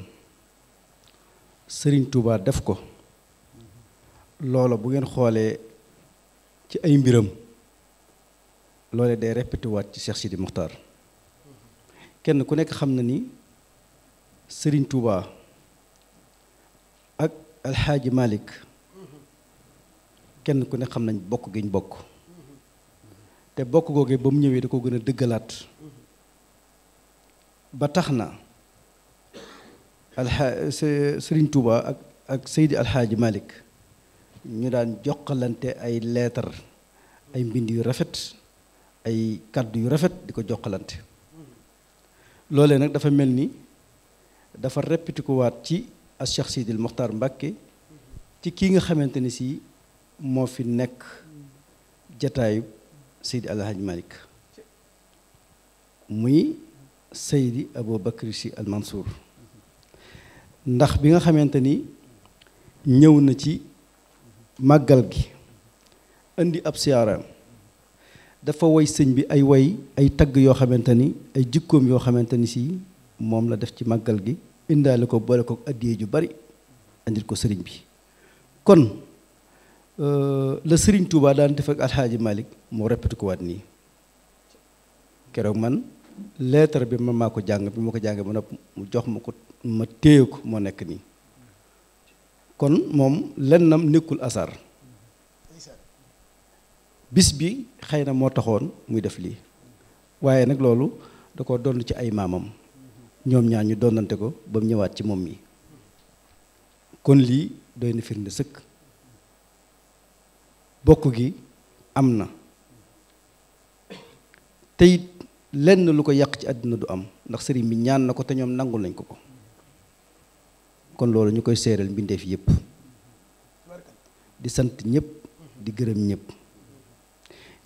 sëriñ Touba def ko loolo bu ngeen xoolee ci ay mbiram loole day répété waat ci Cheikh Sidi Mokhtar kenn ku nekk xam na ni sëriñ Touba ak Alxaaji Malik kenn ku ne xam nañ bokk gi ñu bokk te bokk googee ba mu ñëwee da ko gën a dëggalaat ba tax na alxa Serigne Touba ak ak Seydi Alxaaji Malik ñu daan joxalante ay leetar ay mbind yu rafet ay kàddu yu rafet di ko joxalante loolee nag dafa mel ni dafa répétikuwaat ci a Cheikh Sidil Mokhtar ci kii nga xamante ni moo fi nekk jataayu Seydi Alhaj Malick muy Seydi Aboubakar Sy Al Mansour ndax bi nga xamante ni ñëw na ci màggal gi indi ab siyaaraam dafa woy sëñ bi ay woy ay tagg yoo xamante ni ay jikkoom yoo xamante ni si moom la def ci màggal gi indiaale ko boole ko addiyee ju bari indil ko sëriñ bi kon Euh, la Serigne Touba daan def ak Alxaaji Malick moo répété ko waat nii keroog man lettre bi man maa ko jàng bi ma ko jàng ba noppi mu jox ma ko ma téye ko moo nekk nii kon moom am nekkul asar bis bi xëy na moo taxoon muy def lii waaye nag loolu da ko donn ci ay maamam ñoom ñaar ñu donnante ko ba mu ñëwaat ci moom mi kon lii doy na firnde sëkk bokk gi am na te lenn lu ko yàq ci àddina du am ndax sëriñ bi ñaan na ko te ñoom nangul nañ ko ko kon loolu ñu koy séeral mbindeef yépp di sant ñëpp di gërëm ñépp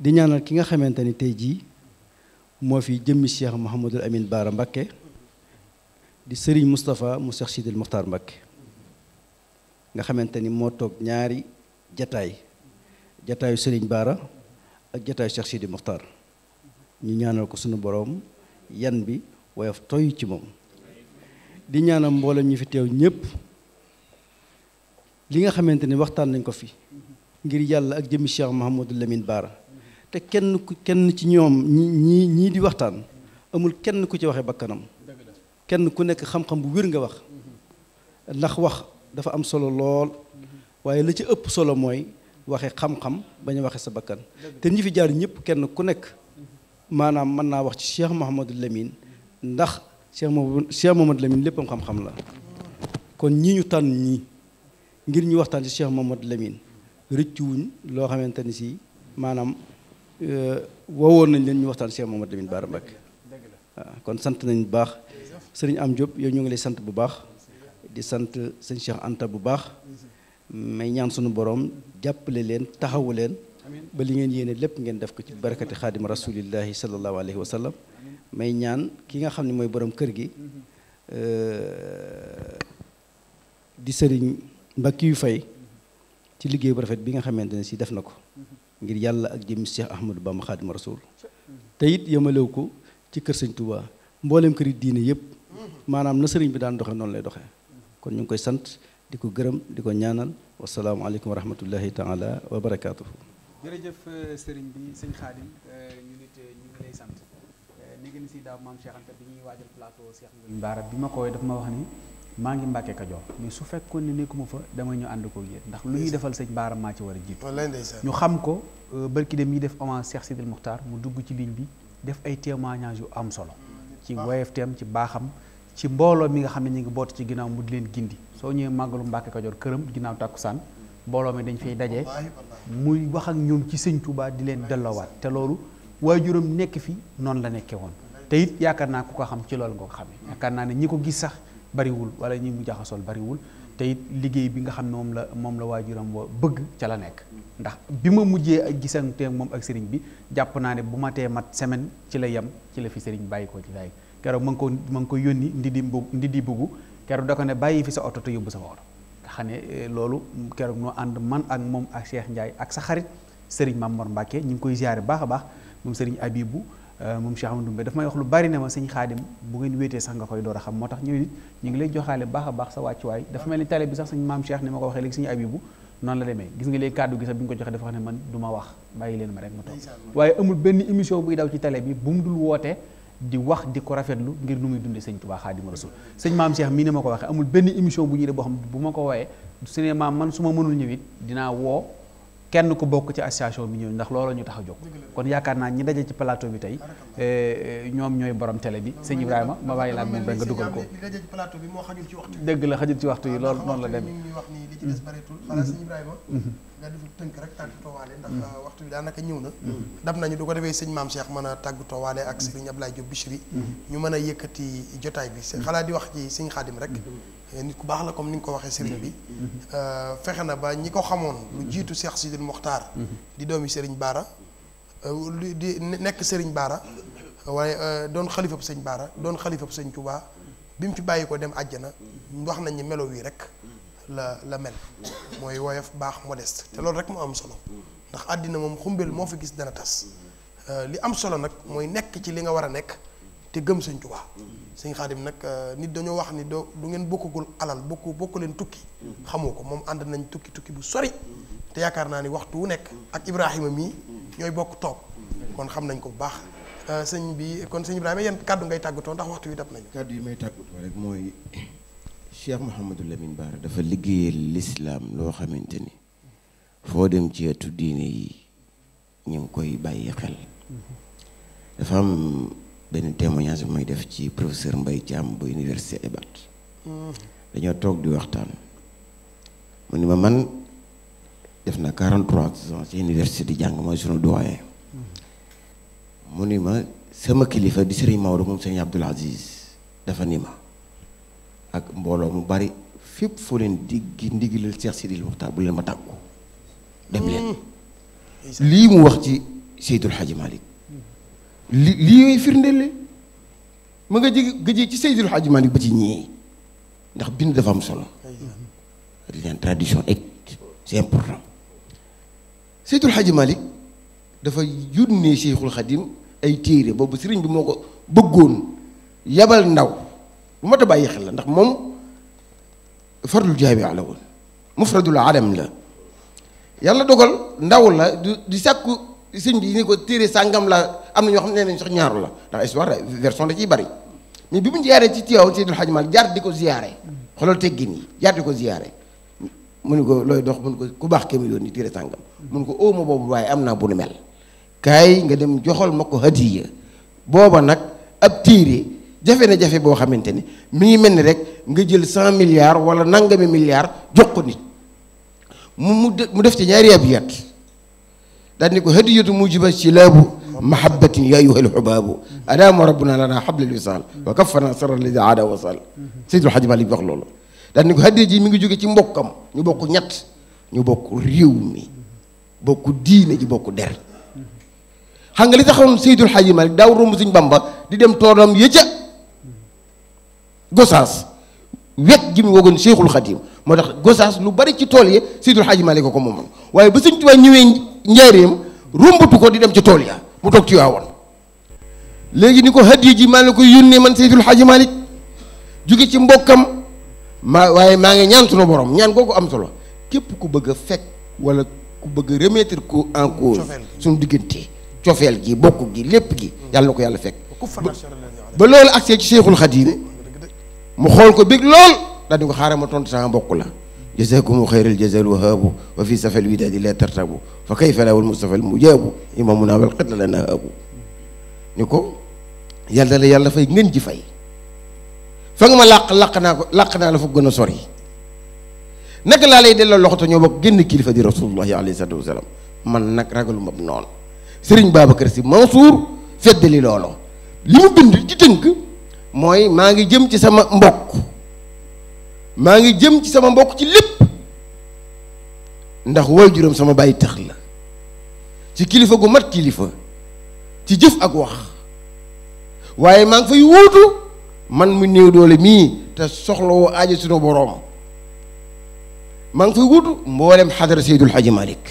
di ñaanal ki nga xamante ni tey jii moo fi jëmmi Cheikh Mouhamadul Amin Baara Mbakke di sëriñ Moustapha mu Cheikh Sidil Mokhtar Mbakke nga xamante ni moo toog ñaari jataay jataayu Serigne Baara ak jataayu Cheikh Sidi Mokhtar ñu ñaanal ko sunu boroom yan bi woyof toy ci moom di ñaanal mboolem ñu fi teew ñépp li nga xamante ni waxtaan nañ ko fi ngir yàlla ak jëmmi Cheikh Mouhamadou Lamine Baara te kenn ku kenn ci ñoom ñi ñii di waxtaan amul kenn ku ci waxee bakkanam kenn ku nekk xam-xam bu wér nga wax ndax wax dafa am solo lool waaye la ci ëpp solo mooy waxe xam-xam bañ waxe sa bakkan te ñi fi jaar ñëpp kenn ku nekk maanaam mën naa wax ci Cheikh Mouhamadou lemin ndax Cheikh Mouhamadou Cheikh Mouhamadou Lamine léppam xam-xam la kon ñii ñu tànn ñii ngir ñu waxtaan ci Cheikh Mouhamadou Lamine rëccuwuñ loo xamante ni si maanaam euh, wowoon nañ leen ñu waxtaan Cheikh Mouhamadou Lamine Bara Mbacké waaw kon sant nañ bu baax sëriñ am Diop yow ñu ngi lay sant bu baax di sant sëñ Cheikh Anta bu baax may ñaan sunu borom jappale len taxawu len ba li ngeen yene lepp ngeen def ko ci barakati khadim rasulillah sallallahu alaihi wasallam may ñaan ki nga xamni moy borom kër gi mm-hmm. euh, di serigne mbakki yu fay ci liggey bu rafet bi nga xamantene ci si def nako mm-hmm. ngir yalla ak jëm Cheikh Ahmadou bam khadim rasul mm-hmm. te it yemalew ko ci kër serigne Touba mbollem kër diine yépp manam na serigne bi daan doxé non lay doxé kon ñu ngi koy sante diko gërëm ñaanal والسلام عليكم ورحمة الله تعالى وبركاته. جرجف آه، سرين بي خادم آه، نيت آه، نيجلي سنت نيجي نسي داب مام شيخان تبيني واجل بلاتو شيخان تبيني بيما كوي دب مواهني مانجيم باكي كجوا مسوفك كوني نيكو مفا دمانيو عندكو جيت دخلوا هي دفل سج بارم ماشي ورجيت ولين ده سنت نخامكو بركي دمي دف أما شيخ سيد المختار مدوغو تلين بي دف أي تي أما نجوا أم سلام كي واي إف تي باخم ci mbooloo mi nga xam ne ñu ngi boot ci ginnaaw mu di leen gindi soo ñëwee màggalu Mbàkke Kajoor këram ginnaaw tàkkusaan mbooloo mi dañ fay daje muy wax ak ñoom ci sëñ Tuubaa di leen delloowaat te loolu waajuram nekk fi noonu la nekkee woon te it yaakaar naa ku ko xam ci loolu nga ko xamee yaakaar naa ne ñi ko gis sax bariwul wala ñi mu jaxasool bariwul te it liggéey bi nga xam ne moom la moom la waajuram wa bëgg ca la nekk ndax bi ma mujjee ak gisante moom ak sëriñ bi jàpp naa ne bu ma mat semaine ci la yem ci la fi sëriñ bàyyi ko ci bàyyi keroog ma ngi ko ma ngi ko yónni ndidi bu ndidi buggu keroog da ko ne bàyyi fi sa oto te yóbbu sama oto xam ne eh, loolu keroog noo ànd man ak moom ak Cheikh Ndiaye ak sa xarit Serigne Mamor Mbacke ñu ngi koy ziare baax a baax moom Serigne Abibou eh, moom Cheikh Amadou Mbe daf may wax lu bari bu ngeen wéetee sax nga koy ñu ngi lay joxaale a baax sa wàccuwaay dafa mel ni tale bi sax sëñ maam Cheikh ni ma ko waxee léegi sëñ Abibou noonu la demee gis nga léegi kàddu gi bi ñu ko joxee dafa wax ne man du wax bàyyi leen ma rek ma toog waaye amul benn émission buy daw ci télé bi bu mu dul wootee di wax di ko rafetlu ngir nu muy dundee sëñ Tuubaa Xaadimu Rasuul sëñ maam Cheikh mii ne ma ko waxee amul benn émission bu ñuy def boo xam bu ma ko wooyee su ne man su ma mënul ñëw it dinaa woo kenn ku bokk ci association bi ñëw ndax loolu ñu tax a jóg kon yaakaar naa ñi daje ci plateau bi tey eh, ñoom ñooy borom tele bi sëñ Ibrahima ma waaye laa moom ba nga dugal ko dëgg la xajul ci waxtu yi loolu noon la demee nga defu tënk rek tàggatoo waale ndax mm. ah, waxtu bi daanaka ñëw na mm. dab nañu du ko defee sëñ maam Cheikh mën a tàggatoo waale ak mm. sëriñ Ablaye Diop Bichri ñu mën a yëkkati jotaay bi xalaat di wax ci sëñ Xaadim rek eh, nit ku baax la comme ni nga ko waxee sëriñ bi euh, fexe na ba ñi ko xamoon lu jiitu Cheikh Sidil Mokhtar di doomi sëriñ Baara euh, lu di nekk sëriñ Baara waaye euh, doon xalifab sëñ Baara doon xalifab sëñ Touba bi mu fi bàyyi ko dem àjjana wax nañ ne melo wi rek la la mel moy woyof bax modeste te lool rek mo am solo ndax adina mom xumbel mo fi gis dana tass euh, li am solo nak moy nek ci li nga wara nek te gëm seigne touba seigne khadim nak euh, nit dañu wax ni du ngeen bokkul alal bokku bokku len tukki xamoko ko and nañ tukki tukki bu sori te yakar na ni waxtu nek, ak Ibrahima mi ñoy bokk top kon xam nañ ko bu baax euh, bi kon seigne Ibrahima yeen kaddu ngay tàggatoo ndax waxtu yi dab nañ kaddu yi may tàggatoo rek moy Cheikh Mouhamadou Lamine Bara dafa liggéeyal lislaam loo xamante ni foo dem ci ëttu diini yi ñu ngi koy bàyyi xel dafa am benn témoignage bu may def ci professeur mbay Thiam bu université Ebat dañoo toog di waxtaan mu ni ma man def na 43 ans ci université di jàng mooy sunu doyen mu ni ma sama kilifa di Serigne Maodo moom Serigne Abdoul Aziz dafa ni ma ak mbooloo mu bari fépp foo leen diggi ndigalal Cheikh Sidil Muxtaar bu leen ma tàggu dem leen mm. lii mu wax ci Seydul Xaaji Malik li lii yooyu firndeel ma nga jëg gëjee ci Seydul Xaaji Malik ba ci ñii ndax bind dafa am solo di leen tradition ek c'est important Malik dafa yónnee Seexul Xadim ay téere boobu sëriñ bi moo ko bëggoon yabal ndaw bu mat a bàyyi xel la ndax moom fardul jaami la woon la alam la yàlla dogal ndaw la du di sàkku di bi ni ko téere sàngam la am na ñoo xam ne nañ sax ñaaru la ndax histoire version da ciy bari mais bi mu jaaree ci ci Seydil Hadji Malick jaar di ko ziyaare xoolal teggin yi jaar di ko ziyaare mu ne ko looy dox mun ko ku baax kémi yoon ni téere sàngam mu ko óoma boobu waaye am naa bu mel kaay nga dem joxal ma ko hadiya booba nag ab téere jafe na jafe boo xamante ni mu ngi mel ni rek nga jël cent milliards wala nangami milliards jox ko nit mu mu def ci ñaari abiyat yat ni ko hadiyatu mujiba ci laabu mahabbatin ya ayuhal xubaabu adaama rabbuna lana xablal wisaal wa kafana sara ladi aada wasal seydul xaj malik wax loolu daal ni ko hadiya ji mi ngi jóge ci mbokkam ñu bokk ñett ñu bokk réew mi bokk diine ji bokk der xam nga li taxoon seydul xaj malik daaw romb suñ bamba di dem toolam yëcca Gosaas wet gi mu wogoon Cheikhul Khadim moo tax Gosaas lu bari ci tool ya Seydul Xaaji Maalik ko moomoon waaye ba Sëñ Tuubaa ñëwee njaareem rombatu ko di dem ci tool ya mu toog ci waawoon ni ko hadiya ji maa koy yónnee man Seydul Xaaji Maalik jóge ci mbokkam maa waaye maa ngi ñaan sunu borom ñaan koo ko am solo képp ku bëgg fekk wala ku bëgg a remettre ko en cause suñu diggante cofeel gi bokk gi lépp gi yàlla na ko yàlla fekk ba loolu agsee ci Cheikhul Khadim مخول كو بيك لول دا نكو خاري مو تونت سان بوكو لا جزاكم خير الجزاء الوهاب وفي سفل الوداد لا ترتب فكيف له المصطفى المجاب امامنا والقتل لنا هاب نكو يالا لا يالا فاي نينجي فاي فغما لاق لاقنا لاقنا لا فوك غنا سوري نك لا لاي ديلو لوختو نيو بو ген كليفه دي رسول الله عليه الصلاه والسلام من نك راغلو مب نون سيرن بابكر سي منصور فدلي لولو لي مو بند دي دنك mooy maa ngi jëm ci sama mbokk maa ngi jëm ci sama mbokk ci lépp ndax woy juróom sama bàyyi tax la ci kilifa gu mat kilifa ci jëf ak wax waaye maa ngi fay wuutu man mu néew doole mii te soxlawoo aajo sunu boroom maa ngi fay wuutu mboolem xadara Seydul Xaji Malik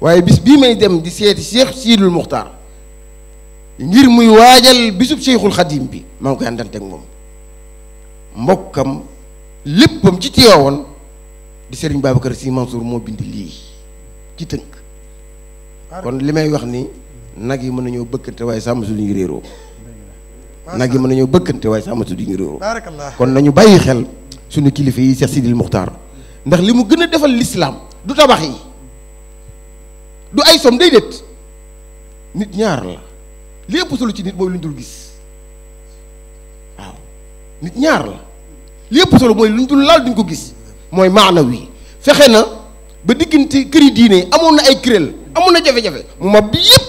waaye bis bii may dem di seeti Cheikh Siidul Muxtaar ngir muy waajal bisub Cheikhul khadim bi ma ngi koy àndanteeg mom mbokam leppam ci Tiwaawoon di Serigne babakar si Mansour mo bind li ci teunk kon limay wax ni nagi yi mën bëkkante way sàmm su duñu réeroo nag yi bëkkante way kon nañu bayyi xel suñu kilifa yi Cheikh Sidil mukhtar ndax limu gëna defal l'islam du tabax yi du ay som deedet nit ñaar la li ëpp solo ci nit mooy lu ñu dul gis waaw nit ñaar la li ëpp solo mooy lu ñu dul laal duñ ko gis mooy maana wi fexe na ba diggante këri diine amoon na ay kuréel amoon na jafe-jafe mu mab bi yëpp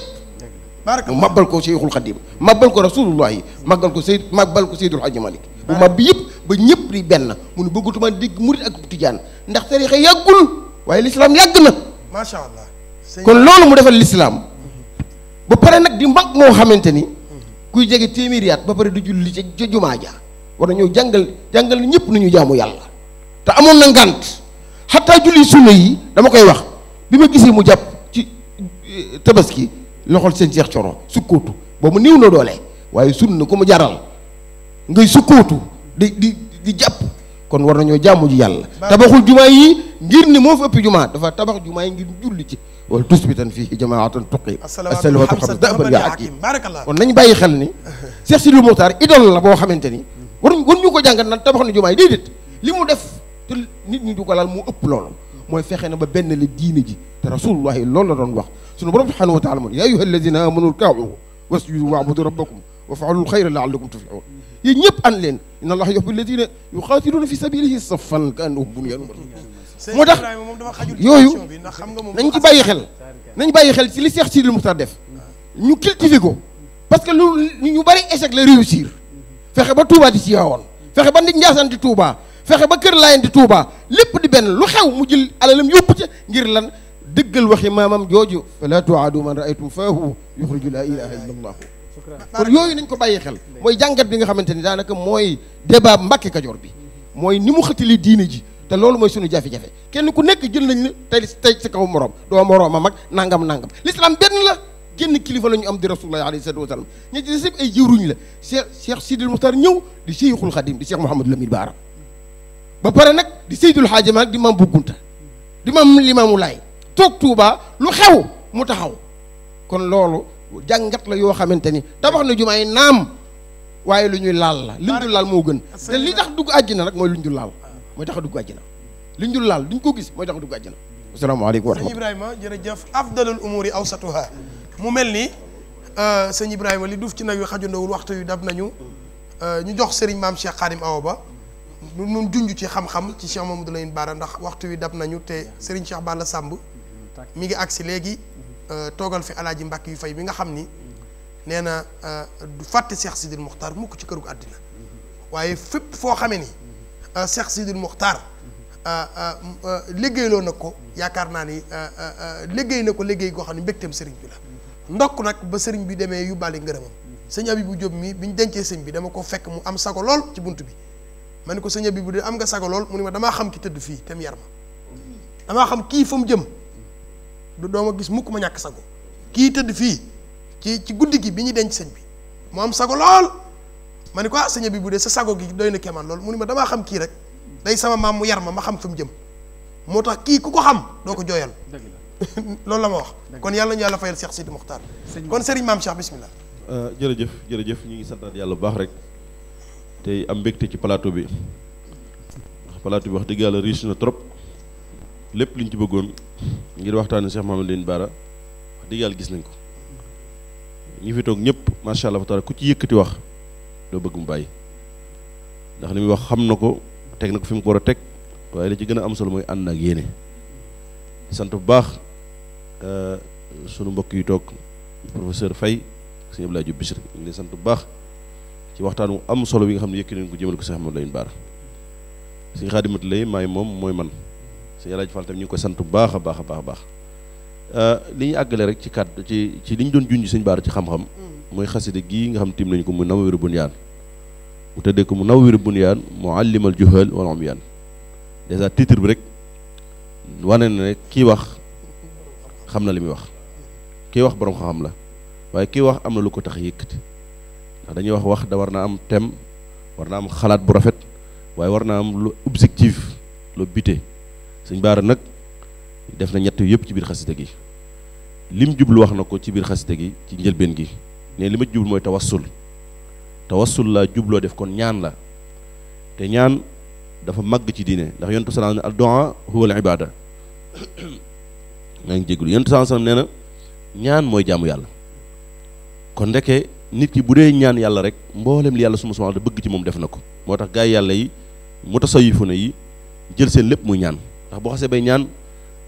mu mabbal ko Cheikhul Khadim mabbal ko rasulullah yi màggal ko Seyd màbbal ko Seydul Hadji Malick mu mab bi yëpp ba ñëpp di benn mu ne bëggatuma dégg murit ak tijaan ndax tarixa yàggul waaye lislaam yàgg na macha allah kon loolu mu defal lislaam ba pare nag di mag moo xamante ni kuy jege téeméeri at ba pare du julli ca ca jumaa ja war na ñëw jàngal jàngal ñëpp nu ñu jaamu yàlla te amoon na ngànt xataa julli sunna yi dama koy wax bi ma gisee mu jàpp ci eh, tabaski loxol seen seex coro sukkootu ba mu niw na doole waaye sunna ko mu jaral ngay sukkootu di di di jàpp kon war nañu jamu ji yàlla tabaxul jumaa yi ngir ni mo fa ëpp jumaa dafa tabax jumaa yi ngir julli ci wal tusbitan fi jamaatan tuqi asalawaatu xam daban yaa hakim kon nañ bàyyi xel ni Cheikh sidou Moukhtar idol la bo xamanteni war war ñu ko jàngat naan tabax na jumaa yi dedet limu def nit ñi du ko laal mu upp lool moy fexe na ba ben le diine ji te rasulullahi lool la doon wax sunu borom subhanahu wa taala ya yaa ayuha amanu rkaaw wasjudu wa'budu rabbakum wa faalul khayra laallakum tuflihun yéen ñëpp ànd leen inna allaha yuhibbu alladina yuqaatiluuna fi sabilihi saffan ka annahum bunyanun marsus moo tax yooyu nañ ci bàyyi xel nañ bàyyi xel ci li Cheikh Sidil Muxtaar def ñu cultiver ko parce que lu ñu bari échec la réussir fexe ba Touba di ci yaawoon fexe ba nit Njaasaan di Touba fexe ba Kër Laayeen di Touba lépp di benn lu xew mu jël alalam yóbbu ca ngir lan dëggal waxi maamam jooju fala tuaadu man raaytum faahu yuxriju laa ilaha illa allah kon yooyu nañ ko bàyyi xel mooy jàngat bi nga xamante ni daanaka mooy débat Mbàkke Kajoor bi mooy ni mu xëtali diine ji te loolu mooy suñu jafe-jafe kenn ku nekk jël nañ la tey tey sa kaw moroom doo moroom a mag nangam nangam l'islam benn la génn kilifa la ñu am di rasulullah alayhi salatu wasalam ñi ci des yëpp ay jiwruñ la cheikh cheikh sidil muxtar ñëw di cheikhul xadim di cheikh mouhamadou lamine baara ba pare nag di seydul xaaji maag di maam buggunta di maam limaamu laay toog tuubaa lu xew mu taxaw kon loolu jàngat la yoo xamante ni tabax na jumaa yi naam waaye lu ñuy laal la liñ dul laal moo gën te li tax dugg àjjina nag mooy luñ dul laal mooy tax a liñ dul laal duñ ko gis mooy tax a dugg àjjina asalaamaaleykum wa rahmatulah sëñ Ibrahima jërëjëf afdalul umuri awsatuha mu mel ni euh, sëñ Ibrahima li duuf ci nag yu xajandowul waxtu yu dab nañu euh, ñu jox sëriñ maam Cheikh Khadim Awa Ba lu nun junj ci xam-xam ci Cheikh Mamadou Lamine Bara ndax waxtu wi dab nañu te sëriñ Cheikh Balla sàmb mi ngi agsi léegi Euh, toogal fi alaaji mbàkk yu fay bi nga xam ni nee na euh, du fàtte Cheikh Sidil Mokhtar mukk ci kërug àddina waaye fépp foo xamee ni euh, Cheikh Sidil léggéey liggéeyloo na ko yaakaar naa ni liggéey na ko liggéey goo xam ne mbégteem sëriñ bi la ndokk nag ba sëriñ bi demee yóbbaale ngërëmam sëñ bu Jóob mi bi ñu dencee sëñ bi dama ko fekk mu am sago lool ci bunt bi ma ne ko sëñ bu dee am nga sago lool mu ne ma damaa xam ki tëdd fii tem yar ma damaa xam kii fa mu jëm du dooma gis mukk ma ñak sago ki tëdd fi ci ci guddigi biñu denc señ bi mo am sago lol mané ko ah, señ bi budé sa sago gi doyna na lol lool mu ni ma dama xam ki rek day sama mam mu yar ma ma xam fi mu jëm motax ki kuko xam doo ko jooyal loolu la ma wax kon yalla ñu yalla fayal Cheikh Sidi Mokhtar kon Serigne mam Cheikh bismillah euh, jere jërëjëf ñu ngi santat yalla bax rek tay am ci plateau bi plateau bi wax deug yalla riche na trop lepp liñ ci bëggoon ngir waxtaanee Cheikh Mouhamadou Lamine Bara wax dëgg yàlla gis nañ ko ñi fi toog ñëpp macha allah taala ku ci yëkkati wax doo bëgg mu bàyyi ndax li muy wax xam na ko teg na ko fi mu ko war a teg waaye li ci gën a am solo mooy ànd ak yéene sant bu baax euh, sunu mbokk yu toog professeur Faye ak sëñ Abdoulaye Diop sant bu baax ci wu am solo bi nga xam ne yëkkati nañ ko jëmal ko Cheikh Mouhamadou Lamine Bara sëñ lay maay moom mooy man. sëñ Alaaji Fall tam ñu ngi koy sant bu baax a baax a baax a baax euh, li ñu àggale rek ci kàddu ci ci li ñu doon junj sëñ Baara ci xam-xam mm. mooy xasida gii nga xam tiim nañ ko mu nawwiru bunyaan mu tëddee ko mu nawwiru bunyaan mu àllimal juhal wal umyaan dèjà titre bi rek wane na ne kii wax xam na li muy wax kii wax borom la waaye kii wax am lu ko tax yëkkati ndax dañuy wax wax da war naa am tem war naa am xalaat bu rafet waaye war naa am lu objectif lu bite sëñ baara nag def na ñett yëpp ci biir xasida gi lim jublu wax na ko ci biir xasida gi ci njëlbeen gi ne li ma jublu mooy tawassul tawassul laa jubloo def kon ñaan la te ñaan dafa màgg ci diine ndax yontu salaam ne al du'a ngi jéglu yontu salaam nee ñaan mooy jaamu yàlla kon ndeke nit ki bu dee ñaan yàlla rek mboolem li yàlla suma subhanahu da bëgg ci moom def na ko moo tax gaa yi yàlla yi mutasawwifu na yi jël seen lépp muy ñaan ndax bo xasse bay ñaan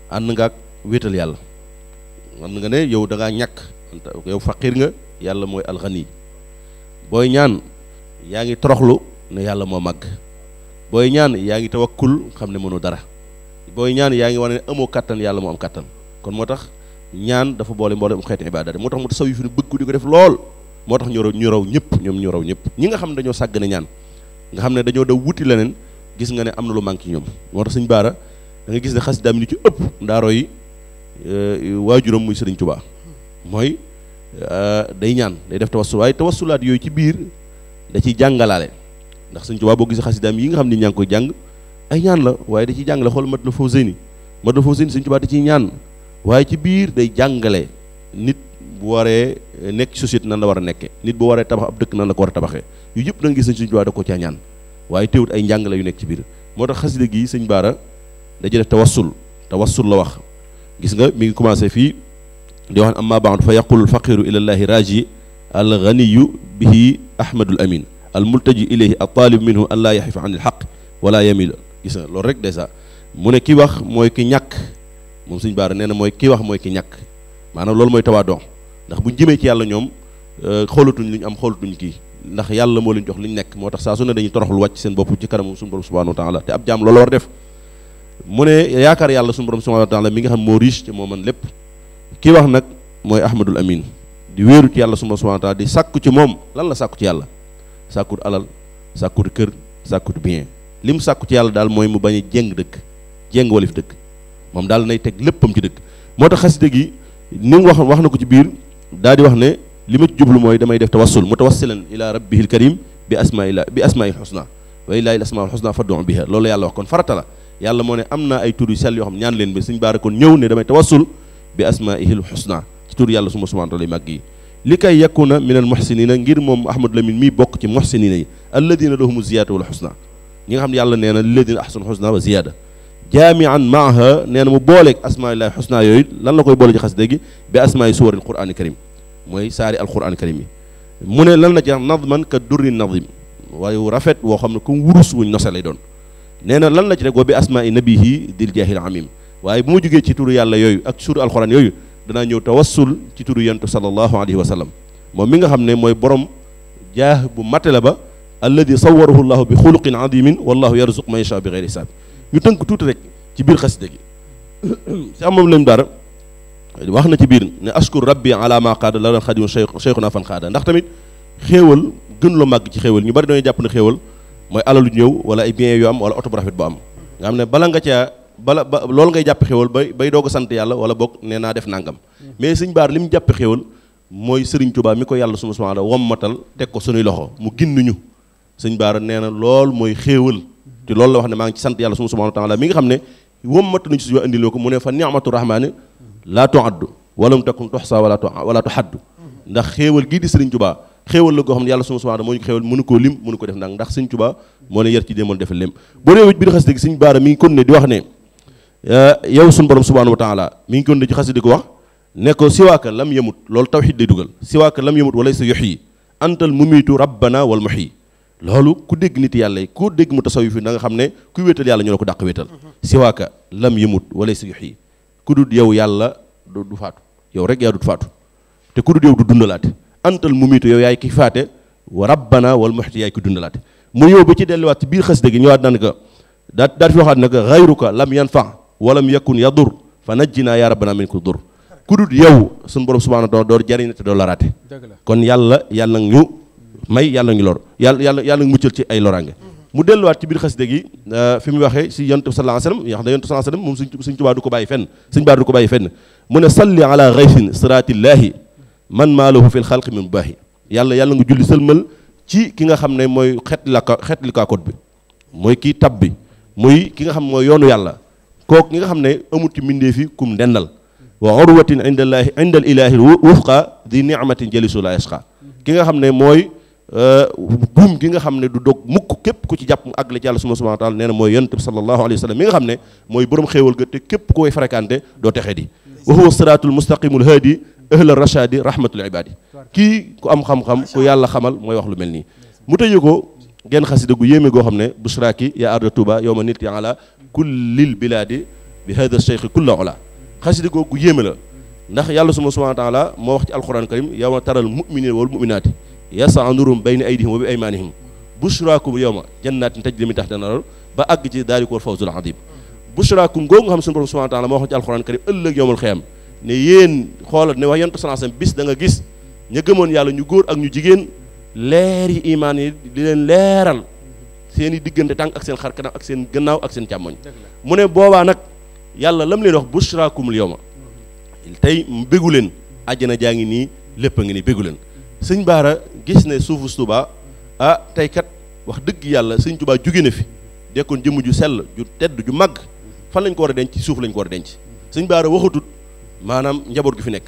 and nga ak wétal yalla ànd nga né yow da nga ñak yow faqir nga yalla moy al ghani boy ñaan yaangi toroxlu ne yalla mo mag boy ñaan yaangi tawakkul xam ne mënu dara boy ñaan yaangi wone amo katan yalla mo am katan kon motax ñaan dafa boole mbolé xeeti ibaadaat moo tax mu tasaw yi fi bëgg di ko def lool motax tax ñu raw ñu raw ñëpp ñom ñu raw ñëpp ñi nga xam ne dañoo sàgg ne ñaan nga xam ne dañoo da wuti lenen gis nga ne amna lu manki ñom motax tax suñ baara dangay gis ne xasidaam yi ci ëpp ndaaro yi euh, waajuram muy Sëriñ Tuubaa mooy euh, day ñaan day def tawassul waaye tawassulaat yooyu ci biir da ciy jàngalaale ndax Sëriñ Tuubaa boo gisee xasidaam yi nga xam ne ñaa ngi koy jàng ñaan la waaye da ciy jàngale xool mat la foofu sëni mat la foofu sëni Sëriñ da ciy ñaan waaye ci biir day jàngale nit bu waree nekk société nan la war a nekke nit bu waree tabax ab dëkk nan la ko war a tabaxee yu yëpp da nga gis Sëriñ Tuubaa da ko caa ñaan waaye teewut ay njàngale yu nekk ci biir moo tax xasida gi Sëriñ Baara dañuy def tawassul tawassul la wax gis nga mi ngi commencé fi di wax amma ba'd fa yaqulu al-faqiru ila allah raji al alganiyu bihi al amin al-multaji ilayhi at-talib minhu an la yahif an al-haqq wa la yamil gis nga loolu rek dèjà mu ne ki wax moy ki ñak moom seigne bar neena moy ki wax moy ki ñak manam lool moy tawaadon ndax buñu jëmé ci yàlla ñom xolatuñ lu am xolatuñ ki ndax yàlla mo leen jox li nek motax sa tax dañuy toroxul wàcc seen bop ci kanamu suñu borom subhanahu wa taala te ab jam lool war def mu ne yaakaar yàlla suñu borom subhanahu wa taala mi nga xam moo riche te moo mën lépp kii wax nag mooy ahmadul amin di wéeru ci yàlla suñu borom subhanahu wa di sàkku ci moom lan la sàkku ci yàlla sàkkut alal sàkkut kër sàkkut bien li mu sàkku ci yàlla daal mooy mu bañ jeng jéng dëkk jéng walif dëkk moom daal nay teg léppam ci dëkk moo tax xasida gi ni mu wax wax na ko ci biir daa di wax ne li ma ci jublu mooy damay def tawassul mutawassilan ila rabbihil karim bi asmaila bi asmail husna wa lillahi al asmaul husna fad'u biha loolu yàlla wax kon farata la yàlla moo ne am naa ay tur yu sell yoo xam ñaan leen bi suñ baara kon ñëw ne damay tawassul bi asmaihil husna ci tur yàlla suma subhanahu wa taala màgg yi li kay yakuna min al muhsinina ngir moom ahmadou lamin mii bokk ci muhsinina yi alladina lahumu ziyada wal husna ñi nga xam ne yàlla nee na alladina ahsanu husna wa ziyada jaamian maaha nee na mu booleeg asmaillahi husna yooyu lan la koy boole ci xasida gi bi asmaai suwaril qur'ani karim mooy saari alqur'an karim yi mu ne lan la ci nadman ka durri nadim waaye rafet woo xam ne comme wurus wuñ nose lay doon nee lan la ci rek bo bi asmaai nabihi dil jahil amim waye bu mu joge ci turu yàlla yooyu ak suru alquran yooyu dana ñëw tawassul ci turu yentu sallallahu alayhi wa sallam moom mi nga xamne moy borom jah bu matela ba alladhi sawwarahu allah bi xuluqin adim wallahu yarzuq man yasha bi ghairi hisab ñu teunk tuuti rek ci bir khassida gi ci am mom lañ dar wax na ci bir ne ashkur rabbi ala ma qad la khadim xadimu cheikhuna fan khada ndax tamit xewal gën lu mag ci xewal ñu bari dañu jàpp ne xewal Moy alalu ñew wala ay bien yu am wala auto profit bu am nga xamne ne bala nga ca bala ba ngay japp xewul bay bay dogu sant yalla wala bok neena def nangam mais seigne bar lim japp xewul moy mooy Serigne Touba mi ko yàlla suma subhaana wommatal tek ko suñu loxo mu ginnu ñu seigne bar neena loolu moy xewul ci loolu la wax ne ma ngi ci sant yalla subhanahu wa taala mi nga xam ne wommatal ci yu andi loko mu ne fa ni'matu rahman la tu'addu walam takun tuhsa wala wala ndax xewul gi di Serigne Touba xewal la go xam yàlla suma subhaana moo ñu ko xéewal mënu lim mënu def ndax sëñ Tuubaa moo ne yar ci demoon defal lem boo dee wëj biir xasida gi sëñ mi ngi continué di wax ne yow suñu borom subhaana wa taala mi ngi continué ci xasida ko wax ne ko siwaaka lam yamut loolu tawxiid day dugal siwaaka lam yamut wala sa antal mumitu rabbana wal muxyi loolu ku dégg nit yàlla ku dégg mu nga xam ku wéetal yàlla ñu ko dàq wéetal siwaaka lam yamut wala sa yuxyi ku dul yow yàlla du faatu yow rek yaa dut faatu te ku yow du dundalaate antal mumitu yow yaay ki faate wa rabbana wal muxti yaay ki dundalaate mu ñëw ba ci delluwaat ci biir xasida gi ñëwaat naan ko daa daa fi a na ko xayruka lam yanfa walam yakun yadur fa najjinaa yaa rabbana min ko dur ku dut yow suñu borom subhanahu wa taala doo jariñ te doo loraate kon yàlla yàlla ñu may yàlla ñu lor yàlla mu ne salli ala xaysin siratillahi man maa lahu fil xalqi min baahi yàlla yàlla nga julli sëlmal ci ki nga xam ne mooy la ka xeet li kaakot bi mooy kii tab bi mooy ki nga xam mooy yoonu yàlla kooku ki nga xam ne amut ci mbindeef yi kum dendal wa urwatin inda llaahi inda al ilaahi wufqa di niamatin jalisu la yasqa ki nga xam ne mooy gi nga xam du dog mukk képp ku ci jàpp ak la yàlla subhanahu wa taala nee na mooy sallallahu alayhi wa sallam mi nga xam ne mooy borom xéewal ga te képp koy fréquenté doo texee di wa huwa siraatul mustaqimul haadi اهل الرشاد رحمه العباد كي كو ام خم خم كو يالا خمال موي واخ لو ملني مو تيوكو ген خاسيدو غو ييمي غو خامني بشراكي يا ارض توبا يوم نيت على كل البلاد بهذا الشيخ كل علا خاسيدو غو ييمي لا نخ يالا سمو سبحانه وتعالى مو واخ القران الكريم يا ترى المؤمنين والمؤمنات يسع نورهم بين ايديهم وبايمانهم بشراكم يوم جنات تجد من تحتها النار با اك جي الفوز العظيم بشراكم غو خام سن سبحانه وتعالى مو القران الكريم الله يوم الخيام ne yeen xolal ne wax sallallahu bis da nga gis ña gëmoon yalla ñu goor ak ñu leer yi iman yi di len leral seeni i tank ak seen xar kanam ak seen gannaaw ak seen càmmoñ mu ne boba nak yalla lam leen wax al yawma il tay begulen aljana jaangi ni lepp nga a begulen nii bara gis ne suufu Tuubaa ah tay kat wax deug yalla sëñ Tuubaa jugi na fi jëmuju sel ju tedd ju mag fan lañ ko wara denc suuf lañ ko wara denc bara waxatut manam njabot gi fi nek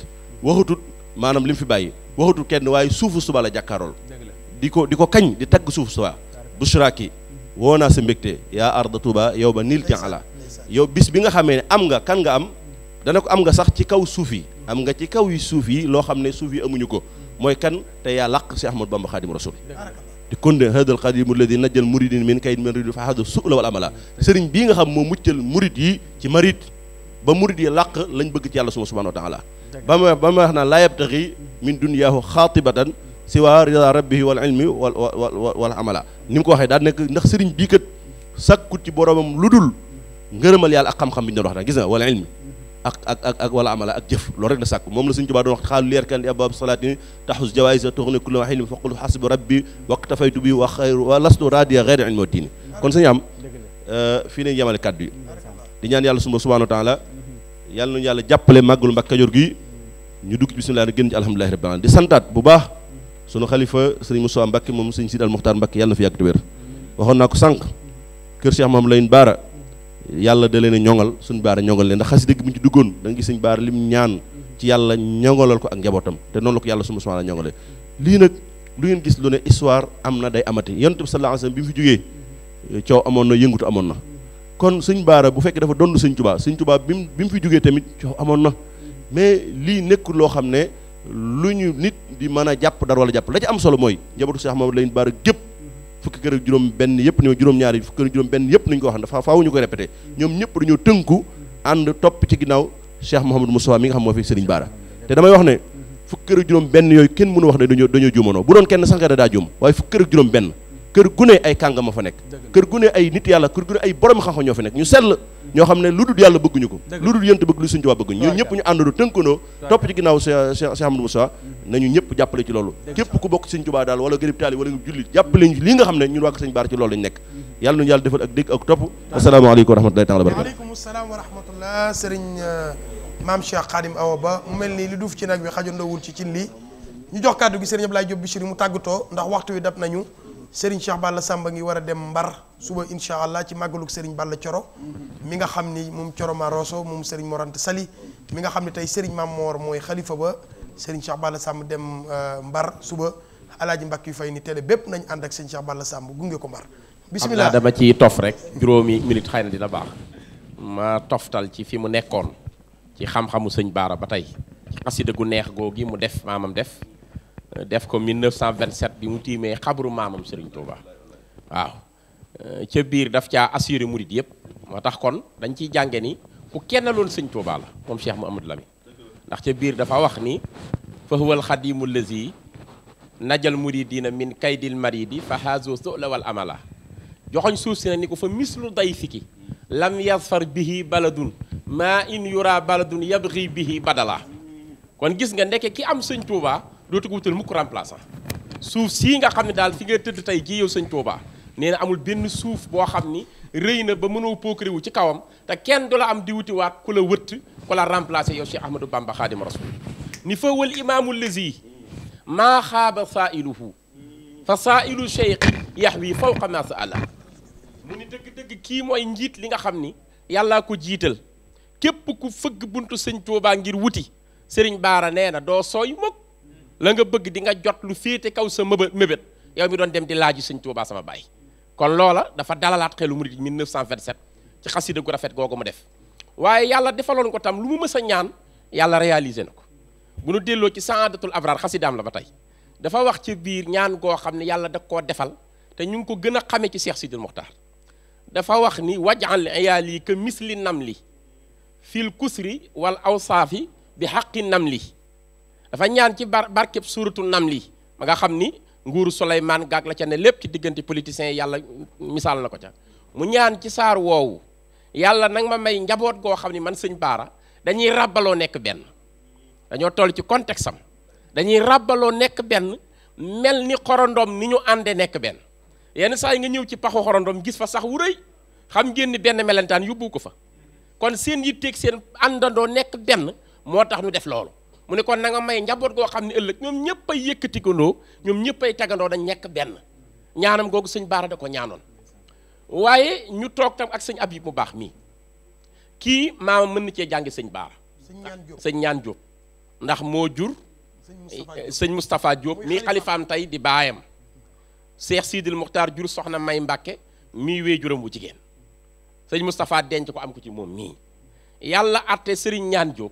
waxatul manam lim fi bayyi waxatul kenn way suufu suba la jakarol diko diko kagn di tag suufu suba bushraki woo sa mbekte ya arda tuba yow ba nil ala yow bis bi nga xamé am nga kan nga am dana ko am nga sax ci kaw suuf am nga ci kaw yi suuf lo xamné amuñu ko moy kan te ya laq si Ahmad bamba khadim rasul di konde hadal qadim alladhi najjal muridin min kayd min ridu fa hada suula wal amala sering bi nga xam mo muccel murid yi ci marit ba murid yi làq lañ bëgg ci yàlla suma subhanahu wa taala ba ma ba ma wax naa laa yabtaxi min duniyaahu xaatibatan si waa rida rabbihi wal ilmi wal wal amala ni mu ko waxee daa nekk ndax sëriñ bii kat sàkkut ci boromam lu dul ngërëmal yàlla ak xam-xam bi ñu doon wax gis nga wal ilmi ak ak ak ak wala amala ak jëf loolu rek la sàkk moom la suñu Tuubaa doon wax xaalu leer kan li abwaab salaati taxus jawaayisa tuxni kullu waxin bi faqul xasbi rabbi waqtafaytu bi wa xayru wa lastu raadiya xayra ilmi wa kon suñu am euh, fii nañ yemale kàddu yi di ñaan yalla suma subhanahu wa taala yalla ñu yalla jappalé magul Mbàkke jor gi ñu dugg ci bismillah gën ci alhamdullahi rabbil alamin di santat bu baax sunu khalifa serigne Moussa Mbàkke mom serigne Sidal mukhtar Mbàkke yalla fi yàgg te wér waxoon naa ko sànq Cheikh mom Layin Baara yalla da leena ñongal ñoŋal suñu baara ñongal leen ndax xas deug bu ci duggon da nga gis sëñ baara lim ñaan ci yalla ñongalal ko ak njabootam te non la ko yalla suma subhanahu wa ta'ala ñongalé li nak lu ngeen gis lu ne histoire amna day amati yantou sallallahu alaihi wasallam bi mu fi jógee ciow amoon na yëngutu amoon na kon sëñ baara bu fekkee dafa dond sëñ tubaa sëñ tubaa bi mu bi mu fi jógee tamit coow amoon na mais lii nekkul loo xam ne lu ñu nit di mën a jàpp dara wala jàpp la ci am solo mooy njabootu Cheikh Mamadou Lamine Bara gépp fukki kër ak juróom benn yëpp ni juróom-ñaar yi fukki kër ak juróom benn yëpp nañu ko wax dafa faaw ñu ko répété ñoom ñëpp dañoo tënku ànd topp ci ginnaaw Cheikh Mouhamadou Moustapha mi nga xam moo fi sëriñ baara te damay wax ne fukki kër juróom benn yooyu kenn mënu wax ne dañoo dañoo juumanoo bu doon kenn sax nga daa juum waaye fukki kër ak juróom benn kër gune ay kàngama fa nekk kër gune ay nit yàlla kër gune ay borom xam-xam ñoo fa nekk ñu sell ñoo xam ne lu dul yàlla bëgguñu ko lu dul yent bëgg lu suñu tubaab bëgguñu ñun ñëpp ñu àndandoo tënkanoo topp ci ginnaaw Cheikh Amadou Moussa nañu ñëpp jàppale ci loolu képp ku bokk suñu tubaab daal wala gërib taali wala julli jàppale ñu nga xam ne ñun waa sëñ Baara ci loolu lañ nekk mhm. yàlla nañu yàlla defal ak dégg ak topp asalaamaaleykum wa rahmatullahi taala wa barakatu waaleykum salaam wa rahmatullah euh, sëriñ maam Cheikh Khadim Awa Ba mu mel nii li duuf ci nag bi xajandoowul ci cin li ñu jox kàddu gi Serigne Cheikh Balla Samba ngi war a dem Mbar suba incha allah ci màggalug Serigne Balla Coro mi nga xam ni moom Coro Maroso moom Serigne Morant Sali mi nga xam ne tey Serigne Mam Moor mooy xalifa ba Serigne Cheikh Balla Samb dem euh, Mbar suba alaaji mbakk yu fay ni télé bépp nañ ànd ak Serigne Cheikh Balla sàmba gunge ko Mbar bisimilah dama ci tof rek juróomi minute xay na dina baax ma toftal ci fi mu nekkoon ci xam-xamu sëñ Baara ba tey xasida gu neex googi mu def maamam def def ko 1927 bi mu timé xabru mamam Serigne Touba waaw ci bir daf ci assurer mouride yëpp motax kon dañ ci jànge ni ku lon serigne Touba la mom Cheikh Mouhamadou lami ndax ci bir dafa wax ni fa al khadim allazi najal muridina min kaydil maridi fa hazu sola wal amala joxoñ suuf ni ko fa mislu day fiki lam yasfar bihi baladun ma in yura baladun yabri bihi badala kon gis nga ndeke ki am serigne Touba dootu ko wutal mukk remplaçant suuf sii nga xam ne daal fi nga tëdd tey jii yow sëñ Touba nee amul benn suuf boo xam ni rëy na ba mënoo pookare wu ci kawam te kenn du la am di wutiwaat ku la wëtt ku la remplacer yow Cheikh Ahmadou Bamba Khadim Rasoul ni fa wal imaamu lazi maa xaaba saailuhu fa saailu cheikh yaxwi fawqa ma saala mu ni dëgg-dëgg kii mooy njiit li nga xam ni yàllaa ko jiital képp ku fëgg buntu sëñ Touba ngir wuti sëriñ Baara nee na doo sooy la nga bëgg di nga jot lu féete kaw sa mëbët mébét yow mi doon dem di laaj sëñ Tuubaa sama baay kon loola dafa dalalaat xelu murid 1927 ci xasida gu rafet googu mu def waaye yàlla defaloon ko tam lu mu mës a ñaan yàlla réalisé na ko bu nu delloo ci saadatul abraar xasidaam la ba tey dafa wax ci biir ñaan goo xam ne yàlla da koo defal te ñu ngi ko gën a xamee ci Seex Sidil Muxtaar dafa wax ni wajal iyaali ka misli nam li fil kusri wal saafi bi xaqi nam li dafa ñaan ci bar barkeb suuratu namli ma nga xam ni nguuru Suleymaan gaag la ca ne lépp ci diggante politiciens yi yàlla misaal na ko ca mu ñaan ci saar woowu yàlla nag ma may njaboot goo xam ni man sëñ baara dañuy ràbbaloo nekk benn dañoo toll ci contexte dañuy ràbbaloo nekk benn mel ni xorondom ni ñu ànde nekk benn yenn saa yi nga ñëw ci paxu xorondom gis fa sax wu rëy xam ngeen ni benn melentaan yóbbu ko fa kon seen yitteeg seen àndandoo nekk benn moo tax ñu def loolu mu ne kon na nga may njaboot goo xam ne ëllëg ñoom ñëpp ko yëkkatikandoo ñom ñëpp ay tegandoo dañ ñek ben ñaanam gogu sëñ baara da ko ñaanon waye ñu tok tam ak sëñ Abib mu baax ki kii ma mën ci cee jànge baara ñaan job ndax mo jur sëñ mustafa job mi tay di bayam Cheikh Sidil Muxtaar jur soxna May mbake mi we juram bu jigen sëñ mustafa denc ko am ko ci mom mi yalla atte ñaan job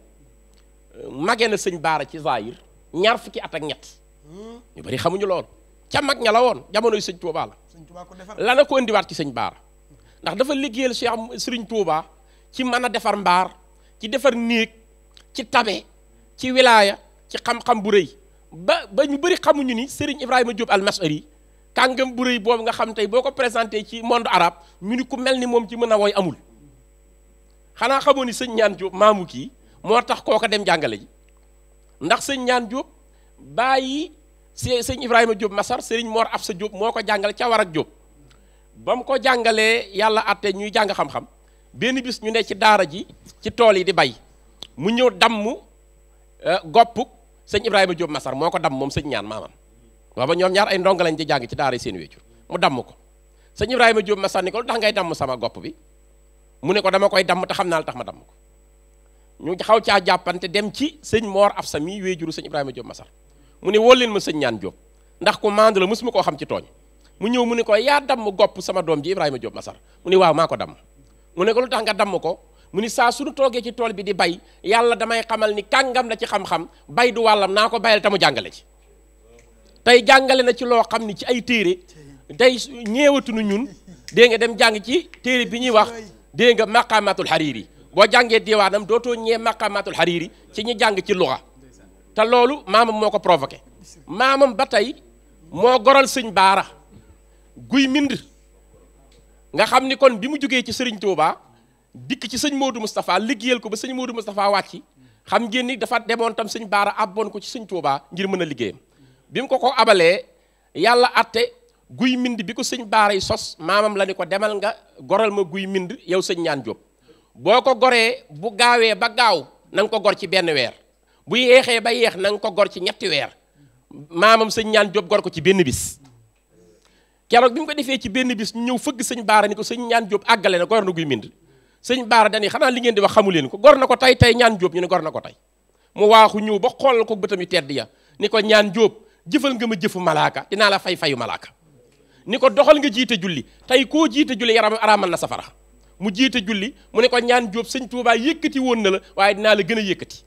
magee na sëñ baara ci zahir ñaar fukki at ak ñett ñu bari xamuñu loolu ca mag ña la woon jamonoy sëñ Touba la. sëñ Touba ko defar la na ko ci sëñ baara ndax dafa liggéeyal Cheikh Sëriñ Touba ci mën a defar mbaar ci defar néeg ci tabe ci wilaaya ci xam-xam bu rëy ba ba ñu bëri xamuñu ni sëriñ Ibrahima Diop al-Masari kàngam bu rëy boobu nga xam tey boo ko présenté ci monde arab ñu ni ku mel ni moom ci mën a woy amul xanaa xamoo ni sëñ ñaan Diop maamu kii. moo tax kooka dem jàngale ji ndax sëñ ñaan Diop bàyyi sëñ Ibrahima Diop Masar sëriñ Mor sa Diop moo ko jàngale ca war ak Diop ba mu ko jàngalee yàlla àtte ñuy jàng xam-xam benn bis ñu ne ci daara ji ci tool yi di bay mu ñëw damm euh, goppuk sëñ Ibrahima Diop Masar moo ko damm moom sëñ ñaan maamam booba ñoom ñaar ay ndongo lañ di jàng ci daara seen wéccu mu damm ko sëñ Ibrahima Diop Masar ni ko lu tax ngay damm sama gopp bi mu ne ko dama koy damm te xam naa la tax ma damm ko ñu xaw caa jàppante dem ci sëñ Mor Afsa mii wéyjuru sëñ Ibrahima Diop Masar mu ne wóol leen ma sëñ ñaan Diop ndax ku maandu la mosuma koo xam ci tooñ mu ñëw mu ne ko yaa damm gopp sama doom ji Ibrahima Diop Masar mu ne waaw maa ko damm mu ne ko lu tax nga damm ko mu ni saa suñu toogee ci tool bi di bay yàlla damay xamal ni kàngam la ci xam-xam bay du wàllam naa ko bayal te jàngale ci tey jàngale na ci loo xam ni ci ay téere day ñeewatunu ñun dégg nga dem jàng ci téere bi ñuy wax dégg nga maqaamatul xariir yi boo jàngee diwaanam dootoo ñee maqamatul xariiri ci ñi jàng ci luxa te loolu maamam moo ko provoqué maamam ba tey moo goral sëñ baara guy mind nga xam ni kon bi mu jógee ci sëriñ Touba dikk ci sëñ Modou Moustapha liggéeyal ko ba sëñ Modou Moustapha wàcc xam ngeen ni dafa demoon tam sëñ baara abboon ko ci sëñ Touba ngir mën a liggéeyam bi mu ko ko abalee yàlla atte guy mind bi ko sëñ baara yi sos maamam la ni ko demal nga goral ma guy mind yow sëñ ñaan Diop. boo ko goree bu gaawee ba gaaw na ko gor ci benn weer bu yeexee ba yéex na ko gor ci ñetti weer maamam sëñ ñaan Jóob gor ko ci benn bis keroog bi mu ko defee ci benn bis ñëw fëgg sëñ baara ni ko sëñ ñaan Jóob àggale na gor na guy mbind sëñ baara dani xanaa li ngeen di wax xamu leen ko gor na ko tey tey ñaan Jóob ñu ne gor na ko tey mu waaxu ñëw ba xoolal ko bëtam yu tedd ya ni ko ñaan Jóob jëfal nga ma jëfu malaaka dinaa la fay fayu malaaka ni ko doxal nga jiite julli tey koo jiite julli yaram araamal na safara mu jiite julli mu ne ko ñaan jóob sëñ Touba yëkkati woon na la waaye dinaa la gën a yëkkati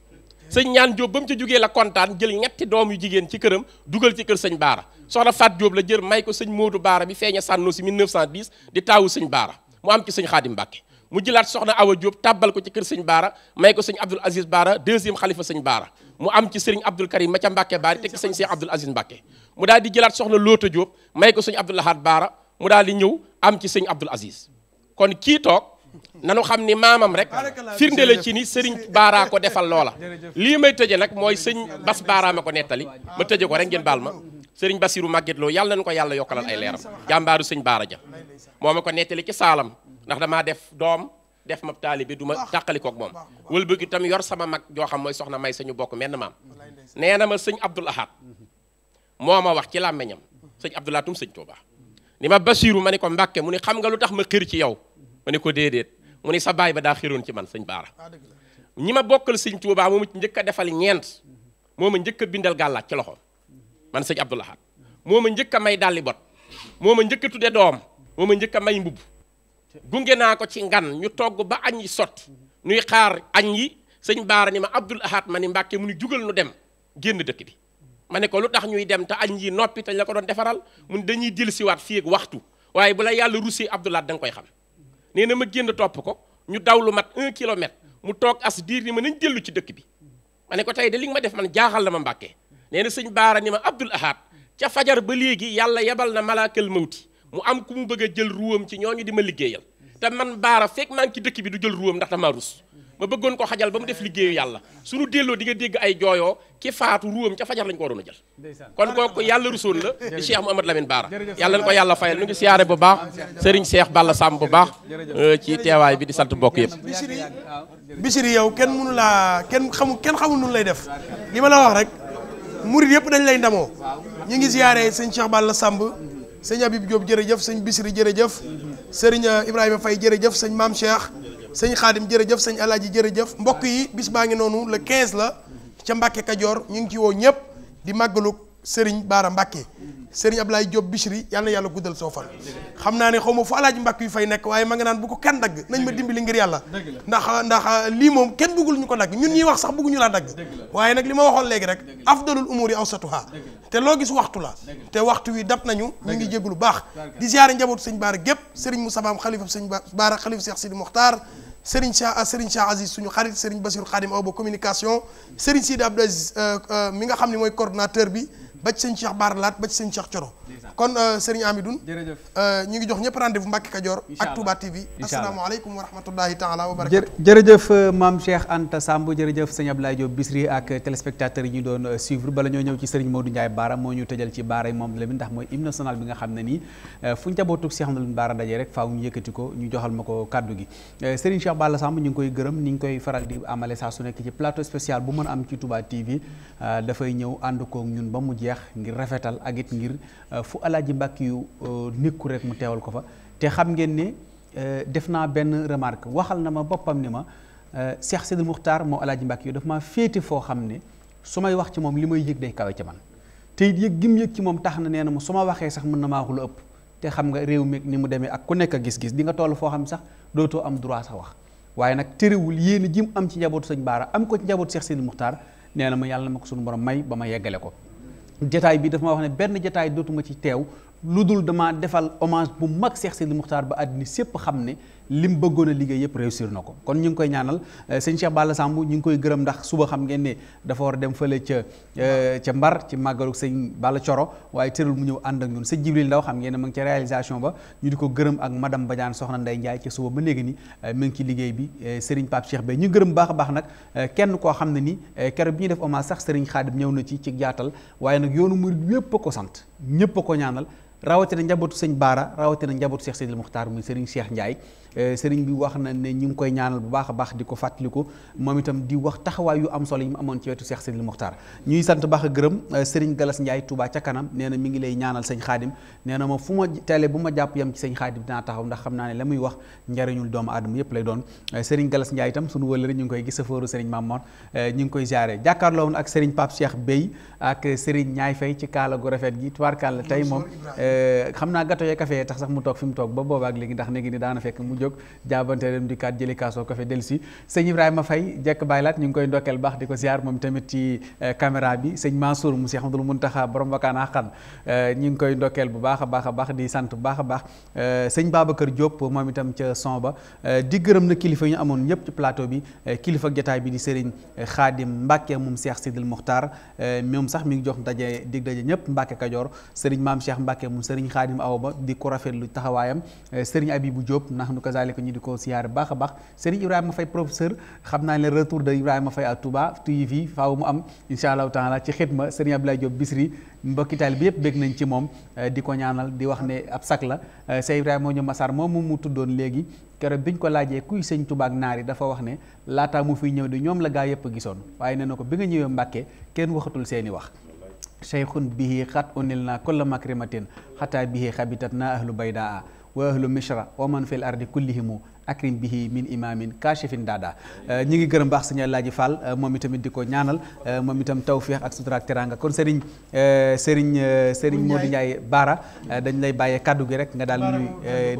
sëñ ñaan jóob ba mu ca jógee la kontaan jël ñetti doom yu jigéen ci këram dugal ci kër sëñ Baara soxna Fat Jóob la jël may ko sëñ Moodu Baara bi feeña sànnoo si 1910 di taawu sëñ Baara mu am ci sëñ Xaadim Mbàkke mu jëlaat soxna Awa Diop tàbbal ko ci kër sëñ Baara may ko sëñ Abdoul Aziz Baara deuxième xalifa sëñ Baara mu am ci sëriñ Abdoul Karim ma ca Mbàkke Baari teg ci sëñ Cheikh Abdoul Aziz Mbàkke mu daal di jëlaat soxna Loota Diop may ko sëñ Abdoul Ahad Baara mu daal di ñëw am ci sëñ Abdoul Aziz kon kii toog nanu xam ni maamam rek firnde la ci ni sëriñ Baara ko defal loola lii may tëje nag mooy sëñ Bas Baara ma ko nettali ma tëje ko rek jën baal ma sëriñ Basiru Màgget Lo yàlla nañu ko yàlla yokkalal ay leeram jàmbaaru sëñ Baara moo ma ko nettali ci saalam ndax damaa def doom def ma taalibe du ma tàqalikook moom wëlbëgg itam yor sama mag joo xam mooy soxna may sëñu bokk menn maam nee na ma sëñ Abdul Ahad moo ma wax ci làmmeñam sëñ Abdul Ahad tum sëñ Tuubaa ni ma Basiru ma ni ko Mbàkke mu ni xam nga lu tax ma xër ci yow ma ne ko déedéet mu ne sa baay ba daa xiroon ci man sëñ baara ah, ñi ma bokkal sëñ Tuubaa moom njëkk a defal ñeent moo ma njëkk a bindal gàllaat ci loxoom man sëñ Abdou Lahad moom ma njëkk a may dàlli bot moom ma njëkk a tudde doom moo njëkk a may mbubb gunge naa ko ci ngan ñu togg ba añ yi sotti ñuy xaar añ yi sëñ baara ni ma Abdul Ahad ma ni Mbàkke mu jugal nu dem génn dëkk bi ma ne ko lu tax ñuy dem te añ yi noppi te la ko doon defaral mun dañuy dellusiwaat siwaat ak waxtu waaye bu yàlla rusee Abdul Ahad da nga koy xam nee na ma génn topp ko ñu daw lu mat un kilomètre mu toog as diir ni ma nañ dellu ci dëkk bi ma ne ko tey de li nga ma def man jaaxal na ma mbàkkee nee na sëñ baara ni ma Abdul Ahad ca fajar ba léegi yàlla yebal na malaakal mawti mu am ku mu bëgg a jël ruwam ci ñooñu di ma liggéeyal te man baara fekk maa ci dëkk bi du jël ruwam ndax damaa rus ma bëggoon ko xajal ba mu def liggéeyu yàlla suñu delloo di nga dégg ay jooyoo ki faatu ruwam ca fajar lañ ko waroon a jël kon kooku yàlla rusoon la di Cheikh Mouhamadou Lamine Bara yàlla na ko yàlla fayal ñu ngi siyaare bu baax Serigne Cheikh Balla Sam bu euh, ci teewaay bi di sant mbokk yëpp Bichri yow kenn mënu laa kenn xamu kenn xamul nunu lay def li ma la wax rek murid yëpp dañ lay ndamoo ñu ngi siyaare sëñ Cheikh Balla Samb sëñ Habib Diop jërëjëf sëñ Bichri jërëjëf Serigne Ibrahima fay jërëjëf sëñ Maam Cheikh sëñ xaadim jërëjëf sañ sëñ alaaji jërëjëf mbokk yi bis baa ngi noonu la 15 la ca Mbàkke Kajoor ñu ngi ci woo ñëpp di màggalu sëriñ Baara Mbàkke sëriñ Ablaye Diop job yal na yàlla guddal soo fan xam naa ne xaw ma fu alaaj mbàkk yu fay nekk waaye ma nga naan bu ko kenn dagg nañ ma dimbali ngir yàlla ndax ndax eh, lii moom kenn bëggul ñu ko dagg ñun ñuy wax sax bëgguñu laa dagg waaye nag li ma waxoon léegi rek afdalul umuri awsatuha te loo gis waxtu la te waxtu wi dab nañu ñu ngi jéglu baax di ziyaare njabootu sëñ Baara gépp sëriñ Moussa Baam xalifa sëñ Baara xalifa Cheikh Sidi Mokhtar Serigne Cheikh Serigne Cheikh Aziz suñu xarit Serigne Bassirou Khadim moo ba communication Serigne Sidi Abdou Aziz euh, euh, mi nga xam ne mooy coordinateur bi ba ci sëñ Cheikh Baara Laat ba ci sëñ Cheikh kon euh, sëriñ jërëjëf euh, ñu ngi jox ñëpp rendez-vous Mbacke Kajoor ak Touba TV asalaamaaleykum wa rahmatullahi taala wa barakatu jërëjëf euh, maam Cheikh Anta Samb jërëjëf sëñ Abdoulaye Bisri ak téléspectateurs yi ñu doon suivre bala ñoo ñëw ci sëriñ Modou Ndiaye Baara moo ñu tëjal ci Baara yi moom la bi ndax mooy hymne national bi nga xam ne nii fu njabootu Cheikh Amadou Baara dajee rek faaw ñu yëkkati ko ñu joxal ma ko kàddu gi sëriñ Cheikh Balla Samb ñu ngi koy gërëm ni ngi koy faral di amale saa su nekk ci plateau spécial bu mën am ci Touba TV dafay ñëw ànd koog ñun ba mu jeex jeex ngir rafetal ak it ngir euh, fu alaaji mbàkk yu euh, nekku rek mu teewal ko fa te xam ngeen ne euh, def naa benn remarque waxal na ma boppam ni ma Cheikh Sidil Muxtaar moo alaaji mbàkk yu daf maa féete foo xam ne su may wax ci moom li may yëg day kawe ci man te it yëg gim yëg ci moom tax na nee na mu su ma waxee sax mën na maa wax lu ëpp te xam nga réew mi ni mu demee ak ku nekk a gis-gis di nga toll foo xam sax dootoo am droit sax wax waaye nag terewul yéen a jim am ci njabootu sëñ Baara am ko ci njabootu Cheikh Sidil nee na ma yàlla ma ko suñu borom may ba ma yeggale ko jataay bi dafa ma wax ne benn jataay dootuma ci teew lu dul dama defal hommage bu mag Seex Sidi Muxtaar ba àddina sépp xam ne lim bëggoon a liggéey yëpp réussir na ko kon ñu ngi koy ñaanal euh, sëñ Cheikh Balla Samb ñu ngi koy gërëm ndax suba xam ngeen ne dafa war dem fële ca euh, ca Mbar ci màggalu sëñ Balla Coro waaye tëral mu ñëw ànd ak ñun sëñ Jibril Ndaw xam ngeen ne ma ngi ca réalisation ba ñu di ko gërëm ak madame Badiane soxna Ndey Ndiaye suba ba léegi ni euh, mu ngi ci liggéey bi sëriñ Pape Cheikh Bey ñu gërëm baax a baax nag kenn koo xam ne ni keroog bi ñu def hommage sax sëriñ Xaadim ñëw na ci ci jaatal waaye nag yoonu murid yépp a ko sant ñëpp a ko ñaanal rawatina njabootu sëñ Baara rawatina njabootu Cheikh Seydil Muxtaar muy sëriñ Cheikh Ndiaye Euh, sëriñ bi wax na ne ñu ngi koy ñaanal bu baax a baax di ko fàttaliku moom itam di wax taxawaay yu am sol yi mu amoon ci wetu Cheikh Sidil Mokhtar ñuy sant baax a gërëm euh, sëriñ Galas Ndiaye Touba ca kanam nee na mi ngi lay ñaanal sëñ xaadim nee na ma fu ma teele bu ma jàpp yam ci sëñ xaadim dinaa taxaw ndax xam naa ne la muy wax njariñul doomu aadama yépp lay doon euh, sëriñ Galas Ndiaye itam suñu wëlëri ñu ngi koy gis sa fooru sëriñ Mamor ñu ngi koy jaare jàkkaarloo woon ak sëriñ Pape Cheikh Bey ak sëriñ Ñaay Fay ci kaala gu rafet gi tubaarkàlla tey moom xam naa gato yee kafe tax sax mu toog fi mu toog ba boobaak léegi ndax jóg jaabante dem di kat jëli kaasoo ko fe dellusi sëñ Ibrahima fay jek baylat laat ñu koy ndokel bax diko ziar mom tamit ci caméra bi seigne Mansour mu Cheikh Abdoul muntaha borom bakana xan ñu koy ndokel bu baax a bax di sante bu baax a baax Babacar Diop mom itam ci son ba di gërëm na kilifa ñu amon ñep ci plateau bi kilifa ak jotaay bi di sëriñ khadim mbacke moom Cheikh Sidil Muxtaar mom sax mi ngi jox daje dig daje ñëpp Mbàkke Kajoor sëriñ mam Cheikh mbacke moom sëriñ khadim awba di ko rafet lu taxawayam sëriñ Abibou Diop ndax kazalika ñu di baax a baax Serigne Ibrahima Faye professeur xam naa ne retour de Ibrahima Faye à Touba TV faaw mu am incha allahu taala ci xidma Serigne Abdoulaye Diop Bisri mbokki taalibe bi yëpp bégg nañ ci moom eh, di ko ñaanal di wax ne ab sac la Sey eh, Ibrahima ñu Masar moom mu tuddoon léegi keroog biñ ko laajee kuy sëñ Touba ak naar yi dafa wax ne laataa mu fi ñëw di ñoom la gaa yëpp gisoon waaye nee na ko bi nga ñëwee Mbàkke kenn waxatul seeni wax cheikhun bihi xat unil naa kulla makrimatin xataa bihi xabitat naa ahlu baydaa وأهل مصر ومن في الأرض كلهم akrim bihi min imamin kashifin daada euh, ñi ngi gërëm baax sëñ Alaaji Fall euh, moom ñaanal euh, moom itam tawféex ak sutura ak teranga kon sëriñ sëriñ sëriñ Modou Ndiaye Baara dañ lay bàyyee kaddu gi rek nga daal ñuy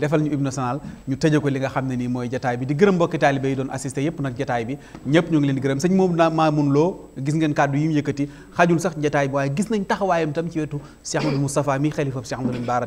defal ñu hymne national ñu tëje ko li nga xam ne nii mooy jataay bi di gërëm mbokki taalibe yi doon assisté yëpp nag jataay bi ñëpp ñu ngi leen di gërëm sëñ Modou naa Mamoun Lo gis ngeen kaddu yi mu yëkkati xajul sax jataay bi waaye gis nañ taxawaayam tam ci wetu Cheikh Amadou Moustapha mi xalifa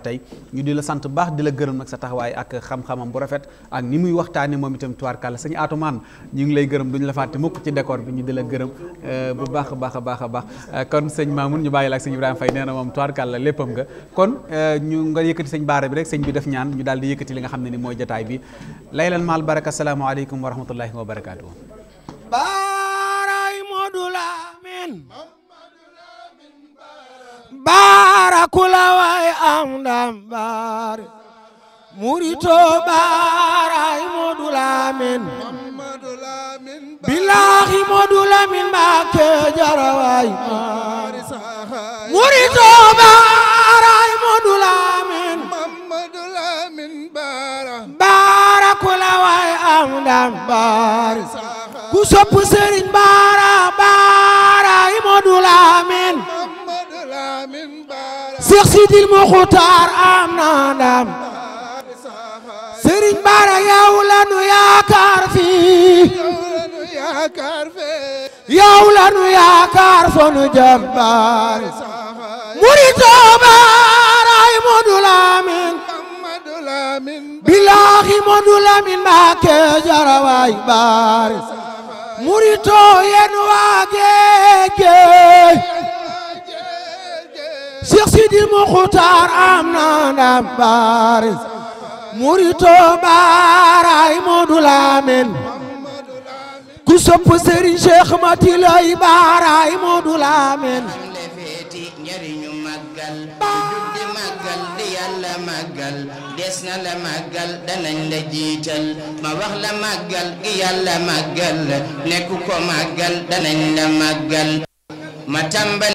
tey ñu la sant baax di la gërëm nag sa taxawaay ak xam-xamam bu rafet ak ni muy muy waxtaane mom itam tuwaarkàlla sëñ atoman ñu ngi lay gëreum duñ la fàtte mukk ci décor bi ñu dila gëreum euh bu baax baax baax baax euh, kon sëñ Mamoun ñu bayyi lak ak ibrahim fay neena mom na moom leppam nga kon euh, ñu nga yëkëti sëñ baara bi rek sëñ bi def ñaan ñu daldi yëkëti li nga xam ni bi laylan mal baraka alaykum wa rahmatullahi wa barakatuh baray modul amin barakula way am ndam baare murito baaraay Modou Lamine bilaahi Modou Lamine Mbacké jarawaay murito baaraay Modou Lamine baara ku la waay am ndam baari ku sopp Serigne baara baaraay Modou Lamine Cheikh Sidil Mokhtar am na ndam Sëriñ Bara yow la nu yaakaar fii yow la nu yaakaar sunu jàmbaar murid Touba ray Modou Lamine bilaahi Modou Lamine Mbacké jarawaay baar murid yéen waa géej Cheikh Sidi Moukhtar am na ndam baar murito baaraay Moodu Laamin ku sopp Serigne Cheikh Mati lay baaraay Moodu Laamin màggal des na la màggal danañ la jiital ma wax la màggal gi yàlla màggal nekku ko màggal danañ la màggal ma tàmbali